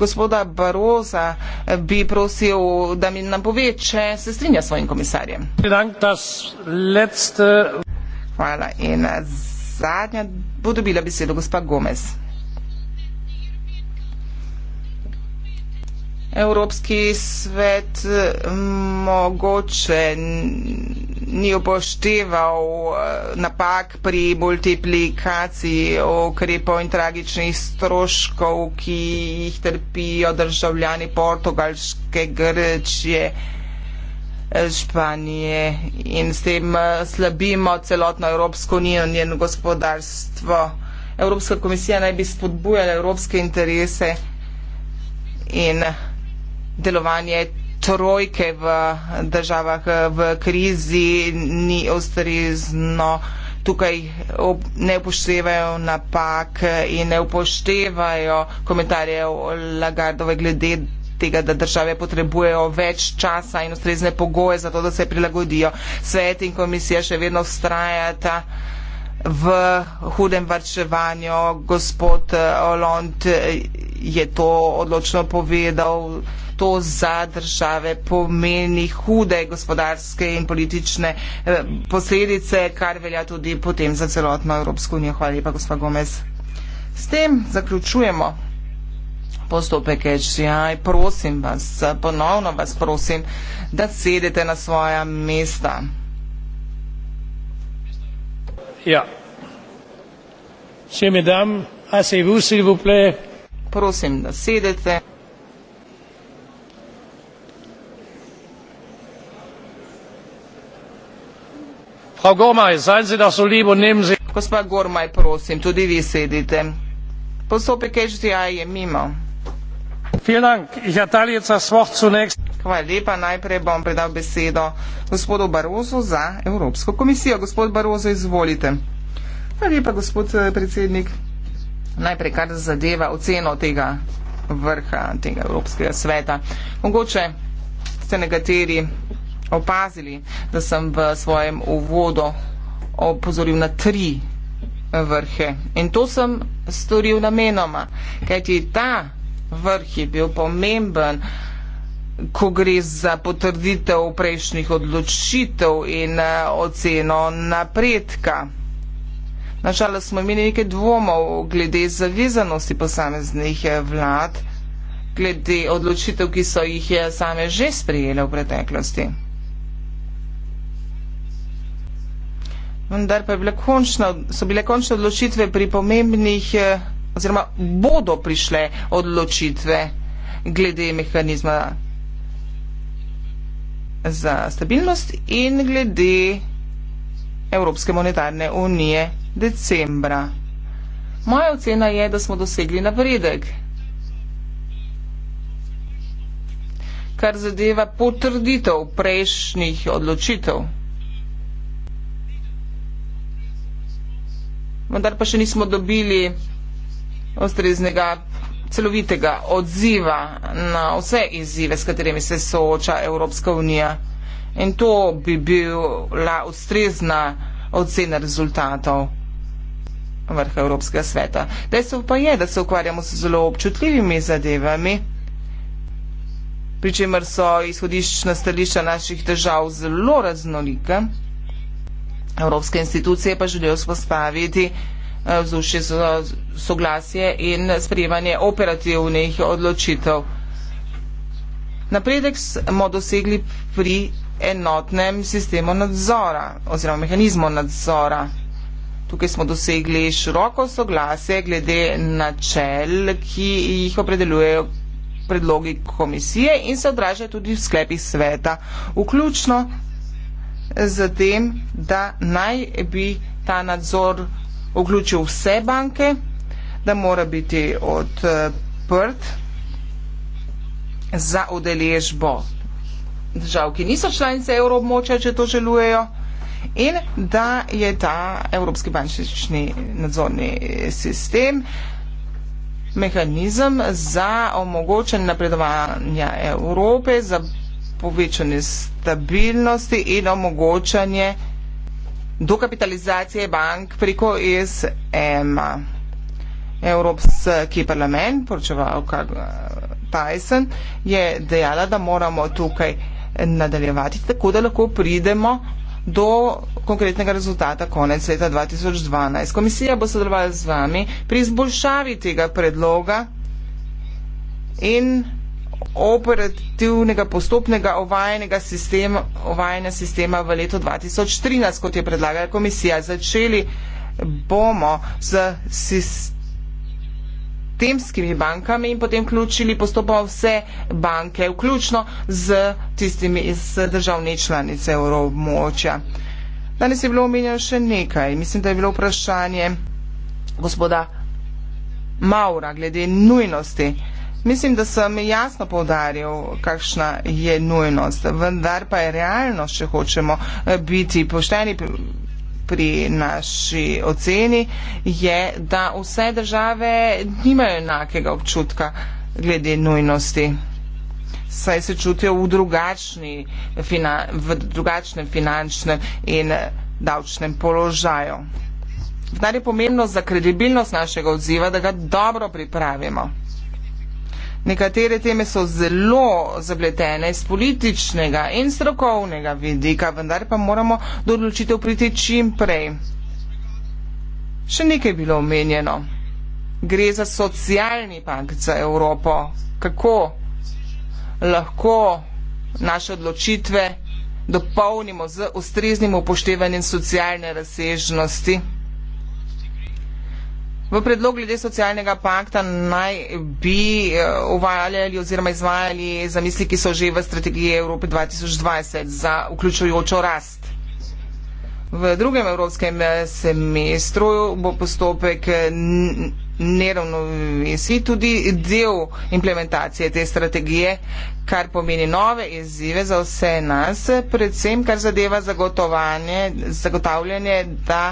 Gospoda Baroza eh, bi prosil, da mi nam pove, če se strinja s svojim komisarjem. Hvala. In eh, zadnja bo dobila besedo gospa Gomez. evropski svet eh, mogoče ni upošteval eh, napak pri multiplikaciji ukrepov in tragičnih stroškov, ki jih trpijo državljani portugalske Grčije. Eh, Španije in s tem slabimo celotno Evropsko unijo in njeno gospodarstvo. Evropska komisija naj bi spodbujala evropske interese in delovanje trojke v državah v krizi ni ustrezno. Tukaj ne upoštevajo napak in ne upoštevajo komentarjev Lagardove glede tega, da države potrebujejo več časa in ustrezne pogoje za to, da se prilagodijo. Svet in komisija še vedno vztrajata v hudem varčevanju. Gospod Olond je to odločno povedal to za države pomeni hude gospodarske in politične eh, posledice, kar velja tudi potem za celotno Evropsko unijo. Hvala lepa, gospod Gomez. S tem zaključujemo postopek HGI. Prosim vas, ponovno vas prosim, da sedete na svoja mesta. Ja. Če me dam, a se vusi v ple. Prosim, da sedete. Frau Gormaj, seien Sie doch so lieb und nehmen Sie. Gospa Gormaj, prosim, tudi vi sedite. Postopek HDI je mimo. Vielen Dank. Ich erteile jetzt das Wort zunächst. Hvala lepa. Najprej bom predal besedo gospodu Barozu za Evropsko komisijo. Gospod Barozo, izvolite. Hvala lepa, gospod eh, predsednik. Najprej, kar zadeva oceno tega vrha, tega Evropskega sveta. Mogoče ste nekateri opazili, da sem v svojem uvodu opozoril na tri vrhe. In to sem storil namenoma, kajti ta vrh je bil pomemben, ko gre za potrditev prejšnjih odločitev in eh, oceno napredka. Nažalost smo imeli nekaj dvomov glede zavezanosti posameznih eh, vlad, glede odločitev, ki so jih eh, same že sprejele v preteklosti. vendar pa bile končno, so bile končne odločitve pri pomembnih, eh, oziroma bodo prišle odločitve glede mehanizma za stabilnost in glede Evropske monetarne unije decembra. Moja ocena je, da smo dosegli napredek. Kar zadeva potrditev prejšnjih odločitev. vendar pa še nismo dobili ustreznega celovitega odziva na vse izzive, s katerimi se sooča Evropska unija. In to bi bila ustrezna ocena rezultatov vrha Evropskega sveta. Dejstvo pa je, da se ukvarjamo s zelo občutljivimi zadevami, pri čemer so izhodiščna stališča naših držav zelo raznolika. Evropske institucije pa želijo spostaviti eh, vzdušje za soglasje in sprejemanje operativnih odločitev. Napredek smo dosegli pri enotnem sistemu nadzora oziroma mehanizmu nadzora. Tukaj smo dosegli široko soglasje glede načel, ki jih opredeljujejo predlogi komisije in se odražajo tudi v sklepih sveta, vključno z tem, da naj bi ta nadzor vključil vse banke, da mora biti odprt za udeležbo držav, ki niso članice evroobmočja, če to želujejo, in da je ta evropski bančni nadzorni sistem mehanizem za omogočen napredovanja Evrope, za povečanje stabilnosti in omogočanje dokapitalizacije bank preko ESM-a. Evropski parlament, poročevalka eh, Tyson, je dejala, da moramo tukaj nadaljevati, tako da lahko pridemo do konkretnega rezultata konec leta 2012. Komisija bo sodelovala z vami pri izboljšavi tega predloga in operativnega postopnega ovajanja sistema, sistema v letu 2013, kot je predlagala komisija. Začeli bomo z sistemskimi bankami in potem vključili postopoma vse banke, vključno z tistimi iz državne članice evromočja. Danes je bilo omenjeno še nekaj. Mislim, da je bilo vprašanje gospoda Maura glede nujnosti. Mislim, da sem jasno povdarjal, kakšna je nujnost, vendar pa je realnost, če hočemo eh, biti pošteni pri naši oceni, je, da vse države nimajo enakega občutka glede nujnosti. Saj se čutijo v, drugačni, v drugačnem finančnem in eh, davčnem položaju. Vendar je pomembno za kredibilnost našega odziva, da ga dobro pripravimo. Nekatere teme so zelo zapletene iz političnega in strokovnega vidika, vendar pa moramo do odločitev priti čim prej. Še nekaj je bilo omenjeno. Gre za socialni pakt za Evropo. Kako lahko naše odločitve dopolnimo z ustreznim upoštevanjem socialne razsežnosti? V predlog glede socialnega pakta naj bi eh, uvajali oziroma izvajali zamisli, ki so že v strategiji Evrope 2020 za vključujočo rast. V drugem evropskem eh, semestru bo postopek eh, neravnovesi tudi del implementacije te strategije, kar pomeni nove izzive za vse nas, predvsem kar zadeva zagotovanje, zagotavljanje, da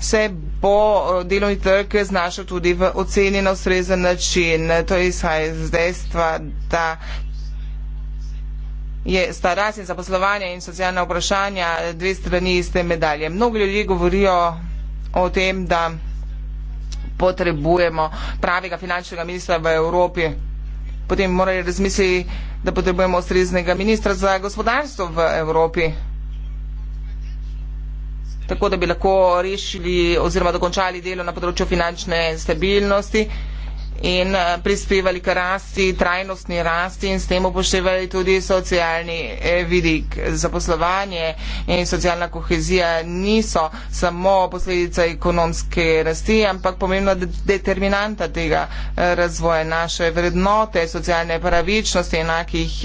se bo eh, delovni trg znašel tudi v oceni na ustrezen način. To je izhaj iz dejstva, da je starost in zaposlovanje in socialna vprašanja dve strani iste medalje. Mnogo ljudi govorijo o tem, da potrebujemo pravega finančnega ministra v Evropi. Potem morajo razmisliti, da potrebujemo ustreznega ministra za gospodarstvo v Evropi tako da bi lahko rešili oziroma dokončali delo na področju finančne stabilnosti in eh, prispevali k rasti, trajnostni rasti in s tem upoštevali tudi socialni eh, vidik. Zaposlovanje in socialna kohezija niso samo posledica ekonomske rasti, ampak pomembna determinanta tega eh, razvoja naše vrednote, socialne pravičnosti, enakih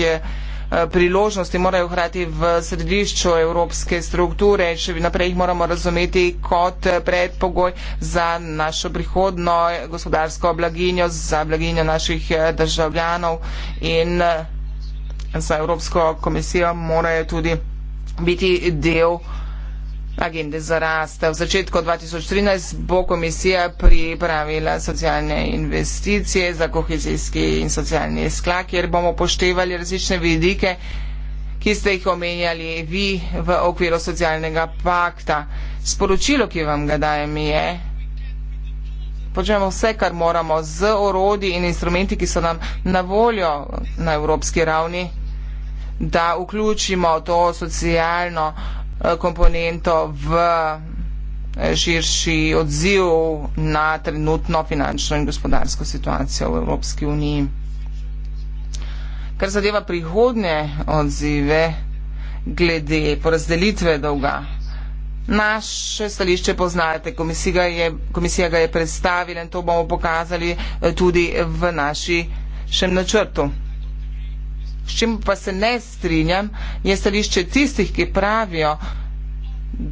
Eh, priložnosti morajo hrati v središču evropske strukture in še naprej jih moramo razumeti kot predpogoj za našo prihodno gospodarsko blaginjo, za blaginjo naših eh, državljanov in eh, za Evropsko komisijo morajo tudi biti del agende za rast. V začetku 2013 bo komisija pripravila socialne investicije za kohezijski in socialni sklad, kjer bomo poštevali različne vidike, ki ste jih omenjali vi v okviru socialnega pakta. Sporočilo, ki vam ga dajem, je, počnemo vse, kar moramo z orodi in instrumenti, ki so nam na voljo na evropski ravni, da vključimo to socialno komponento v širši odziv na trenutno finančno in gospodarsko situacijo v Evropski uniji. Kar zadeva prihodnje odzive glede porazdelitve dolga, naše stališče poznate, komisija ga je, komisija ga je predstavila in to bomo pokazali eh, tudi v našem načrtu. S čim pa se ne strinjam, je stališče tistih, ki pravijo,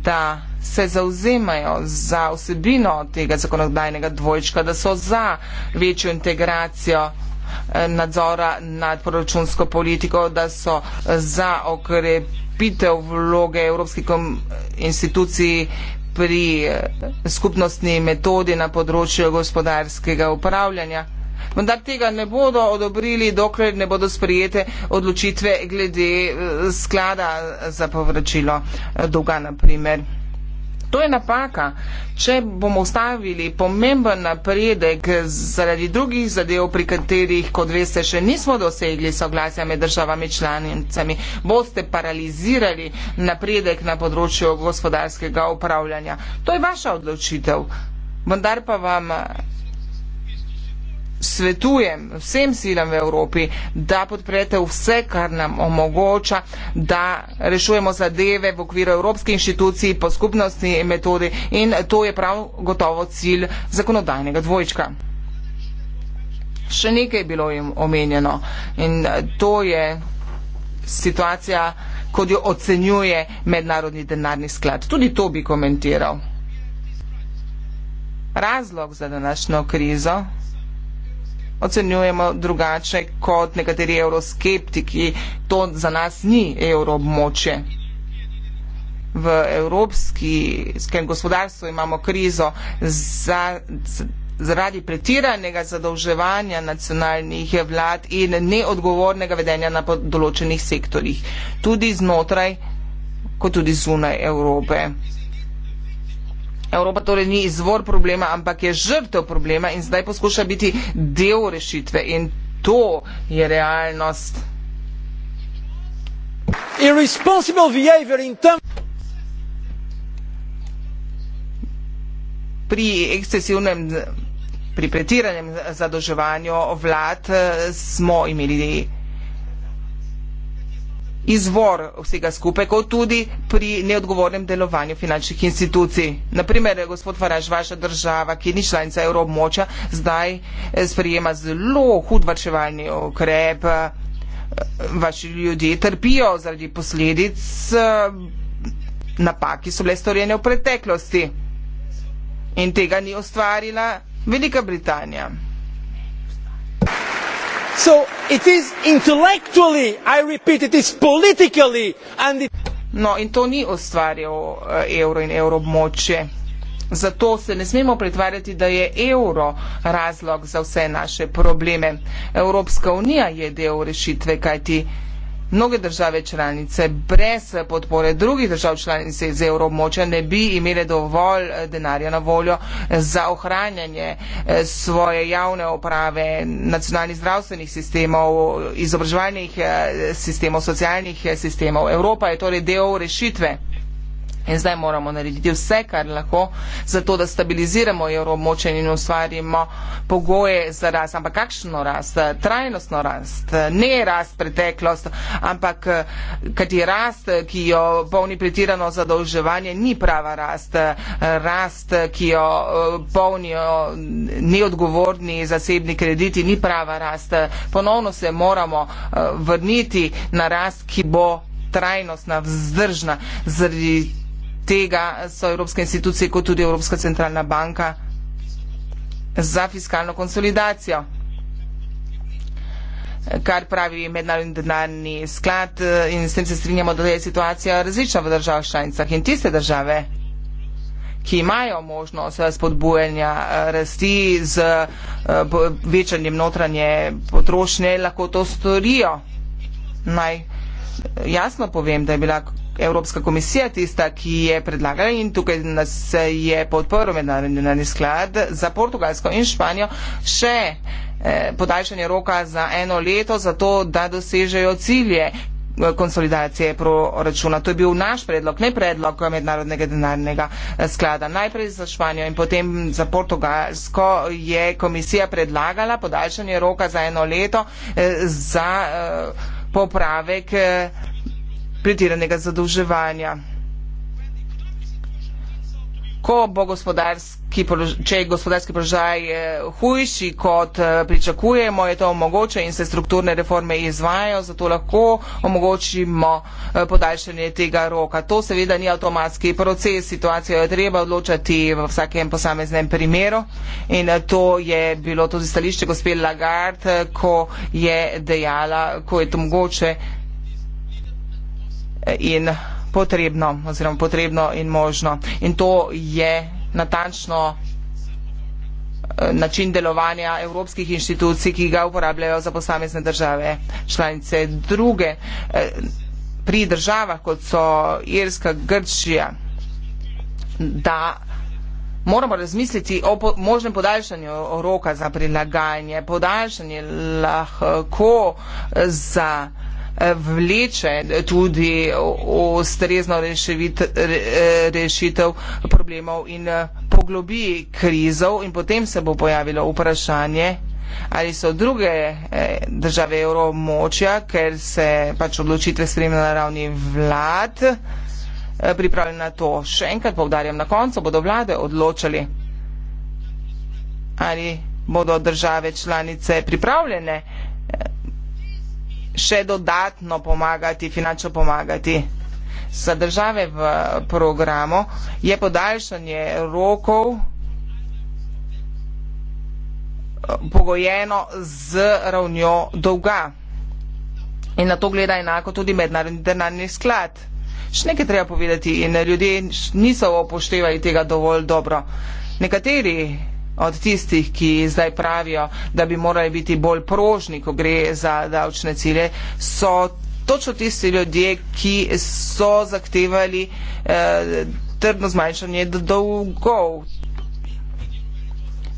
da se zauzemajo za vsebino tega zakonodajnega dvojčka, da so za večjo integracijo eh, nadzora nad proračunsko politiko, da so eh, za okrepitev vloge evropskih institucij pri eh, skupnostni metodi na področju gospodarskega upravljanja vendar tega ne bodo odobrili, dokler ne bodo sprijete odločitve glede eh, sklada za povračilo eh, dolga, naprimer. To je napaka. Če bomo ustavili pomemben napredek zaradi drugih zadev, pri katerih, kot veste, še nismo dosegli soglasja med državami članicami, boste paralizirali napredek na področju gospodarskega upravljanja. To je vaša odločitev. Vendar pa vam svetujem vsem silam v Evropi, da podprete vse, kar nam omogoča, da rešujemo zadeve v okviru Evropske inštitucije po skupnostni metodi in to je prav gotovo cilj zakonodajnega dvojčka. Še nekaj je bilo jim omenjeno in to je situacija, kot jo ocenjuje mednarodni denarni sklad. Tudi to bi komentiral. Razlog za današnjo krizo ocenjujemo drugače kot nekateri evroskeptiki. To za nas ni evroobmočje. V evropskem gospodarstvu imamo krizo za, zaradi pretiranega zadolževanja nacionalnih vlad in neodgovornega vedenja na določenih sektorjih, tudi znotraj, kot tudi zunaj Evrope. Evropa torej ni izvor problema, ampak je žrtev problema in zdaj poskuša biti del rešitve. In to je realnost. Pri ekscesivnem, pri pretiranem zadoževanju vlad eh, smo imeli izvor vsega skupaj, kot tudi pri neodgovornem delovanju finančnih institucij. Naprimer, gospod Faraž, vaša država, ki ni članica evroobmoča, zdaj eh, sprejema zelo hud varčevalni ukrep, eh, vaši ljudje trpijo zaradi posledic eh, napak, ki so bile storjene v preteklosti. In tega ni ustvarila Velika Britanija so it is intellectually i repeat it is politically and it No, in to ni ustvarjal eh, evro in evroobmočje. Zato se ne smemo pretvarjati, da je evro razlog za vse naše probleme. Evropska unija je del rešitve, kajti mnoge države članice brez podpore drugih držav članic iz evroobmočja ne bi imele dovolj eh, denarja na voljo eh, za ohranjanje eh, svoje javne uprave, nacionalnih zdravstvenih sistemov, izobraževalnih sistemov, socialnih sistemov. Evropa je torej del rešitve. In zdaj moramo narediti vse, kar lahko, zato da stabiliziramo evroobmočje in ustvarimo pogoje za rast. Ampak kakšno rast? Trajnostno rast, ne rast preteklost, ampak kati rast, ki jo polni pretirano zadolževanje, ni prava rast. Rast, ki jo polnijo neodgovorni zasebni krediti, ni prava rast. Ponovno se moramo vrniti na rast, ki bo trajnostna, vzdržna. Zredi tega so evropske institucije kot tudi Evropska centralna banka za fiskalno konsolidacijo kar pravi mednarodni denarni sklad eh, in s tem se strinjamo, da je situacija različna v državah članicah in tiste države, ki imajo možnost eh, spodbujanja eh, rasti z večanjem notranje potrošnje, lahko to storijo. Naj jasno povem, da je bila Evropska komisija tista, ki je predlagala in tukaj nas je podporil mednarodni sklad za Portugalsko in Španijo še eh, podaljšanje roka za eno leto, zato da dosežejo cilje eh, konsolidacije proračuna. To je bil naš predlog, ne predlog mednarodnega denarnega eh, sklada. Najprej za Španijo in potem za Portugalsko je komisija predlagala podaljšanje roka za eno leto za popravek pretiranega zadolževanja. Ko bo gospodarski, če je gospodarski položaj eh, hujši, kot eh, pričakujemo, je to omogoče in se strukturne reforme izvajo, zato lahko omogočimo eh, podaljšanje tega roka. To seveda ni avtomatski proces, situacijo je treba odločati v vsakem posameznem primeru in to je bilo tudi stališče gospe Lagarde, ko je dejala, ko je to mogoče in potrebno oziroma potrebno in možno. In to je natančno eh, način delovanja evropskih inštitucij, ki ga uporabljajo za posamezne države članice. Druge eh, pri državah, kot so Irska, Grčija, da moramo razmisliti o možnem podaljšanju roka za prilagajanje. Podaljšanje lahko za vleče tudi ustrezno rešitev problemov in eh, poglobi krizov in potem se bo pojavilo vprašanje, ali so druge eh, države evromočja, ker se pač odločitve spremljajo na ravni vlad, eh, pripravljeni na to. Še enkrat povdarjam, na koncu bodo vlade odločali, ali bodo države članice pripravljene še dodatno pomagati, finančno pomagati. Za države v programu je podaljšanje rokov eh, pogojeno z ravnjo dolga. In na to gleda enako tudi mednarodni denarni sklad. Še nekaj treba povedati in ljudje niso upoštevali tega dovolj dobro. Nekateri od tistih, ki zdaj pravijo, da bi morali biti bolj prožni, ko gre za davčne cilje, so točno tisti ljudje, ki so zahtevali eh, trdno zmanjšanje dolgov,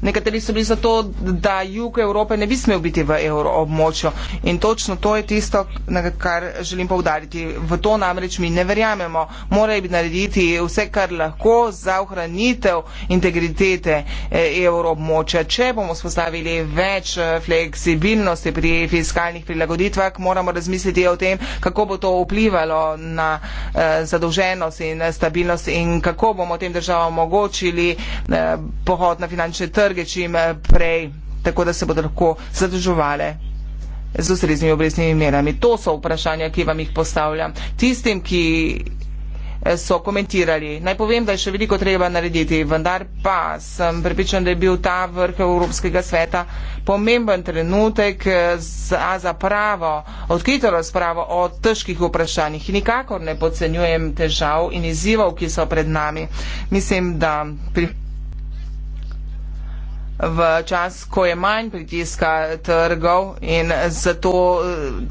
Nekateri so bili za to, da jug Evrope ne bi smel biti v evroobmočju in točno to je tisto, na kar želim povdariti. V to namreč mi ne verjamemo. Morajo bi narediti vse, kar lahko za ohranitev integritete eh, evroobmočja. Če bomo spostavili več eh, fleksibilnosti pri fiskalnih prilagoditvah, moramo razmisliti o tem, kako bo to vplivalo na eh, zadolženost in stabilnost in kako bomo tem državam omogočili pohod na finančne trge trge čim eh, prej, tako da se bodo lahko zadržovale z ustreznimi obrestnimi merami. To so vprašanja, ki vam jih postavljam. Tistim, ki eh, so komentirali. Naj povem, da je še veliko treba narediti, vendar pa sem pripričan, da je bil ta vrh Evropskega sveta pomemben trenutek eh, za, za pravo, odkrito razpravo o težkih vprašanjih. Nikakor ne podcenjujem težav in izzivov, ki so pred nami. Mislim, da pri v čas, ko je manj pritiska trgov in zato eh,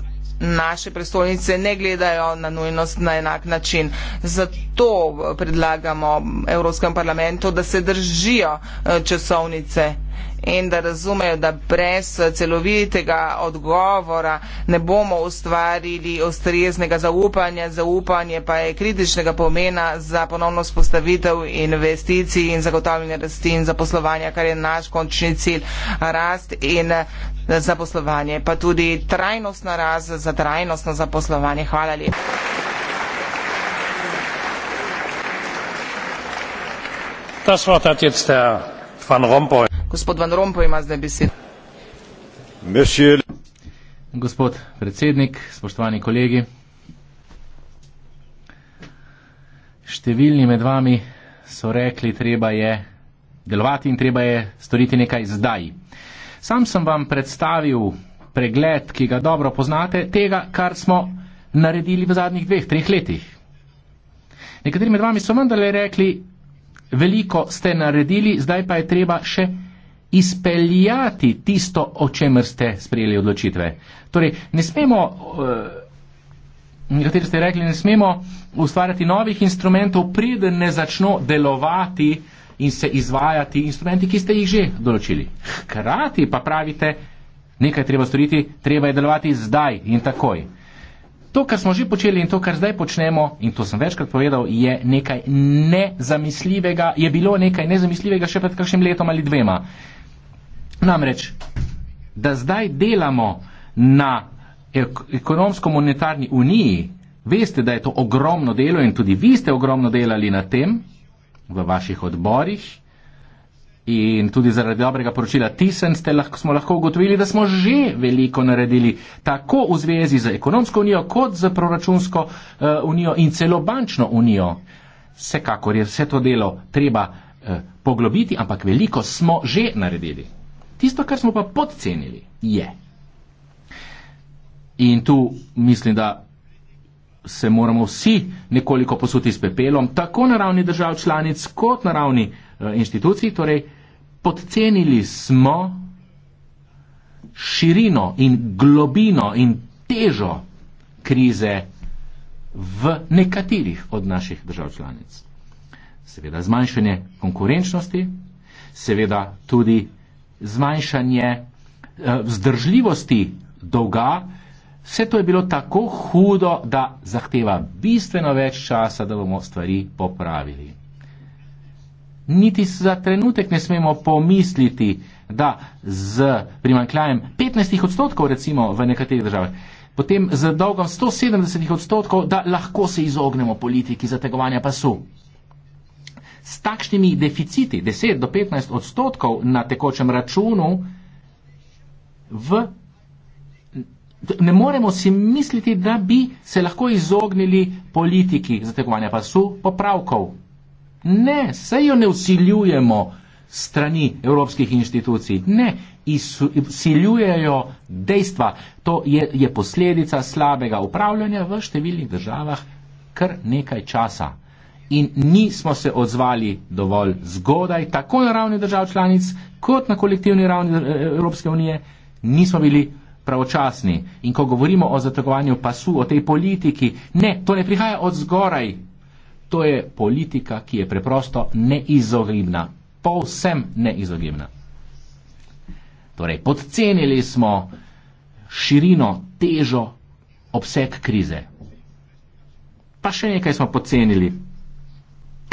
naše prestolnice ne gledajo na nujnost na enak način. Zato predlagamo Evropskem parlamentu, da se držijo eh, časovnice in da razumejo, da brez celovitega odgovora ne bomo ustvarili ustreznega zaupanja. Zaupanje pa je kritičnega pomena za ponovno spostavitev investicij in zagotavljanje rasti in zaposlovanja, kar je naš končni cilj. Rast in zaposlovanje, pa tudi trajnostna rast za trajnostno zaposlovanje. Hvala lepa. Das Wort hat jetzt Herr Van Rompuy. Gospod Van Rompuy ima zdaj besedo. Mešil. Gospod predsednik, spoštovani kolegi. Številni med vami so rekli, treba je delovati in treba je storiti nekaj zdaj. Sam sem vam predstavil pregled, ki ga dobro poznate, tega, kar smo naredili v zadnjih dveh, treh letih. Nekateri med vami so vendarle rekli, veliko ste naredili, zdaj pa je treba še izpeljati tisto, o čemer ste sprejeli odločitve. Torej, ne smemo, eh, nekateri ste rekli, ne smemo ustvarjati novih instrumentov, preden ne začno delovati in se izvajati instrumenti, ki ste jih že določili. Hkrati pa pravite, nekaj je treba storiti, treba je delovati zdaj in takoj. To, kar smo že počeli in to, kar zdaj počnemo, in to sem večkrat povedal, je nekaj nezamisljivega, je bilo nekaj nezamisljivega še pred kakšnim letom ali dvema. Namreč, da zdaj delamo na ekonomsko-monetarni uniji, veste, da je to ogromno delo in tudi vi ste ogromno delali na tem v vaših odborih in tudi zaradi dobrega poročila Tisen lahko, smo lahko ugotovili, da smo že veliko naredili tako v zvezi z ekonomsko unijo kot z proračunsko uh, unijo in celo bančno unijo. Vsekakor je vse to delo treba uh, poglobiti, ampak veliko smo že naredili. Tisto, kar smo pa podcenili, je. In tu mislim, da se moramo vsi nekoliko posuti s pepelom, tako na ravni držav članic, kot na ravni uh, eh, institucij. Torej, podcenili smo širino in globino in težo krize v nekaterih od naših držav članic. Seveda zmanjšanje konkurenčnosti, seveda tudi uh, zmanjšanje eh, vzdržljivosti dolga, vse to je bilo tako hudo, da zahteva bistveno več časa, da bomo stvari popravili. Niti za trenutek ne smemo pomisliti, da z primankljajem 15 odstotkov recimo v nekaterih državah, potem z dolgom 170 odstotkov, da lahko se izognemo politiki zategovanja pasu. S takšnimi deficiti 10 do 15 odstotkov na tekočem računu v, ne moremo si misliti, da bi se lahko izognili politiki zategovanja pasu popravkov. Ne, se jo ne usiljujemo strani evropskih inštitucij. Ne, usiljujejo dejstva. To je, je posledica slabega upravljanja v številnih državah kar nekaj časa in nismo se odzvali dovolj zgodaj, tako na ravni držav članic, kot na kolektivni ravni eh, Evropske unije, nismo bili pravočasni. In ko govorimo o zategovanju pasu, o tej politiki, ne, to ne prihaja od zgoraj. To je politika, ki je preprosto neizogibna, povsem neizogibna. Torej, podcenili smo širino, težo, obseg krize. Pa še nekaj smo podcenili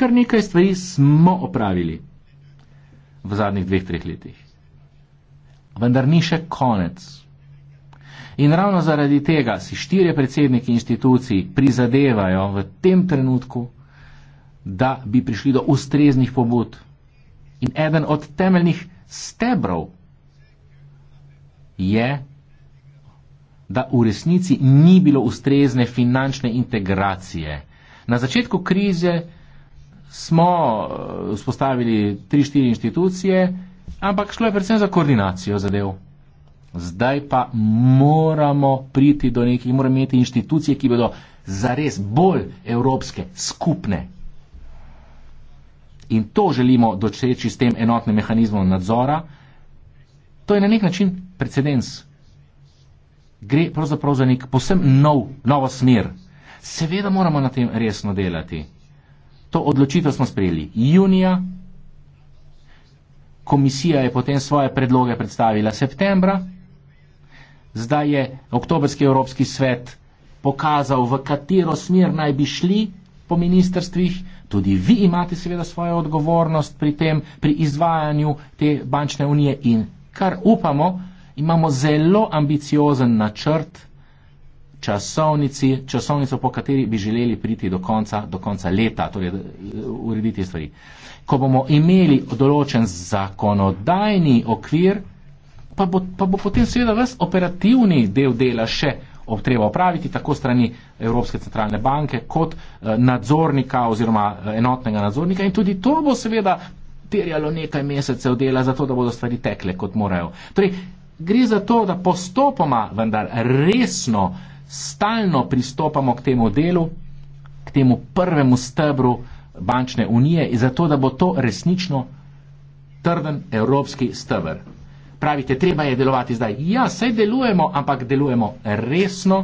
kar nekaj stvari smo opravili v zadnjih dveh, treh letih. Vendar ni še konec. In ravno zaradi tega si štirje predsedniki inštitucij prizadevajo v tem trenutku, da bi prišli do ustreznih pobud. In eden od temeljnih stebrov je, da v resnici ni bilo ustrezne finančne integracije. Na začetku krize smo eh, vzpostavili tri, štiri inštitucije, ampak šlo je predvsem za koordinacijo zadev. Zdaj pa moramo priti do nekih, moramo imeti inštitucije, ki bodo zares bolj evropske, skupne. In to želimo doseči s tem enotnim mehanizmom nadzora. To je na nek način precedens. Gre pravzaprav za nek posebno nov, novo smer. Seveda moramo na tem resno delati. To odločitev smo sprejeli junija, komisija je potem svoje predloge predstavila septembra, zdaj je oktobrski Evropski svet pokazal, v katero smer naj bi šli po ministrstvih, tudi vi imate seveda svojo odgovornost pri tem, pri izvajanju te bančne unije in kar upamo, imamo zelo ambiciozen načrt, časovnici, časovnico, po kateri bi želeli priti do konca, do konca leta, torej eh, urediti stvari. Ko bomo imeli določen zakonodajni okvir, pa bo, pa bo potem seveda vse operativni del dela še treba opraviti, tako strani Evropske centralne banke kot eh, nadzornika oziroma eh, enotnega nadzornika in tudi to bo seveda terjalo nekaj mesecev dela za to, da bodo stvari tekle, kot morajo. Torej, gre za to, da postopoma, vendar resno, uh, stalno pristopamo k temu delu, k temu prvemu stebru bančne unije, zato da bo to resnično trden evropski stebr. Pravite, treba je delovati zdaj. Ja, sej delujemo, ampak delujemo resno.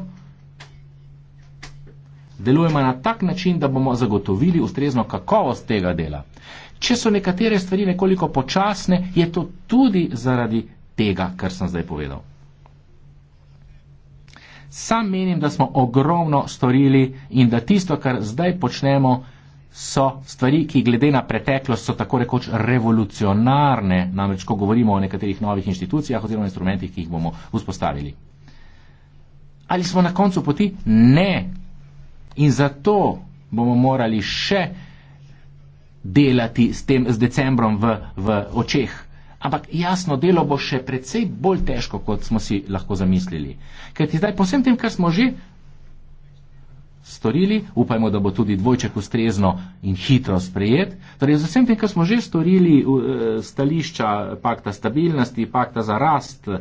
Delujemo na tak način, da bomo zagotovili ustrezno kakovost tega dela. Če so nekatere stvari nekoliko počasne, je to tudi zaradi tega, kar sem zdaj povedal sam menim, da smo ogromno storili in da tisto, kar zdaj počnemo, so stvari, ki glede na preteklost so tako rekoč revolucionarne, namreč ko govorimo o nekaterih novih inštitucijah oziroma instrumentih, ki jih bomo vzpostavili. Ali smo na koncu poti? Ne. In zato bomo morali še delati s tem, s decembrom v, v očeh. Ampak jasno, delo bo še precej bolj težko, kot smo si lahko zamislili. Ker ti zdaj, po vsem tem, kar smo že storili, upajmo, da bo tudi dvojček ustrezno in hitro sprejet, torej z vsem tem, kar smo že storili, e, stališča pakta stabilnosti, pakta za rast, e,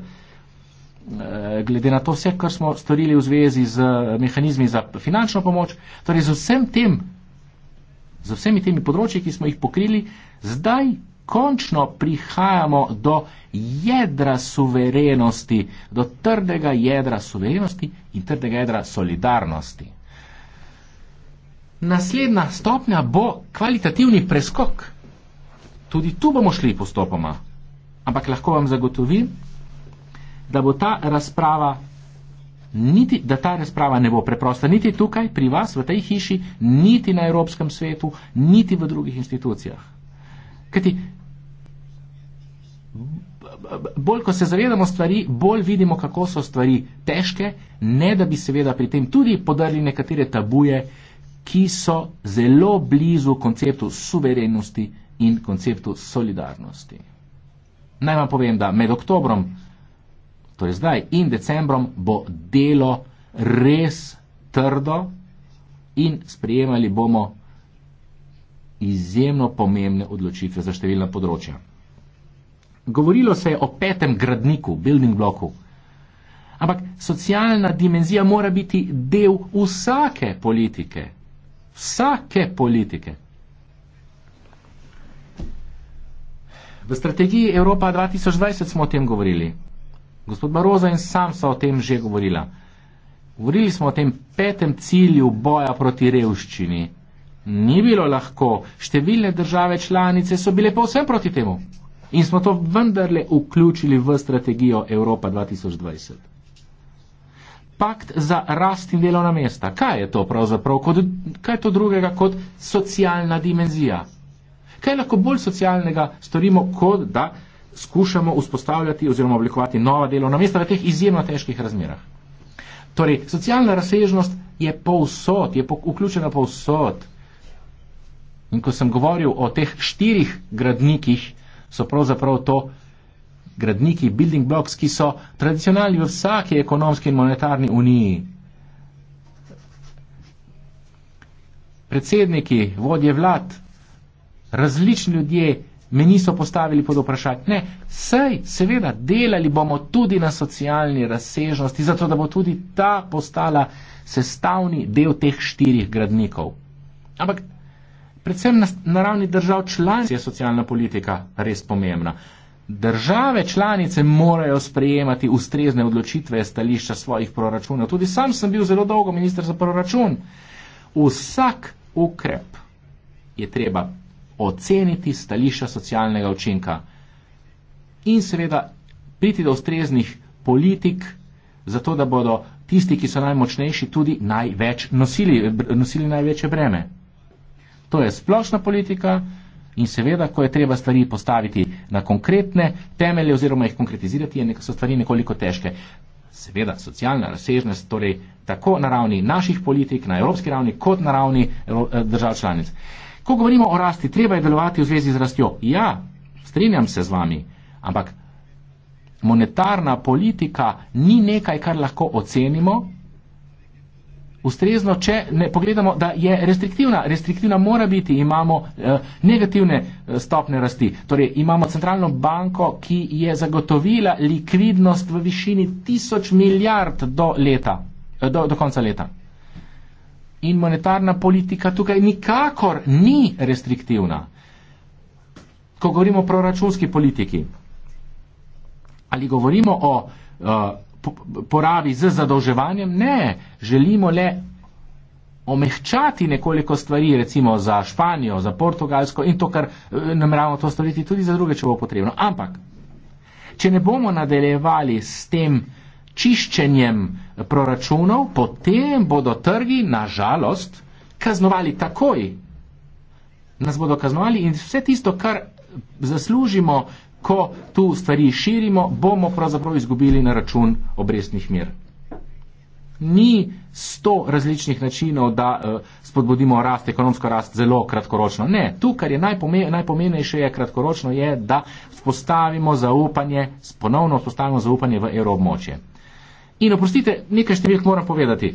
glede na to vse, kar smo storili v zvezi z mehanizmi za finančno pomoč, torej z vsem tem, z vsemi temi področji, ki smo jih pokrili, zdaj končno prihajamo do jedra suverenosti, do trdega jedra suverenosti in trdega jedra solidarnosti. Naslednja stopnja bo kvalitativni preskok. Tudi tu bomo šli postopoma, ampak lahko vam zagotovim, da bo ta razprava. Niti, da ta razprava ne bo preprosta, niti tukaj, pri vas, v tej hiši, niti na Evropskem svetu, niti v drugih institucijah. Kajti bolj ko se zavedamo stvari, bolj vidimo, kako so stvari težke, ne da bi seveda pri tem tudi podarili nekatere tabuje, ki so zelo blizu konceptu suverenosti in konceptu solidarnosti. Naj vam povem, da med oktobrom, torej zdaj in decembrom, bo delo res trdo in sprejemali bomo izjemno pomembne odločitve za številna področja. Govorilo se je o petem gradniku, building bloku. Ampak socialna dimenzija mora biti del vsake politike. Vsake politike. V strategiji Evropa 2020 smo o tem govorili. Gospod Barozo in sam so o tem že govorila. Govorili smo o tem petem cilju boja proti revščini. Ni bilo lahko. Številne države članice so bile povsem proti temu. In smo to vendarle vključili v strategijo Evropa 2020. Pakt za rast in delovna mesta. Kaj je to pravzaprav? Kot, kaj je to drugega kot socialna dimenzija? Kaj lahko bolj socialnega storimo, kot da skušamo vzpostavljati oziroma oblikovati nova delovna mesta v teh izjemno težkih razmerah? Torej, socialna razsežnost je povsod, je po, vključena povsod. In ko sem govoril o teh štirih gradnikih, so pravzaprav to gradniki, building blocks, ki so tradicionalni v vsaki ekonomski in monetarni uniji. Predsedniki, vodje vlad, različni ljudje me niso postavili pod vprašanje. Ne, sej, seveda, delali bomo tudi na socialni razsežnosti, zato da bo tudi ta postala sestavni del teh štirih gradnikov. Ampak Predvsem na, na ravni držav članic je socialna politika res pomembna. Države članice morajo sprejemati ustrezne odločitve stališča svojih proračunov. Tudi sam sem bil zelo dolgo minister za proračun. Vsak ukrep je treba oceniti stališča socialnega učinka in seveda priti do ustreznih politik, zato da bodo tisti, ki so najmočnejši, tudi največ nosili, nosili največje breme. To je splošna politika in seveda, ko je treba stvari postaviti na konkretne temelje oziroma jih konkretizirati, so stvari nekoliko težke. Seveda, socialna razsežnost, torej tako na ravni naših politik, na evropski ravni, kot na ravni eh, držav članic. Ko govorimo o rasti, treba je delovati v zvezi z rastjo. Ja, strinjam se z vami, ampak monetarna politika ni nekaj, kar lahko ocenimo, ustrezno, če ne pogledamo, da je restriktivna. Restriktivna mora biti, imamo eh, negativne eh, stopne rasti. Torej, imamo centralno banko, ki je zagotovila likvidnost v višini tisoč milijard do, leta, eh, do, do konca leta. In monetarna politika tukaj nikakor ni restriktivna. Ko govorimo o proračunski politiki ali govorimo o uh, porabi z zadolževanjem. Ne, želimo le omehčati nekoliko stvari, recimo za Španijo, za Portugalsko in to, kar eh, nameravamo to storiti tudi za druge, če bo potrebno. Ampak, če ne bomo nadaljevali s tem čiščenjem eh, proračunov, potem bodo trgi, nažalost, kaznovali takoj. Nas bodo kaznovali in vse tisto, kar zaslužimo, ko tu stvari širimo, bomo pravzaprav izgubili na račun obrestnih mir. Ni sto različnih načinov, da uh, spodbudimo rast, ekonomsko rast zelo kratkoročno. Ne, tu, kar je najpome, najpomenejše je kratkoročno, je, da spostavimo zaupanje, ponovno spostavimo zaupanje v evroobmočje. In oprostite, nekaj številk moram povedati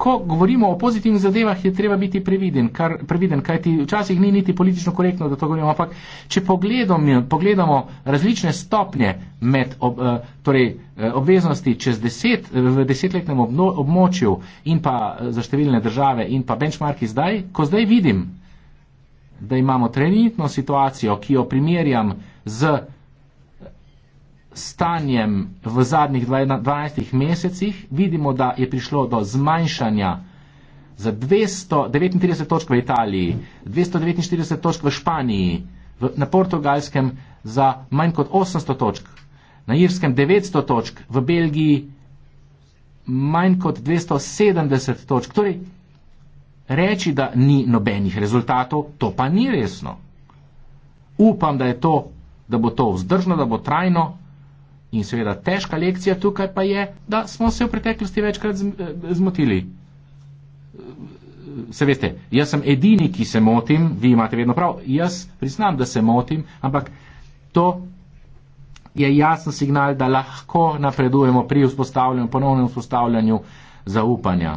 ko govorimo o pozitivnih zadevah, je treba biti previden, kar, previden, kajti včasih ni niti politično korektno, da to govorimo, ampak če pogledamo, pogledamo različne stopnje med ob, eh, torej, eh, obveznosti čez deset, v desetletnem območju in pa eh, za številne države in pa benchmarki zdaj, ko zdaj vidim, da imamo trenutno situacijo, ki jo primerjam z stanjem v zadnjih 12 mesecih vidimo, da je prišlo do zmanjšanja za 239 točk v Italiji, 249 točk v Španiji, v, na portugalskem za manj kot 800 točk, na irskem 900 točk, v Belgiji manj kot 270 točk. Torej, reči, da ni nobenih rezultatov, to pa ni resno. Upam, da je to, da bo to vzdržno, da bo trajno, In seveda težka lekcija tukaj pa je, da smo se v preteklosti večkrat eh, zmotili. Se veste, jaz sem edini, ki se motim, vi imate vedno prav, jaz priznam, da se motim, ampak to je jasen signal, da lahko napredujemo pri vzpostavljanju, ponovnem vzpostavljanju zaupanja.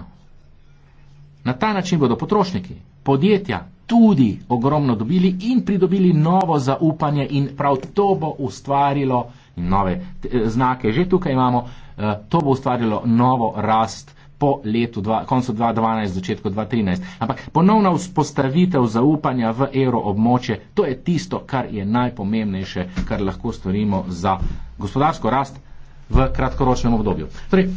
Na ta način bodo potrošniki, podjetja tudi ogromno dobili in pridobili novo zaupanje in prav to bo ustvarilo in nove eh, znake že tukaj imamo, eh, to bo ustvarjalo novo rast po letu, dva, koncu 2012, začetku 2013. Ampak ponovna vzpostavitev zaupanja v evro območje, to je tisto, kar je najpomembnejše, kar lahko storimo za gospodarsko rast v kratkoročnem obdobju. Torej,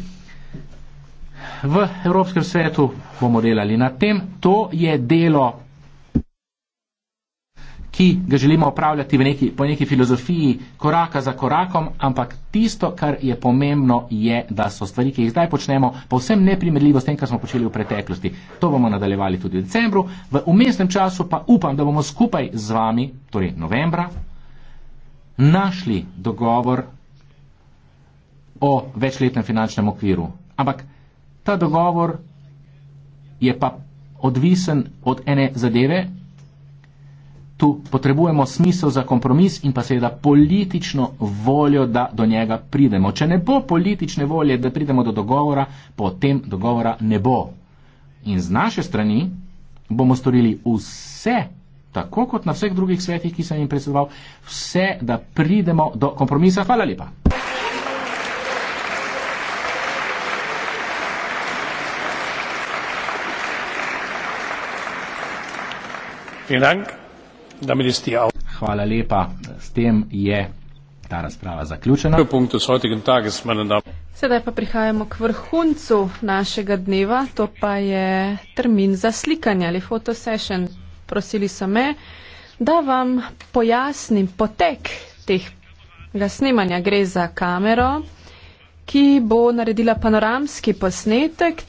v Evropskem svetu bomo delali na tem, to je delo ki ga želimo upravljati neki, po neki filozofiji koraka za korakom, ampak tisto, kar je pomembno, je, da so stvari, ki jih zdaj počnemo, povsem neprimerljivo s tem, kar smo počeli v preteklosti. To bomo nadaljevali tudi v decembru. V umestnem času pa upam, da bomo skupaj z vami, torej novembra, našli dogovor o večletnem finančnem okviru. Ampak ta dogovor je pa odvisen od ene zadeve, Tu potrebujemo smisel za kompromis in pa seveda politično voljo, da do njega pridemo. Če ne bo politične volje, da pridemo do dogovora, potem dogovora ne bo. In z naše strani bomo storili vse, tako kot na vseh drugih svetih, ki sem jim predsedoval, vse, da pridemo do kompromisa. Hvala lepa. Hvala da mi listi av. Hvala lepa. S tem je ta razprava zaključena. Sedaj pa prihajamo k vrhuncu našega dneva, to pa je termin za slikanje ali fotosession. Prosili so me, da vam pojasnim potek tega snemanja. Gre za kamero, ki bo naredila panoramski posnetek.